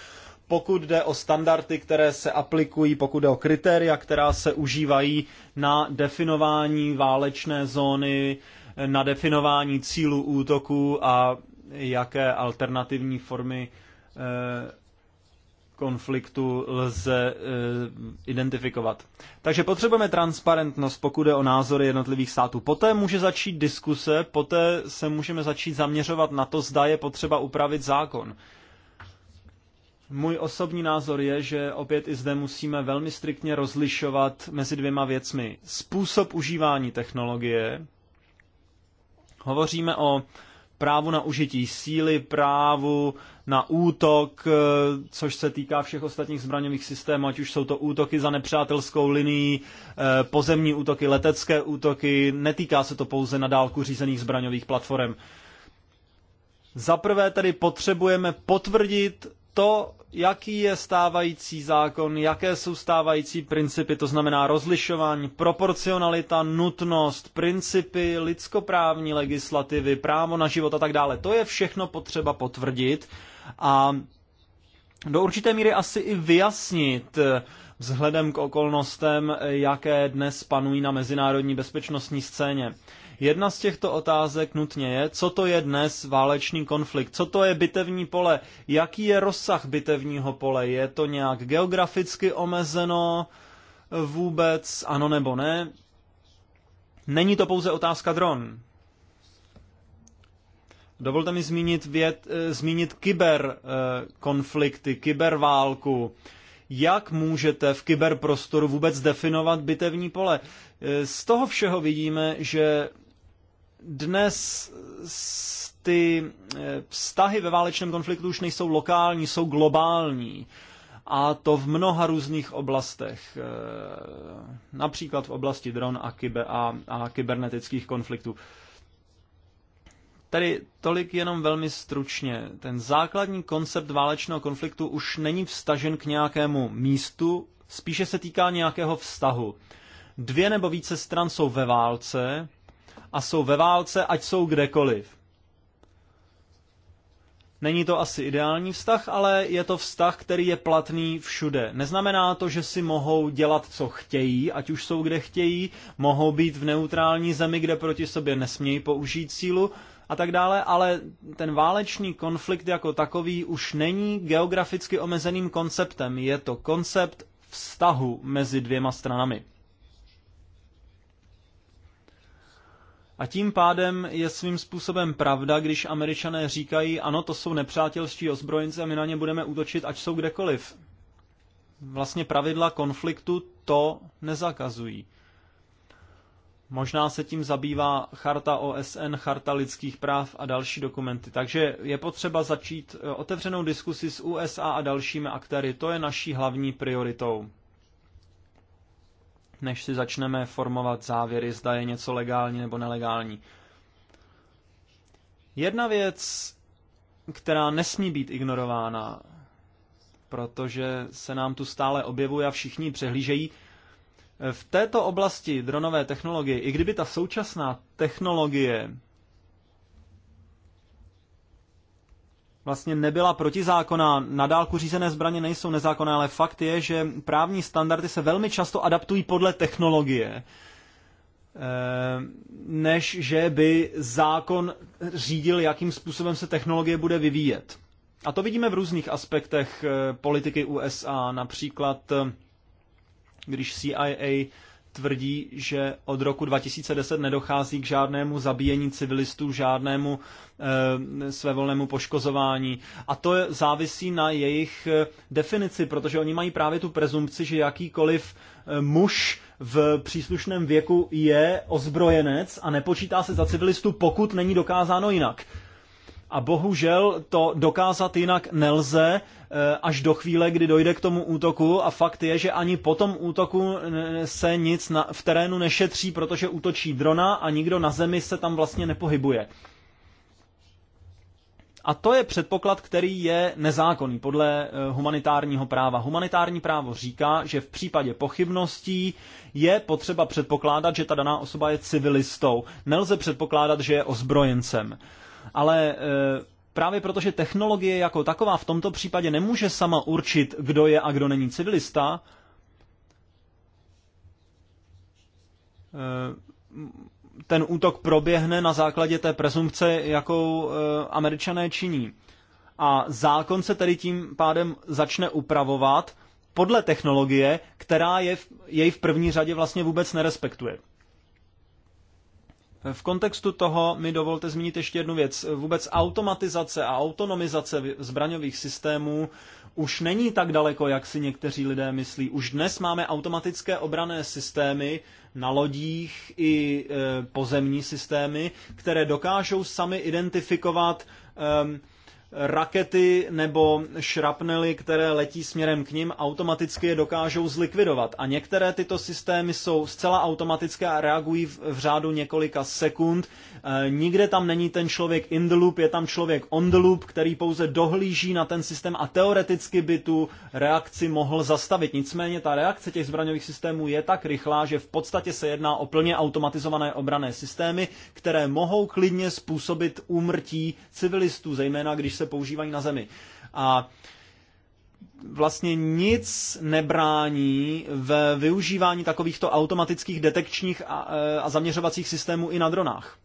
pokud jde o standardy, které se aplikují, pokud jde o kritéria, která se užívají na definování válečné zóny, na definování cílů útoku a jaké alternativní formy eh, konfliktu lze eh, identifikovat. Takže potřebujeme transparentnost, pokud je o názory jednotlivých států. Poté může začít diskuse, poté se můžeme začít zaměřovat na to, zda je potřeba upravit zákon. Můj osobní názor je, že opět i zde musíme velmi striktně rozlišovat mezi dvěma věcmi. Způsob užívání technologie. Hovoříme o právu na užití síly, právu na útok, eh, což se týká všech ostatních zbraňových systémů, ať už jsou to útoky za nepřátelskou linií, eh, pozemní útoky, letecké útoky, netýká se to pouze na dálku řízených zbraňových platform. Za prvé tedy potřebujeme potvrdit to, jaký je stávající zákon, jaké jsou stávající principy, to znamená rozlišování, proporcionalita, nutnost, principy lidskoprávní legislativy, právo na život a tak dále. To je všechno potřeba potvrdit a do určité míry asi i vyjasnit eh, vzhledem k okolnostem, eh, jaké dnes panují na mezinárodní bezpečnostní scéně. Jedna z těchto otázek nutně je, co to je dnes válečný konflikt, co to je bitevní pole, jaký je rozsah bitevního pole, je to nějak geograficky omezeno vůbec, ano nebo ne. Není to pouze otázka dron. Dovolte mi zmínit, věd, eh, zmínit eh, konflikty, kyberválku. Jak můžete v kyberprostoru vůbec definovat bitevní pole? Eh, z toho všeho vidíme, že dnes ty vztahy ve válečném konfliktu už nejsou lokální, jsou globální. A to v mnoha různých oblastech, například v oblasti dron a, kybe a, a kybernetických konfliktů. Tedy tolik jenom velmi stručně. Ten základní koncept válečného konfliktu už není vstažen k nějakému místu, spíše se týká nějakého vztahu. Dvě nebo více stran jsou ve válce a jsou ve válce, ať jsou kdekoliv. Není to asi ideální vztah, ale je to vztah, který je platný všude. Neznamená to, že si mohou dělat, co chtějí, ať už jsou kde chtějí, mohou být v neutrální zemi, kde proti sobě nesmějí použít sílu, a tak dále, ale ten válečný konflikt jako takový už není geograficky omezeným konceptem. Je to koncept vztahu mezi dvěma stranami. A tím pádem je svým způsobem pravda, když američané říkají, ano, to jsou nepřátelští ozbrojenci a my na ně budeme útočit, ať jsou kdekoliv. Vlastně pravidla konfliktu to nezakazují. Možná se tím zabývá charta OSN, charta lidských práv a další dokumenty. Takže je potřeba začít eh, otevřenou diskusi s USA a dalšími aktéry. To je naší hlavní prioritou. Než si začneme formovat závěry, zda je něco legální nebo nelegální. Jedna věc, která nesmí být ignorována, protože se nám tu stále objevuje a všichni přehlížejí, v této oblasti dronové technologie, i kdyby ta současná technologie vlastně nebyla protizákonná. Na dálku řízené zbraně nejsou nezákonné, ale fakt je, že právní standardy se velmi často adaptují podle technologie, eh, než že by zákon řídil, jakým způsobem se technologie bude vyvíjet. A to vidíme v různých aspektech eh, politiky USA, například eh, když CIA tvrdí, že od roku 2010 nedochází k žádnému zabíjení civilistů, žádnému e, svévolnému poškozování. A to je, závisí na jejich eh, definici, protože oni mají právě tu prezumpci, že jakýkoliv eh, muž v příslušném věku je ozbrojenec a nepočítá se za civilistu, pokud není dokázáno jinak. A bohužel to dokázat jinak nelze eh, až do chvíle, kdy dojde k tomu útoku a fakt je, že ani po tom útoku eh, se nic na, v terénu nešetří, protože útočí drona a nikdo na zemi se tam vlastně nepohybuje. A to je předpoklad, který je nezákonný podle eh, humanitárního práva. Humanitární právo říká, že v případě pochybností je potřeba předpokládat, že ta daná osoba je civilistou. Nelze předpokládat, že je ozbrojencem ale e, právě protože technologie jako taková v tomto případě nemůže sama určit, kdo je a kdo není civilista, e, ten útok proběhne na základě té prezumpce, jakou e, američané činí. A zákon se tedy tím pádem začne upravovat podle technologie, která je v, jej v první řadě vlastně vůbec nerespektuje. V kontextu toho mi dovolte zmínit ještě jednu věc. Vůbec automatizace a autonomizace zbraňových systémů už není tak daleko, jak si někteří lidé myslí. Už dnes máme automatické obrané systémy na lodích i e, pozemní systémy, které dokážou sami identifikovat rakety nebo šrapnely, které letí směrem k ním, automaticky je dokážou zlikvidovat. A některé tyto systémy jsou zcela automatické a reagují v, v řádu několika sekund. E, nikde tam není ten člověk in the loop, je tam člověk on the loop, který pouze dohlíží na ten systém a teoreticky by tu reakci mohl zastavit. Nicméně ta reakce těch zbraňových systémů je tak rychlá, že v podstatě se jedná o plně automatizované obrané systémy, které mohou klidně způsobit úmrtí civilistů, zejména když se používají na Zemi. A vlastně nic nebrání v využívání takovýchto automatických detekčních a, e, a zaměřovacích systémů i na dronách.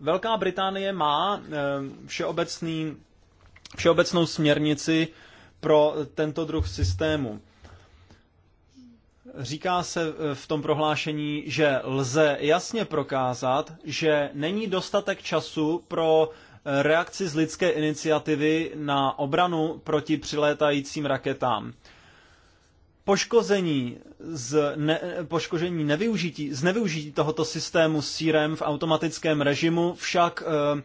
Velká Británie má e, všeobecný, všeobecnou směrnici pro tento druh systému. Říká se eh, v tom prohlášení, že lze jasně prokázat, že není dostatek času pro eh, reakci z lidské iniciativy na obranu proti přilétajícím raketám. Poškození, z ne, eh, poškození nevyužití, z nevyužití tohoto systému s sírem v automatickém režimu však e,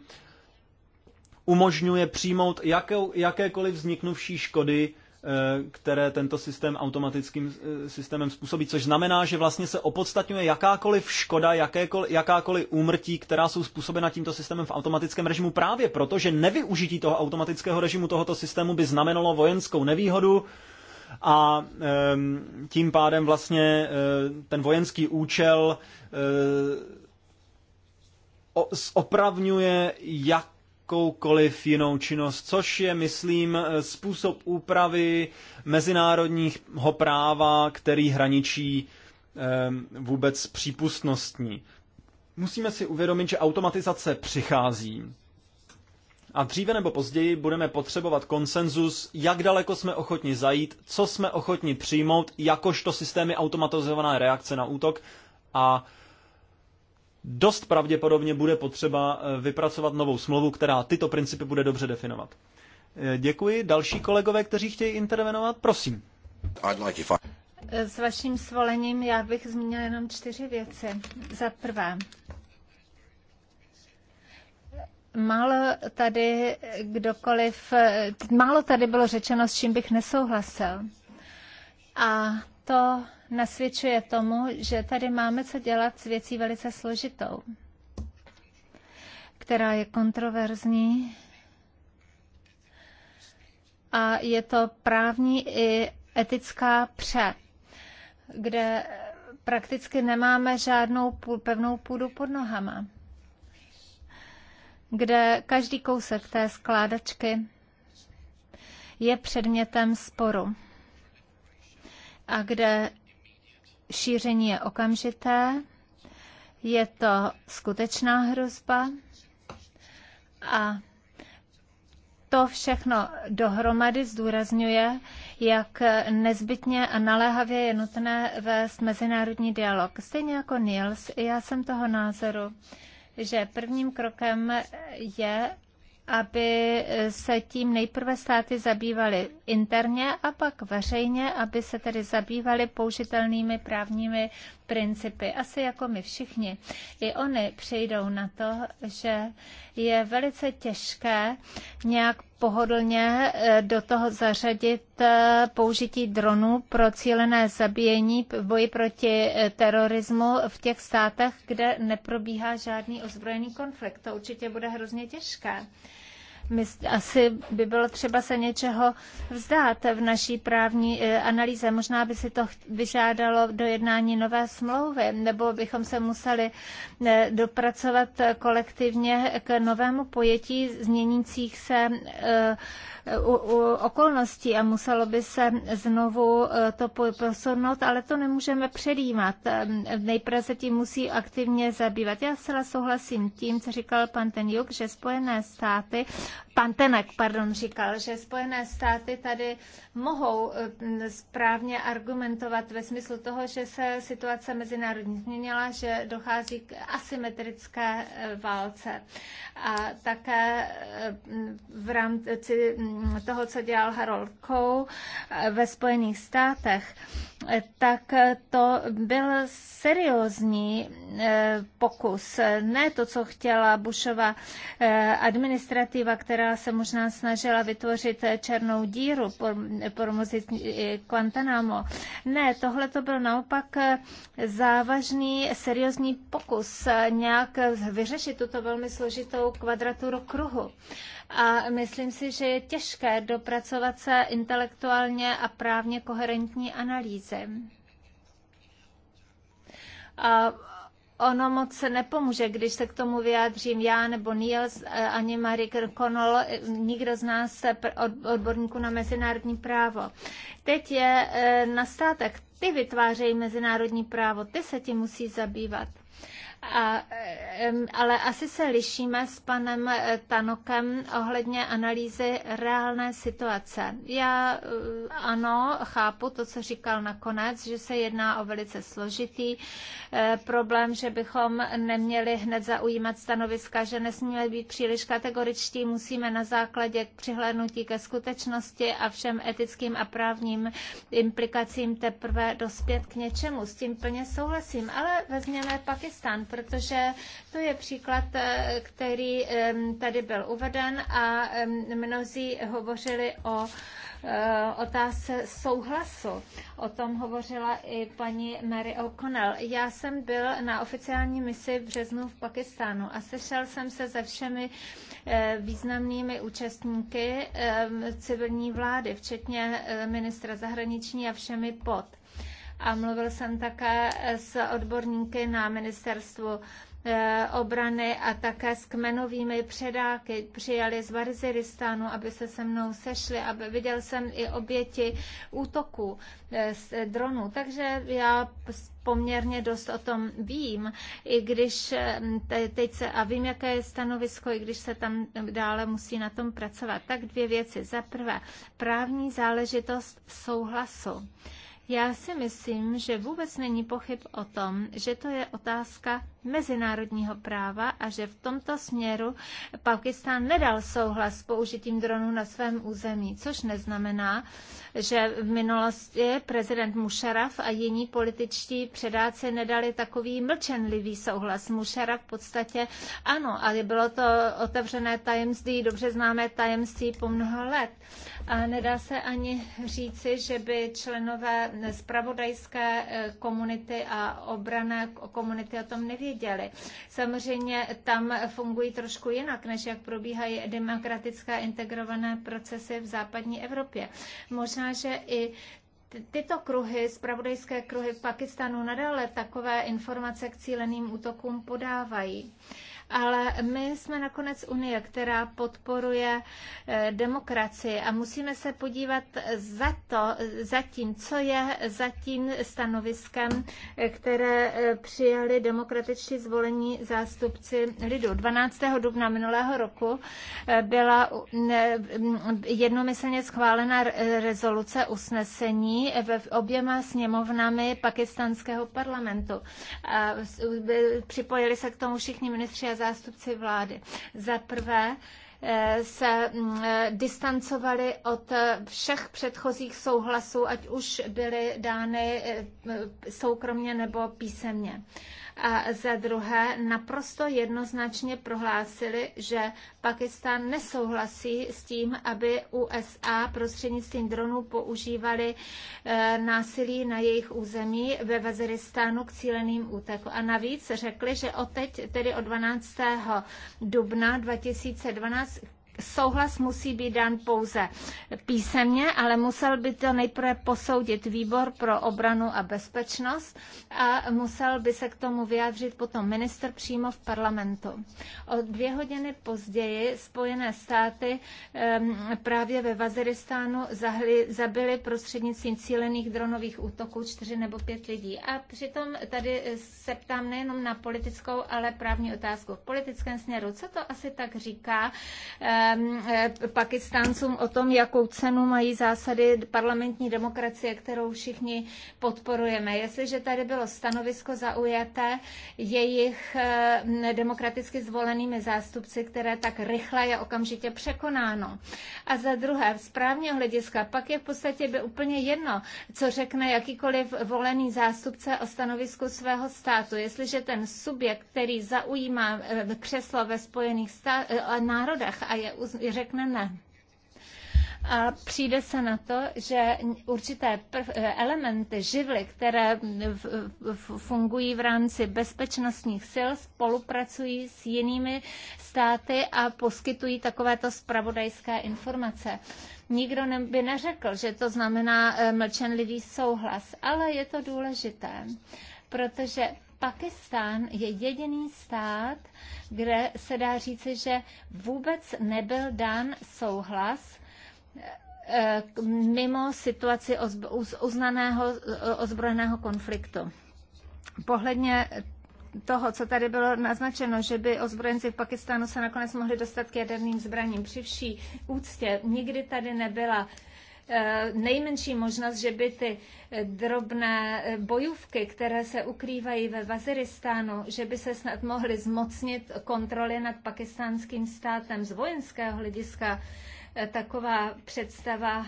umožňuje přijmout jaké, jakékoliv vzniknuvší škody Eh, které tento systém automatickým eh, systémem způsobí, což znamená, že vlastně se opodstatňuje jakákoliv škoda, jakékoliv, jakákoliv úmrtí, která jsou způsobena tímto systémem v automatickém režimu právě proto, že nevyužití toho automatického režimu tohoto systému by znamenalo vojenskou nevýhodu, a ehm, tím pádem vlastně eh, ten vojenský účel opravňuje jak jakoukoliv jinou činnost, což je, myslím, způsob úpravy mezinárodního práva, který hraničí ehm, vůbec přípustnostní. Musíme si uvědomit, že automatizace přichází. A dříve nebo později budeme potřebovat konsenzus, jak daleko jsme ochotni zajít, co jsme ochotni přijmout, jakožto systémy automatizované reakce na útok a dost pravděpodobně bude potřeba eh, vypracovat novou smlouvu, která tyto principy bude dobře definovat. Eh, děkuji. Další kolegové, kteří chtějí intervenovat, prosím. Eh, s vaším svolením já bych zmínila jenom čtyři věci. Za prvé, málo tady kdokoliv, málo tady bylo řečeno, s čím bych nesouhlasil. A to nasvědčuje tomu, že tady máme co dělat s věcí velice složitou, která je kontroverzní a je to právní i etická pře, kde prakticky nemáme žádnou pevnou půdu pod nohama, kde každý kousek té skládačky je předmětem sporu a kde šíření je okamžité, je to skutečná hrozba a to všechno dohromady zdůrazňuje, jak nezbytně a naléhavě je nutné vést mezinárodní dialog. Stejně jako Niels, já jsem toho názoru, že prvním krokem je aby eh, se tím nejprve státy zabývaly interně a pak veřejně, aby se tedy zabývaly použitelnými právními principy. Asi jako my všichni. I oni přejdou na to, že je velice těžké nějak pohodlně eh, do toho zařadit eh, použití dronů pro cílené zabíjení v boji proti terorismu v těch státech, kde neprobíhá žádný ozbrojený konflikt. To určitě bude hrozně těžké asi by bylo třeba se něčeho vzdát v naší právní e, analýze. Možná by si to vyžádalo dojednání nové smlouvy, nebo bychom se museli e, dopracovat kolektivně k novému pojetí změnících se e, u, u okolností a muselo by se znovu to posunout, ale to nemůžeme předjímat. Nejprve se tím musí aktivně zabývat. Já zcela souhlasím tím, co říkal pan Tenjuk, že Spojené státy Pan Tenek, pardon, říkal, že Spojené státy tady mohou eh, správně argumentovat ve smyslu toho, že se situace mezinárodní změnila, že dochází k asymetrické eh, válce. A také eh, v rámci mm, toho, co dělal Harold Kou ve Spojených státech, tak to byl seriózní pokus. Ne to, co chtěla Bushova administrativa, která se možná snažila vytvořit černou díru pro eh, Guantanamo. Ne, tohle to byl naopak eh, závažný, seriózní pokus eh, nějak vyřešit tuto velmi složitou kvadraturu kruhu. A myslím si, že je těžké dopracovat se intelektuálně a právně koherentní analýzy. A ono moc se nepomůže, když se k tomu vyjádřím já nebo Niels eh, ani Marie Connell, eh, nikdo z nás se odborníků na mezinárodní právo. Teď je eh, na státek ty vytvářejí mezinárodní právo, ty se tím musí zabývat. A, ale asi se lišíme s panem eh, Tanokem ohledně analýzy reálné situace. Já eh, ano, chápu to, co říkal nakonec, že se jedná o velice složitý eh, problém, že bychom neměli hned zaujímat stanoviska, že nesmíme být příliš kategoričtí, musíme na základě přihlédnutí ke skutečnosti a všem etickým a právním implikacím teprve dospět k něčemu. S tím plně souhlasím, ale vezměme Pakistan protože to je příklad, eh, který tady byl uveden a mnozí hovořili o eh, otázce souhlasu. O tom hovořila i paní Mary O'Connell. Já jsem byl na oficiální misi v březnu v Pakistánu a sešel jsem se se všemi eh, významnými účastníky civilní vlády, včetně ministra zahraniční a všemi pod a mluvil jsem také s odborníky na ministerstvu eh, obrany a také s kmenovými předáky. Přijeli z Varziristánu, aby se se mnou sešli, aby viděl jsem i oběti útoků eh, z dronů. Takže já poměrně dost o tom vím, i když eh, teď se, a vím, jaké je stanovisko, i když se tam dále musí na tom pracovat. Tak dvě věci. Za prvé, právní záležitost souhlasu já si myslím, že vůbec není pochyb o tom, že to je otázka mezinárodního práva a že v tomto směru Pakistán nedal souhlas s použitím dronů na svém území, což neznamená, že v minulosti prezident Musharraf a jiní političtí předáci nedali takový mlčenlivý souhlas. Musharraf v podstatě ano, ale bylo to otevřené tajemství, dobře známé tajemství po mnoho let. A nedá se ani říci, že by členové zpravodajské eh, komunity a obrané komunity o tom nevěděli nevěděli. Samozřejmě tam fungují trošku jinak, než jak probíhají demokratické integrované procesy v západní Evropě. Možná, že i tyto kruhy, spravodajské kruhy v Pakistanu nadále takové informace k cíleným útokům podávají ale my jsme nakonec Unie, která podporuje eh, demokracii a musíme se podívat za to, za tím, co je za tím stanoviskem, eh, které eh, přijali demokratičtí zvolení zástupci lidu. 12. dubna minulého roku byla jednomyslně schválena rezoluce usnesení ve oběma sněmovnami pakistanského parlamentu. Připojili se k tomu všichni ministři a zástupci vlády. Za prvé, eh, se mm, eh, distancovali od eh, všech předchozích souhlasů, ať už byly dány soukromně nebo písemně a za druhé naprosto jednoznačně prohlásili, že Pakistan nesouhlasí s tím, aby USA prostřednictvím dronů používali eh, násilí na jejich území ve Vaziristánu k cíleným útoku. A navíc řekli, že od teď, tedy od 12. dubna 2012, souhlas musí být dán pouze písemně, ale musel by to nejprve posoudit výbor pro obranu a bezpečnost a musel by se k tomu vyjádřit potom minister přímo v parlamentu. O dvě hodiny později Spojené státy právě ve Vaziristánu zahli, zabili prostřednictvím cílených dronových útoků čtyři nebo pět lidí. A přitom tady se ptám nejenom na politickou, ale právní otázku. V politickém směru, co to asi tak říká Ehm, eh, Pakistáncům o tom, jakou cenu mají zásady parlamentní demokracie, kterou všichni podporujeme. Jestliže tady bylo stanovisko zaujaté jejich ehm, demokraticky zvolenými zástupci, které tak rychle je okamžitě překonáno. A za druhé, z právního hlediska, pak je v podstatě by úplně jedno, co řekne jakýkoliv volený zástupce o stanovisku svého státu. Jestliže ten subjekt, který zaujímá ehm, křeslo ve Spojených stá- eh, národech a je řekne ne a přijde se na to, že určité eh, elementy, živly, které fungují v rámci bezpečnostních sil, spolupracují s jinými státy a poskytují takovéto spravodajské informace. Nikdo ne, by neřekl, že to znamená eh, mlčenlivý souhlas, ale je to důležité, protože Pakistán je jediný stát, kde se dá říci, že vůbec nebyl dán souhlas eh, mimo situaci uznaného eh, ozbrojeného konfliktu. Pohledně toho, co tady bylo naznačeno, že by ozbrojenci v Pakistánu se nakonec mohli dostat k jaderným zbraním. Při vší úctě nikdy tady nebyla uh, Eh, nejmenší možnost, že by ty eh, drobné eh, bojůvky, které se ukrývají ve Vaziristánu, že by se snad mohly zmocnit kontroly nad pakistánským státem z vojenského hlediska, taková představa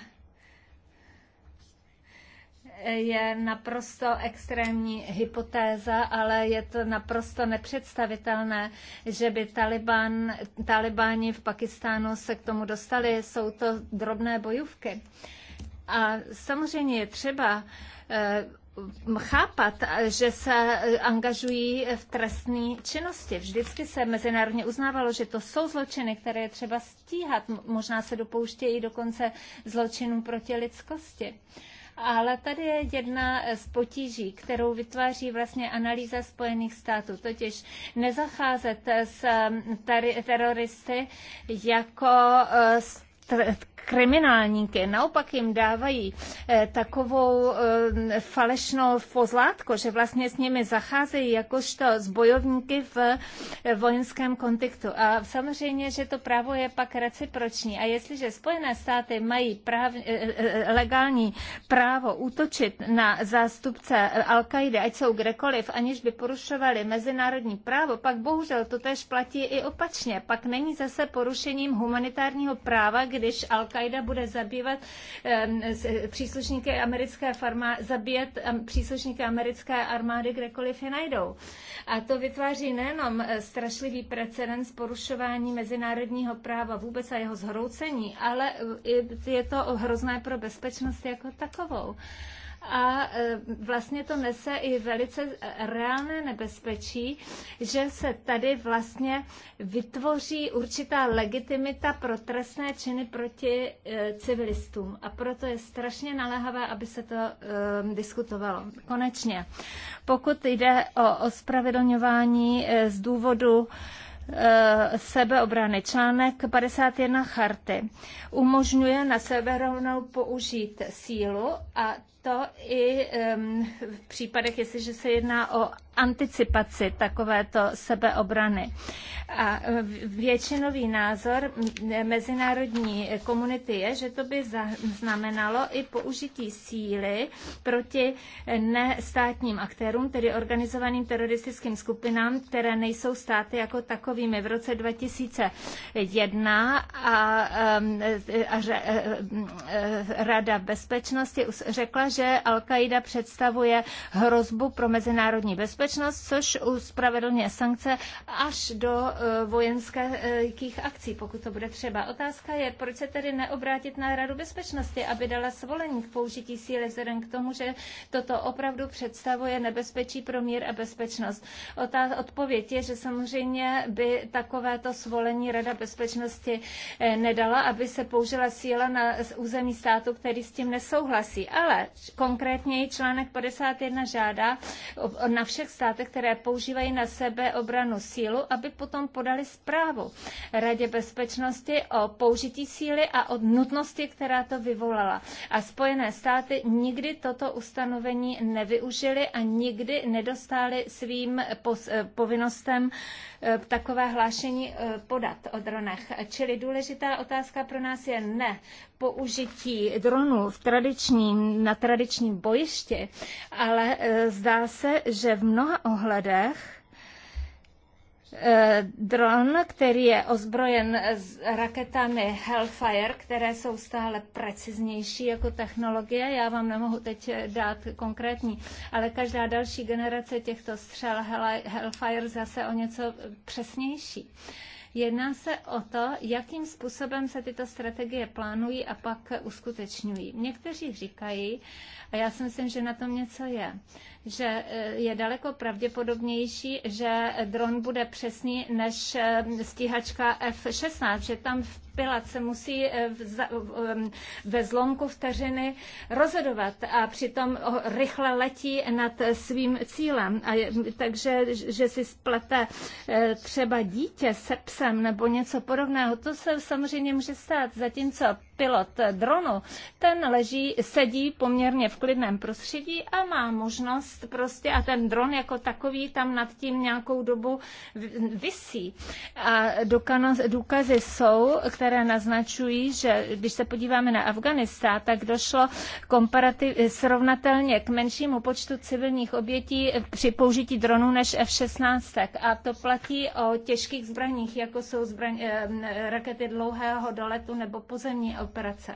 je naprosto extrémní hypotéza, ale je to naprosto nepředstavitelné, že by Taliban, Talibáni v Pakistánu se k tomu dostali. Jsou to drobné bojovky. A samozřejmě je třeba eh, chápat, že se angažují v trestné činnosti. Vždycky se mezinárodně uznávalo, že to jsou zločiny, které je třeba stíhat. Možná se dopouštějí dokonce zločinů proti lidskosti. Uh, ale tady je jedna z potíží, kterou vytváří vlastně analýza Spojených států, totiž nezacházet s eh, teroristy jako eh, s kriminálníky, naopak jim dávají eh, takovou eh, falešnou pozlátko, že vlastně s nimi zacházejí jakožto s bojovníky v eh, vojenském kontextu A samozřejmě, že to právo je pak reciproční. A jestliže Spojené státy mají práv, legální právo útočit na zástupce al qaidy ať jsou kdekoliv, aniž by porušovali mezinárodní právo, pak bohužel to tež platí i opačně. Pak není zase porušením humanitárního práva, když Al-Qaida bude zabývat eh, příslušníky americké farmá, zabíjet příslušníky americké armády kdekoliv je najdou. A to vytváří nejenom eh, strašlivý precedens porušování mezinárodního práva vůbec a jeho zhroucení, ale eh, je to hrozné pro bezpečnost jako takovou a e, vlastně to nese i velice e, reálné nebezpečí, že se tady vlastně vytvoří určitá legitimita pro trestné činy proti e, civilistům. A proto je strašně naléhavé, aby se to um, diskutovalo. Konečně, pokud jde o ospravedlňování z důvodu sebeobrany. Článek 51 charty umožňuje na rovnou použít sílu a to i v případech, jestliže se jedná o anticipaci takovéto sebeobrany. A většinový názor mezinárodní komunity je, že to by znamenalo i použití síly proti nestátním aktérům, tedy organizovaným teroristickým skupinám, které nejsou státy jako takovými. V roce 2001 a, a, a Rada bezpečnosti řekla, že Al-Qaida představuje hrozbu pro mezinárodní bezpečnost, což uspravedlňuje sankce až do e, vojenských akcí, pokud to bude třeba. Otázka je, proč se tedy neobrátit na Radu bezpečnosti, aby dala svolení k použití síly vzhledem k tomu, že toto opravdu představuje nebezpečí pro mír a bezpečnost. Otá- odpověď je, že samozřejmě by takovéto svolení Rada bezpečnosti e, nedala, aby se použila síla na území státu, který s tím nesouhlasí. Ale konkrétněji článek 51 žádá na všech státech, které používají na sebe obranu sílu, aby potom podali zprávu Radě bezpečnosti o použití síly a o nutnosti, která to vyvolala. A Spojené státy nikdy toto ustanovení nevyužili a nikdy nedostali svým eh, povinnostem eh, takové hlášení eh, podat o dronech. Čili důležitá otázka pro nás je ne použití dronů v tradiční na tradičním bojišti, ale eh, zdá se, že v mnoha ohledech eh, dron, který je ozbrojen s raketami Hellfire, které jsou stále preciznější jako technologie. Já vám nemohu teď eh, dát konkrétní, ale každá další generace těchto střel Hellfire zase o něco přesnější. Uh, Jedná se o to, jakým způsobem se tyto strategie plánují a pak uskutečňují. Někteří říkají, a já si myslím, že na tom něco je. Že e, je daleko pravděpodobnější, že dron bude přesný než e, stíhačka F-16, že tam v pilat se musí e, ve zlomku vteřiny rozhodovat a přitom rychle letí nad svým cílem. A je, takže, že si splete třeba dítě se psem nebo něco podobného, to se samozřejmě může stát. Zatímco pilot dronu, ten leží, sedí poměrně v klidném prostředí a má možnost prostě, a ten dron jako takový tam nad tím nějakou dobu visí. A důkazy jsou, které naznačují, že když se podíváme na Afganistán, tak došlo komparativ, srovnatelně k menšímu počtu civilních obětí při použití dronů než F-16. A to platí o těžkých zbraních, jako jsou zbraň, eh, rakety dlouhého doletu nebo pozemní operace.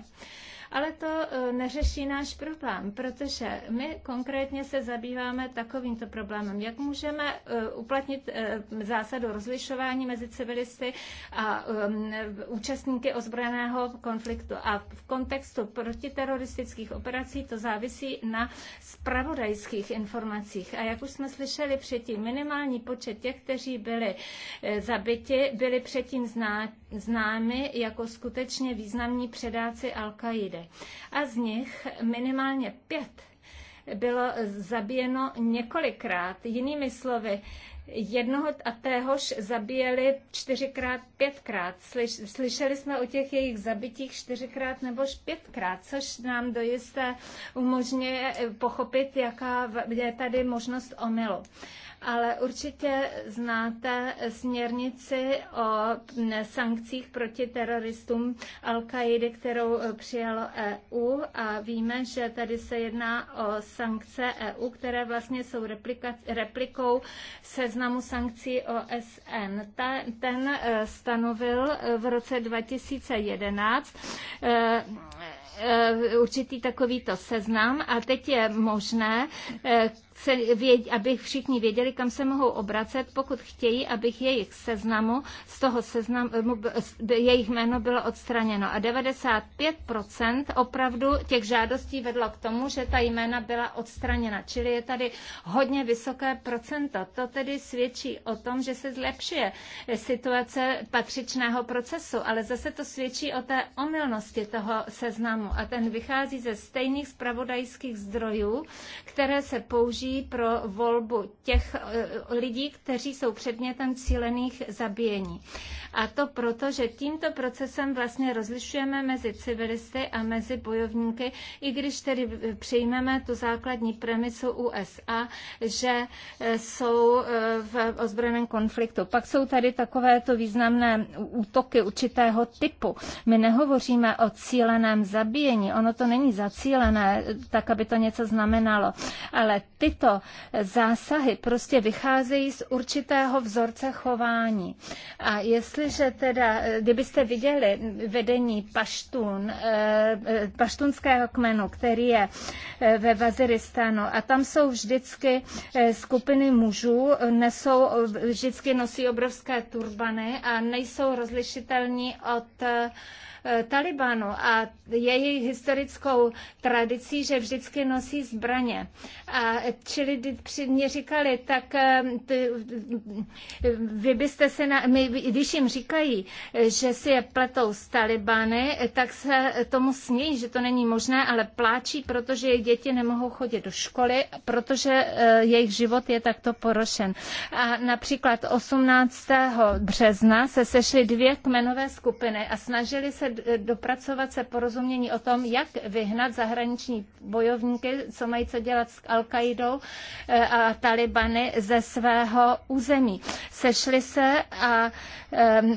Ale to e, neřeší náš problém, protože my konkrétně se zabýváme takovýmto problémem. Jak můžeme e, uplatnit e, zásadu rozlišování mezi civilisty a účastníky ozbrojeného konfliktu. A v kontextu protiteroristických operací to závisí na spravodajských informacích. A jak už jsme slyšeli předtím, minimální počet těch, kteří byli zabiti, byli předtím znáti známy jako skutečně významní předáci Al-Kaidy. A z nich minimálně pět bylo zabíjeno několikrát. Jinými slovy, jednoho a téhož zabíjeli čtyřikrát, pětkrát. slyšeli jsme o těch jejich zabitích čtyřikrát nebo pětkrát, což nám dojisté umožňuje pochopit, jaká je tady možnost omylu ale určitě znáte směrnici o sankcích proti teroristům Al-Qaidi, kterou eh, přijalo EU a víme, že tady se jedná o sankce EU, které vlastně jsou replikou seznamu sankcí OSN. Ta, ten eh, stanovil eh, v roce 2011 Eh, určitý takovýto seznam a teď je možné eh, se věd, aby všichni věděli, kam se mohou obracet, pokud chtějí, abych jejich seznamu, z toho seznamu, eh, jejich jméno bylo odstraněno. A 95% opravdu těch žádostí vedlo k tomu, že ta jména byla odstraněna. Čili je tady hodně vysoké procento. To tedy svědčí o tom, že se zlepšuje situace patřičného procesu, ale zase to svědčí o té omylnosti toho seznamu a ten vychází ze stejných spravodajských zdrojů, které se použijí pro volbu těch eh, lidí, kteří jsou předmětem cílených zabíjení. A to proto, že tímto procesem vlastně rozlišujeme mezi civilisty a mezi bojovníky, i když tedy přijmeme tu základní premisu USA, že e, jsou e, v ozbrojeném konfliktu. Pak jsou tady takovéto významné útoky určitého typu. My nehovoříme o cíleném zabíjení, ono to není zacílené, tak aby to něco znamenalo, ale tyto zásahy prostě vycházejí z určitého vzorce chování. A jestli Jestliže teda, eh, kdybyste viděli vedení paštun, eh, eh, paštunského kmenu, který je ve Vaziristánu a tam jsou vždycky skupiny mužů, nesou, vždycky nosí obrovské turbany a nejsou rozlišitelní od Eh, Talibanu a je jejich historickou tradicí, že vždycky nosí zbraně. A čili mě říkali, tak eh, ty, eh, vy byste se na, my, když jim říkají, že si je pletou z Talibany, tak se tomu smějí, že to není možné, ale pláčí, protože jejich děti nemohou chodit do školy, protože jejich život je takto porošen. A například 18. března se sešly dvě kmenové skupiny a snažili se Eh, dopracovat se porozumění o tom, jak vyhnat zahraniční bojovníky, co mají co dělat s al eh, a Talibany ze svého území. Sešli se a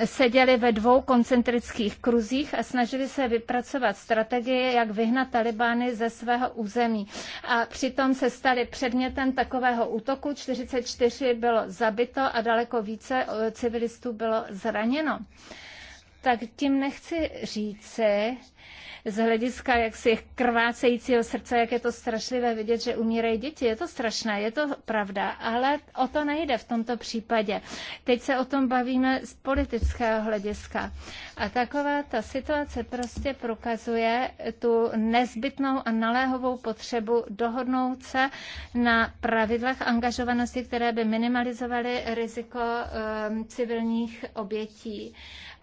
seděli ve dvou koncentrických kruzích a snažili se vypracovat strategie, jak vyhnat Talibány ze svého území. A přitom se stali předmětem takového útoku. 44 bylo zabito a daleko více eh, civilistů bylo zraněno tak tím nechci říci, z hlediska jak si krvácejícího srdce, jak je to strašlivé vidět, že umírají děti. Je to strašné, je to pravda, ale o to nejde v tomto případě. Teď se o tom bavíme z politického hlediska. A taková ta situace prostě prokazuje tu nezbytnou a naléhovou potřebu dohodnout se na pravidlech angažovanosti, které by minimalizovaly riziko um, civilních obětí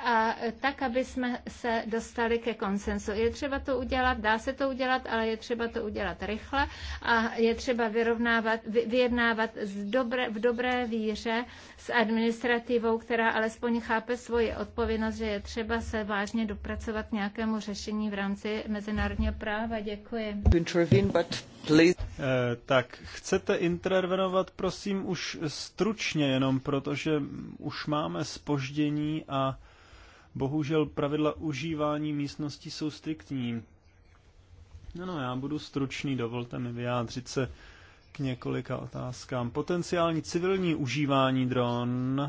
a tak, aby jsme se dostali ke konsensu. Je třeba to udělat, dá se to udělat, ale je třeba to udělat rychle a je třeba vyrovnávat, vyjednávat z dobré, v dobré víře s administrativou, která alespoň chápe svoji odpovědnost, že je třeba se vážně dopracovat k nějakému řešení v rámci mezinárodního práva. Děkuji. Eh, tak chcete intervenovat, prosím, už stručně, jenom protože už máme spoždění a Bohužel pravidla užívání místnosti jsou striktní. No, no, já budu stručný, dovolte mi vyjádřit se k několika otázkám. Potenciální civilní užívání dron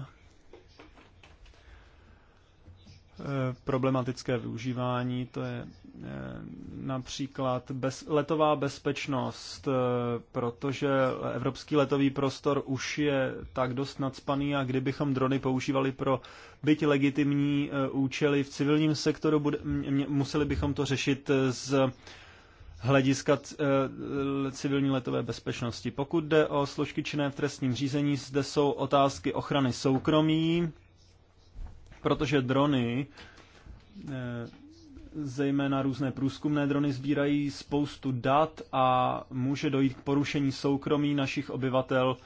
Eh, problematické využívání, to je eh, například bez, letová bezpečnost, eh, protože evropský letový prostor už je tak dost nadspaný a kdybychom drony používali pro byť legitimní účely v civilním sektoru, bude, museli bychom to řešit z hlediska civilní letové bezpečnosti. Pokud jde o složky činné v trestním řízení, zde jsou otázky ochrany soukromí, protože drony, eh, zejména různé průzkumné drony, sbírají spoustu dat a může dojít k porušení soukromí našich obyvatel,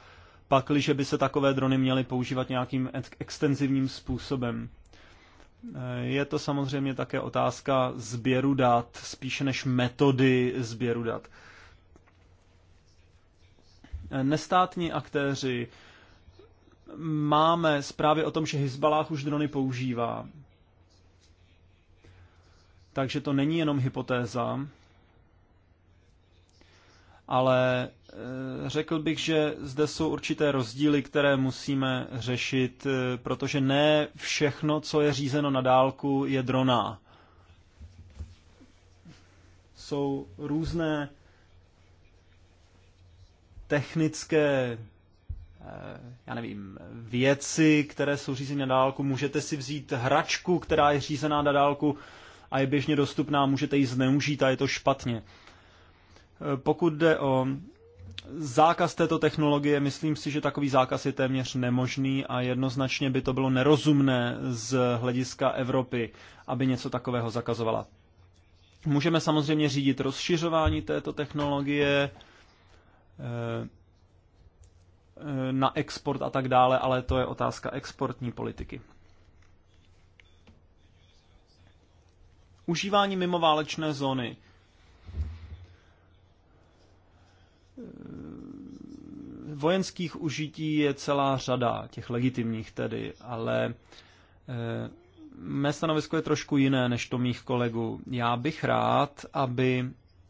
pakliže by se takové drony měly používat nějakým extenzivním způsobem. Eh, je to samozřejmě také otázka sběru dat, spíše než metody sběru dat. Eh, nestátní aktéři, máme zprávy o tom, že Hezbalah už drony používá. Takže to není jenom hypotéza, ale eh, řekl bych, že zde jsou určité rozdíly, které musíme řešit, eh, protože ne všechno, co je řízeno na dálku, je droná. Jsou různé technické Eh, já nevím, věci, které jsou řízeny na dálku, můžete si vzít hračku, která je řízená na dálku a je běžně dostupná, můžete ji zneužít a je to špatně. Eh, pokud jde o zákaz této technologie, myslím si, že takový zákaz je téměř nemožný a jednoznačně by to bylo nerozumné z hlediska Evropy, aby něco takového zakazovala. Můžeme samozřejmě řídit rozšiřování této technologie, eh, Eh, na export a tak dále, ale to je otázka exportní politiky. Užívání mimoválečné zóny. Eh, vojenských užití je celá řada, těch legitimních tedy, ale eh, mé stanovisko je trošku jiné než to mých kolegů. Já bych rád, aby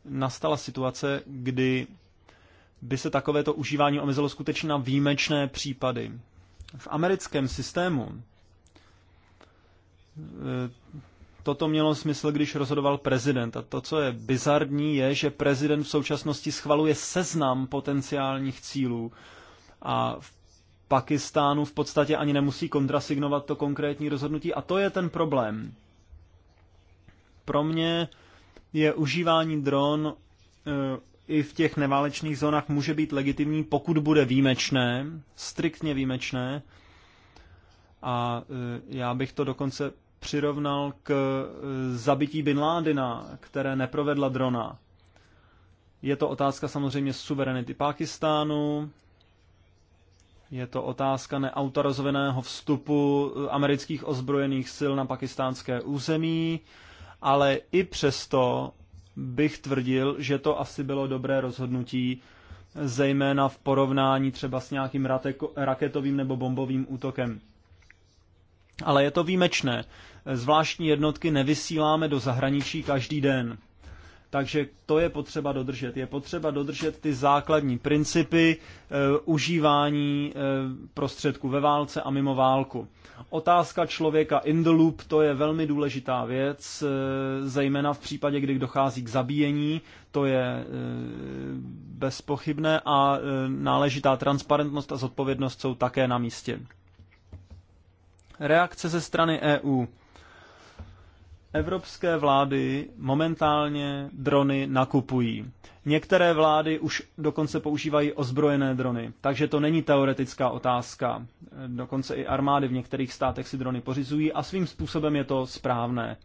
nastala situace, kdy by se takovéto užívání omezilo skutečně na výjimečné případy. V americkém systému e, toto mělo smysl, když rozhodoval prezident. A to, co je bizarní, je, že prezident v současnosti schvaluje seznam potenciálních cílů a v Pakistánu v podstatě ani nemusí kontrasignovat to konkrétní rozhodnutí. A to je ten problém. Pro mě je užívání dron e, i v těch neválečných zónách může být legitimní, pokud bude výjimečné, striktně výjimečné. A e, já bych to dokonce přirovnal k e, zabití Bin Ládina, které neprovedla drona. Je to otázka samozřejmě suverenity Pákistánu, je to otázka neautorizovaného vstupu e, amerických ozbrojených sil na pakistánské území, ale i přesto bych tvrdil, že to asi bylo dobré rozhodnutí, zejména v porovnání třeba s nějakým raketovým nebo bombovým útokem. Ale je to výjimečné. Zvláštní jednotky nevysíláme do zahraničí každý den. Takže to je potřeba dodržet. Je potřeba dodržet ty základní principy e, užívání e, prostředků ve válce a mimo válku. Otázka člověka in the loop, to je velmi důležitá věc, e, zejména v případě, kdy dochází k zabíjení, to je e, bezpochybné a e, náležitá transparentnost a zodpovědnost jsou také na místě. Reakce ze strany EU. Evropské vlády momentálně drony nakupují. Některé vlády už dokonce používají ozbrojené drony, takže to není teoretická otázka. Dokonce i armády v některých státech si drony pořizují a svým způsobem je to správné.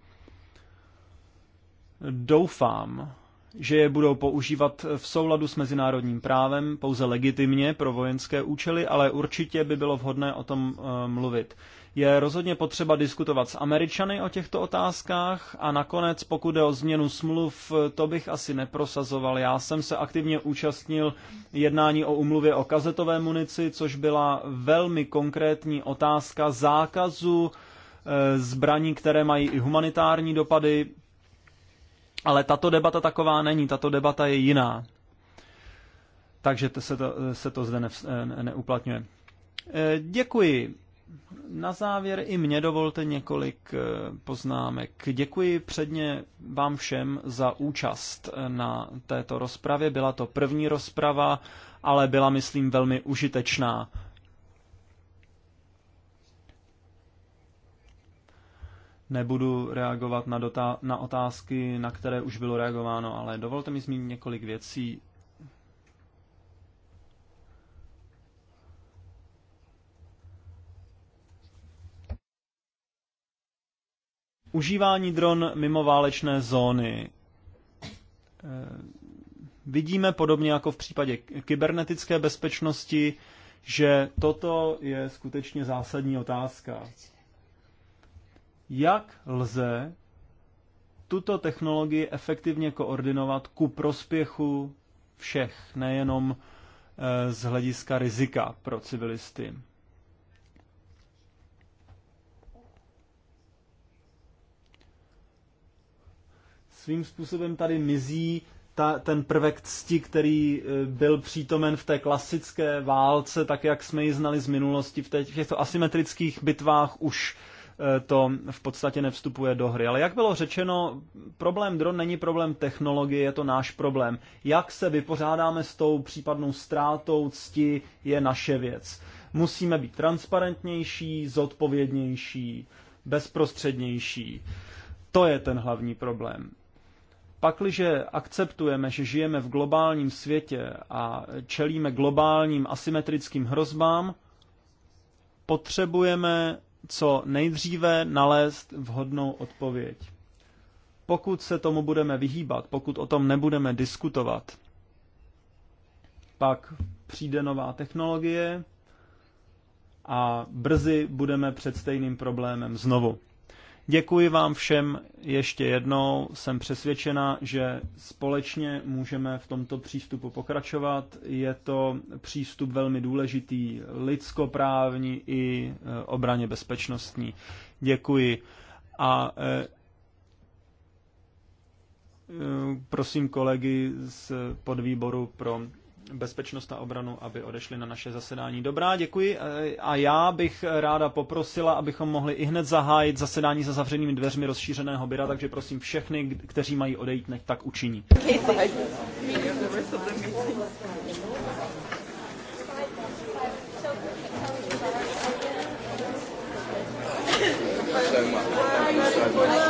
Doufám, že je budou používat v souladu s mezinárodním právem pouze legitimně pro vojenské účely, ale určitě by bylo vhodné o tom eh, mluvit. Je rozhodně potřeba diskutovat s Američany o těchto otázkách a nakonec, pokud jde o změnu smluv, to bych asi neprosazoval. Já jsem se aktivně účastnil jednání o umluvě o kazetové munici, což byla velmi konkrétní otázka zákazu e, zbraní, které mají i humanitární dopady, ale tato debata taková není, tato debata je jiná. Takže to se, to, e, se to zde ne, e, neuplatňuje. Děkuji na závěr i mě dovolte několik eh, poznámek. Děkuji předně vám všem za účast eh, na této rozpravě. Byla to první rozprava, ale byla, myslím, velmi užitečná. Nebudu reagovat na, dotá- na otázky, na které už bylo reagováno, ale dovolte mi zmínit několik věcí. Užívání dron mimo válečné zóny. Eh, vidíme podobně jako v případě kybernetické bezpečnosti, že toto je skutečně zásadní otázka. Jak lze tuto technologii efektivně koordinovat ku prospěchu všech, nejenom eh, z hlediska rizika pro civilisty? svým způsobem tady mizí ta, ten prvek cti, který eh, byl přítomen v té klasické válce, tak jak jsme ji znali z minulosti, v, těchto asymetrických bitvách už eh, to v podstatě nevstupuje do hry. Ale jak bylo řečeno, problém dron není problém technologie, je to náš problém. Jak se vypořádáme s tou případnou ztrátou cti, je naše věc. Musíme být transparentnější, zodpovědnější, bezprostřednější. To je ten hlavní problém. Pakliže akceptujeme, že žijeme v globálním světě a čelíme globálním asymetrickým hrozbám, potřebujeme co nejdříve nalézt vhodnou odpověď. Pokud se tomu budeme vyhýbat, pokud o tom nebudeme diskutovat, pak přijde nová technologie a brzy budeme před stejným problémem znovu. Děkuji vám všem ještě jednou. Jsem přesvědčena, že společně můžeme v tomto přístupu pokračovat. Je to přístup velmi důležitý, lidskoprávní i e, obraně bezpečnostní. Děkuji. A e, e, prosím kolegy z podvýboru pro bezpečnost a obranu, aby odešli na naše zasedání. Dobrá, děkuji. E, a já bych ráda poprosila, abychom mohli i hned zahájit zasedání za zavřenými dveřmi rozšířeného byra, takže prosím všechny, kteří mají odejít, nech tak učiní. Thank you